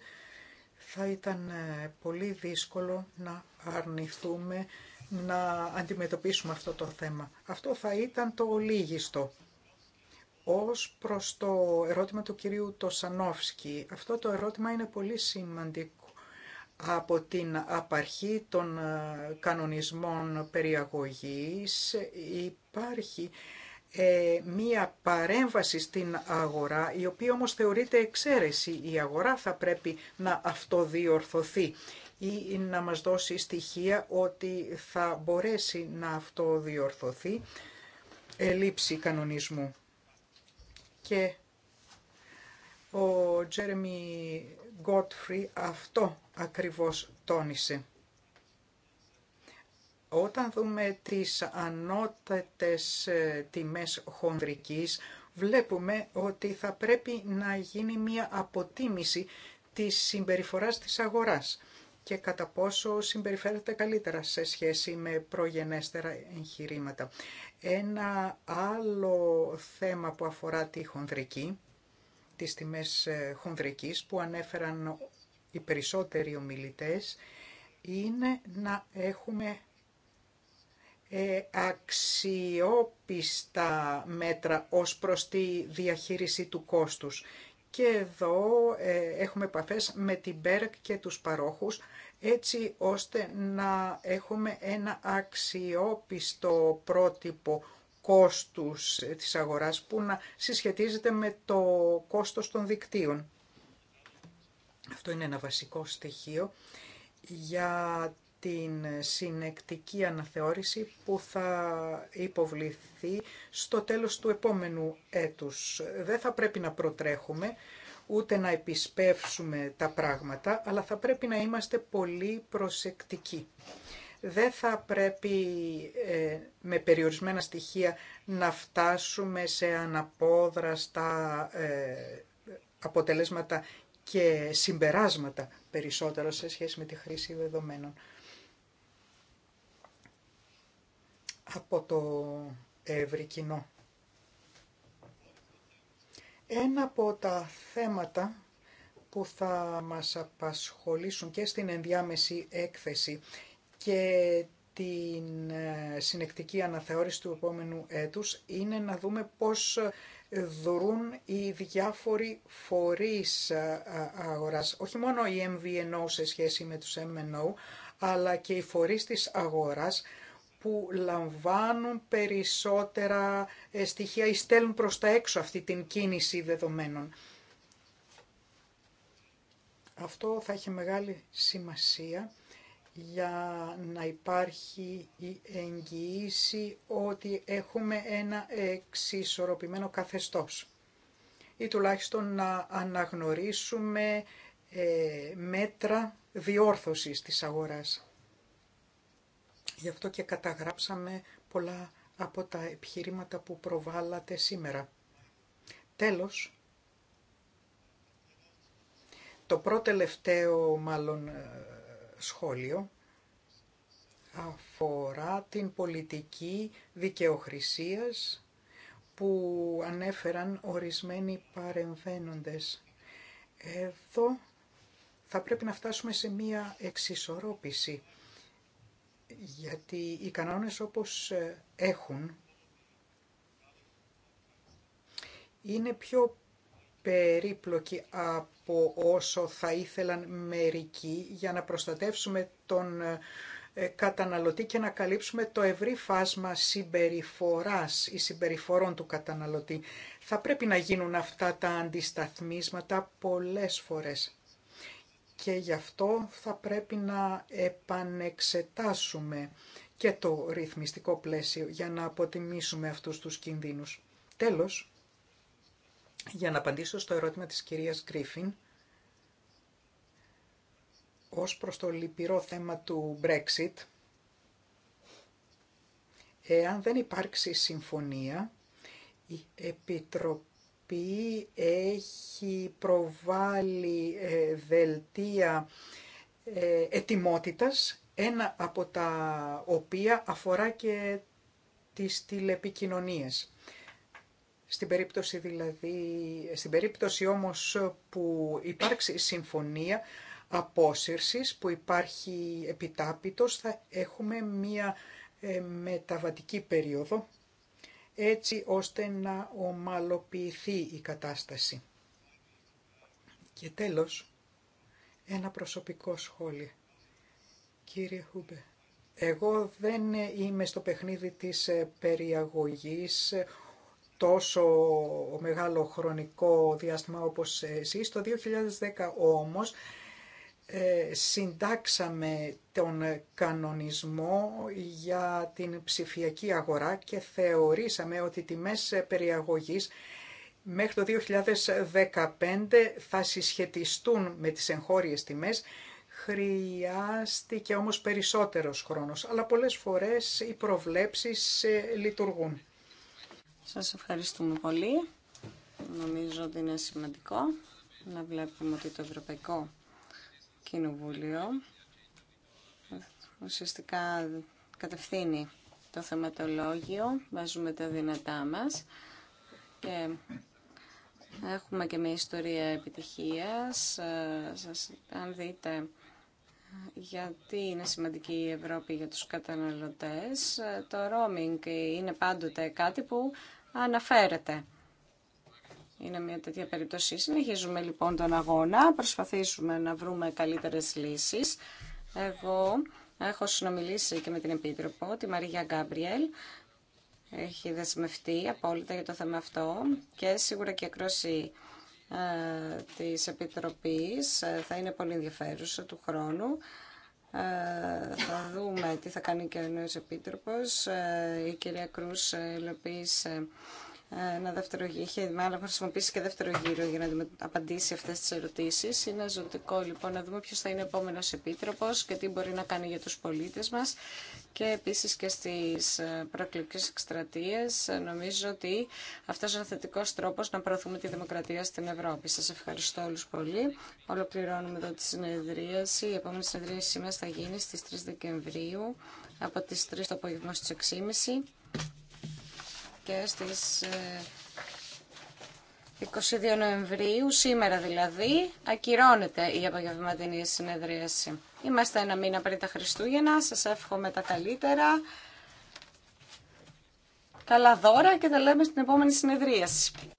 θα ήταν ε, πολύ δύσκολο να αρνηθούμε να αντιμετωπίσουμε αυτό το θέμα. Αυτό θα ήταν το ολίγιστο. Ως προς το ερώτημα του κυρίου Τοσανόφσκι, αυτό το ερώτημα είναι πολύ σημαντικό. Από την απαρχή των ε, κανονισμών περιαγωγής υπάρχει ε, μία παρέμβαση στην αγορά, η οποία όμως θεωρείται εξαίρεση. Η αγορά θα πρέπει να αυτοδιορθωθεί ή να μας δώσει στοιχεία ότι θα μπορέσει να αυτοδιορθωθεί ελήψη κανονισμού και ο Τζέρεμι Γκότφρι αυτό ακριβώς τόνισε. Όταν δούμε τις ανώτατες ε, τιμές χονδρικής, βλέπουμε ότι θα πρέπει να γίνει μια αποτίμηση της συμπεριφοράς της αγοράς και κατά πόσο συμπεριφέρεται καλύτερα σε σχέση με προγενέστερα εγχειρήματα. Ένα άλλο θέμα που αφορά τη χονδρική, τις τιμές ε, χονδρικής που ανέφεραν οι περισσότεροι ομιλητές, είναι να έχουμε ε, αξιόπιστα μέτρα ως προς τη διαχείριση του κόστους και εδώ ε, έχουμε επαφές με την ΠΕΡΚ και τους παρόχους έτσι ώστε να έχουμε ένα αξιόπιστο πρότυπο κόστους ε, της αγοράς που να συσχετίζεται με το κόστος των δικτύων. Αυτό είναι ένα βασικό στοιχείο για την συνεκτική αναθεώρηση που θα υποβληθεί στο τέλος του επόμενου έτους. Δεν θα πρέπει να προτρέχουμε ούτε να επισπεύσουμε τα πράγματα, αλλά θα πρέπει να είμαστε πολύ προσεκτικοί. Δεν θα πρέπει ε, με περιορισμένα στοιχεία να φτάσουμε σε αναπόδραστα ε, αποτελέσματα και συμπεράσματα περισσότερο σε σχέση με τη χρήση δεδομένων. από το εύρυ κοινό. Ένα από τα θέματα που θα μας απασχολήσουν και στην ενδιάμεση έκθεση και την ε, συνεκτική αναθεώρηση του επόμενου έτους είναι να δούμε πώς δρούν οι διάφοροι φορείς ε, ε, αγοράς. Όχι μόνο οι MVNO σε σχέση με τους MNO, αλλά και οι φορείς της αγοράς που λαμβάνουν περισσότερα ε, στοιχεία ή στέλνουν προς τα έξω αυτή την κίνηση δεδομένων. Αυτό θα έχει μεγάλη σημασία για να υπάρχει η εγγυήση ότι έχουμε ένα εξισορροπημένο καθεστώς ή τουλάχιστον να αναγνωρίσουμε ε, μέτρα διόρθωσης της αγοράς. Γι' αυτό και καταγράψαμε πολλά από τα επιχειρήματα που προβάλλατε σήμερα. Τέλος, το πρώτο τελευταίο μάλλον ε, σχόλιο αφορά την πολιτική δικαιοχρησίας που ανέφεραν ορισμένοι παρεμβαίνοντες. Εδώ θα πρέπει να φτάσουμε σε μία εξισορρόπηση γιατί οι κανόνες όπως ε, έχουν είναι πιο περίπλοκοι από όσο θα ήθελαν μερικοί για να προστατεύσουμε τον ε, ε, καταναλωτή και να καλύψουμε το ευρύ φάσμα συμπεριφοράς ή συμπεριφορών του καταναλωτή. Θα πρέπει να γίνουν αυτά τα αντισταθμίσματα πολλές φορές και γι' αυτό θα πρέπει να επανεξετάσουμε και το ρυθμιστικό πλαίσιο για να αποτιμήσουμε αυτούς τους κινδύνους. Τέλος, για να απαντήσω στο ερώτημα της κυρίας Γκρίφιν, ως προς το λυπηρό θέμα του Brexit, εάν δεν υπάρξει συμφωνία, η Επιτροπή οποία έχει προβάλει ε, δελτία ε, ετοιμότητας, ένα από τα οποία αφορά και τις τηλεπικοινωνίες. Στην περίπτωση, δηλαδή, στην περίπτωση όμως που υπάρξει συμφωνία απόσυρσης που υπάρχει επιτάπητος θα έχουμε μία ε, μεταβατική περίοδο έτσι ώστε να ομαλοποιηθεί η κατάσταση. Και τέλος, ένα προσωπικό σχόλιο. Κύριε Χούμπε, εγώ δεν είμαι στο παιχνίδι της ε, περιαγωγής ε, τόσο μεγάλο χρονικό διάστημα όπως εσείς. Το 2010 όμως ε, συντάξαμε τον κανονισμό για την ψηφιακή αγορά και θεωρήσαμε ότι οι τιμές περιαγωγής μέχρι το 2015 θα συσχετιστούν με τις εγχώριες τιμές. Χρειάστηκε όμως περισσότερος χρόνος, αλλά πολλές φορές οι προβλέψεις ε, λειτουργούν. Σας ευχαριστούμε πολύ. Νομίζω ότι είναι σημαντικό να βλέπουμε ότι το ευρωπαϊκό Κοινοβούλιο ουσιαστικά κατευθύνει το θεματολόγιο, βάζουμε τα δυνατά μας και έχουμε και μια ιστορία επιτυχίας. Ε, σας, αν δείτε γιατί είναι σημαντική η Ευρώπη για τους καταναλωτές, ε, το roaming είναι πάντοτε κάτι που αναφέρεται είναι μια τέτοια περίπτωση. Συνεχίζουμε λοιπόν τον αγώνα, προσπαθήσουμε να βρούμε καλύτερες λύσεις. Εγώ έχω συνομιλήσει και με την Επίτροπο, τη Μαρία Γκάμπριελ, έχει δεσμευτεί απόλυτα για το θέμα αυτό και σίγουρα και η ακρόση ε, της Επιτροπής ε, θα είναι πολύ ενδιαφέρουσα του χρόνου. Ε, θα δούμε τι θα κάνει και ο νέος Επίτροπος. Ε, η κυρία Κρούς ένα δεύτερο γύρο, μάλλον χρησιμοποιήσει και δεύτερο γύρο για να απαντήσει αυτές τις ερωτήσεις. Είναι ζωτικό λοιπόν να δούμε ποιος θα είναι ο επόμενος επίτροπος και τι μπορεί να κάνει για τους πολίτες μας και επίσης και στις ε, προεκλογικές εκστρατείε. Νομίζω ότι αυτός είναι ο θετικός τρόπος να προωθούμε τη δημοκρατία στην Ευρώπη. Σας ευχαριστώ όλους πολύ. Ολοκληρώνουμε εδώ τη συνεδρίαση. Η επόμενη συνεδρίαση μας θα γίνει στις 3 Δεκεμβρίου από τις 3 το απόγευμα στις 6.30 και στις 22 ε, Νοεμβρίου, σήμερα δηλαδή, ακυρώνεται η απογευματινή συνεδρίαση. Είμαστε ένα μήνα πριν τα Χριστούγεννα, σας εύχομαι τα καλύτερα. Καλά δώρα και τα λέμε στην επόμενη συνεδρίαση.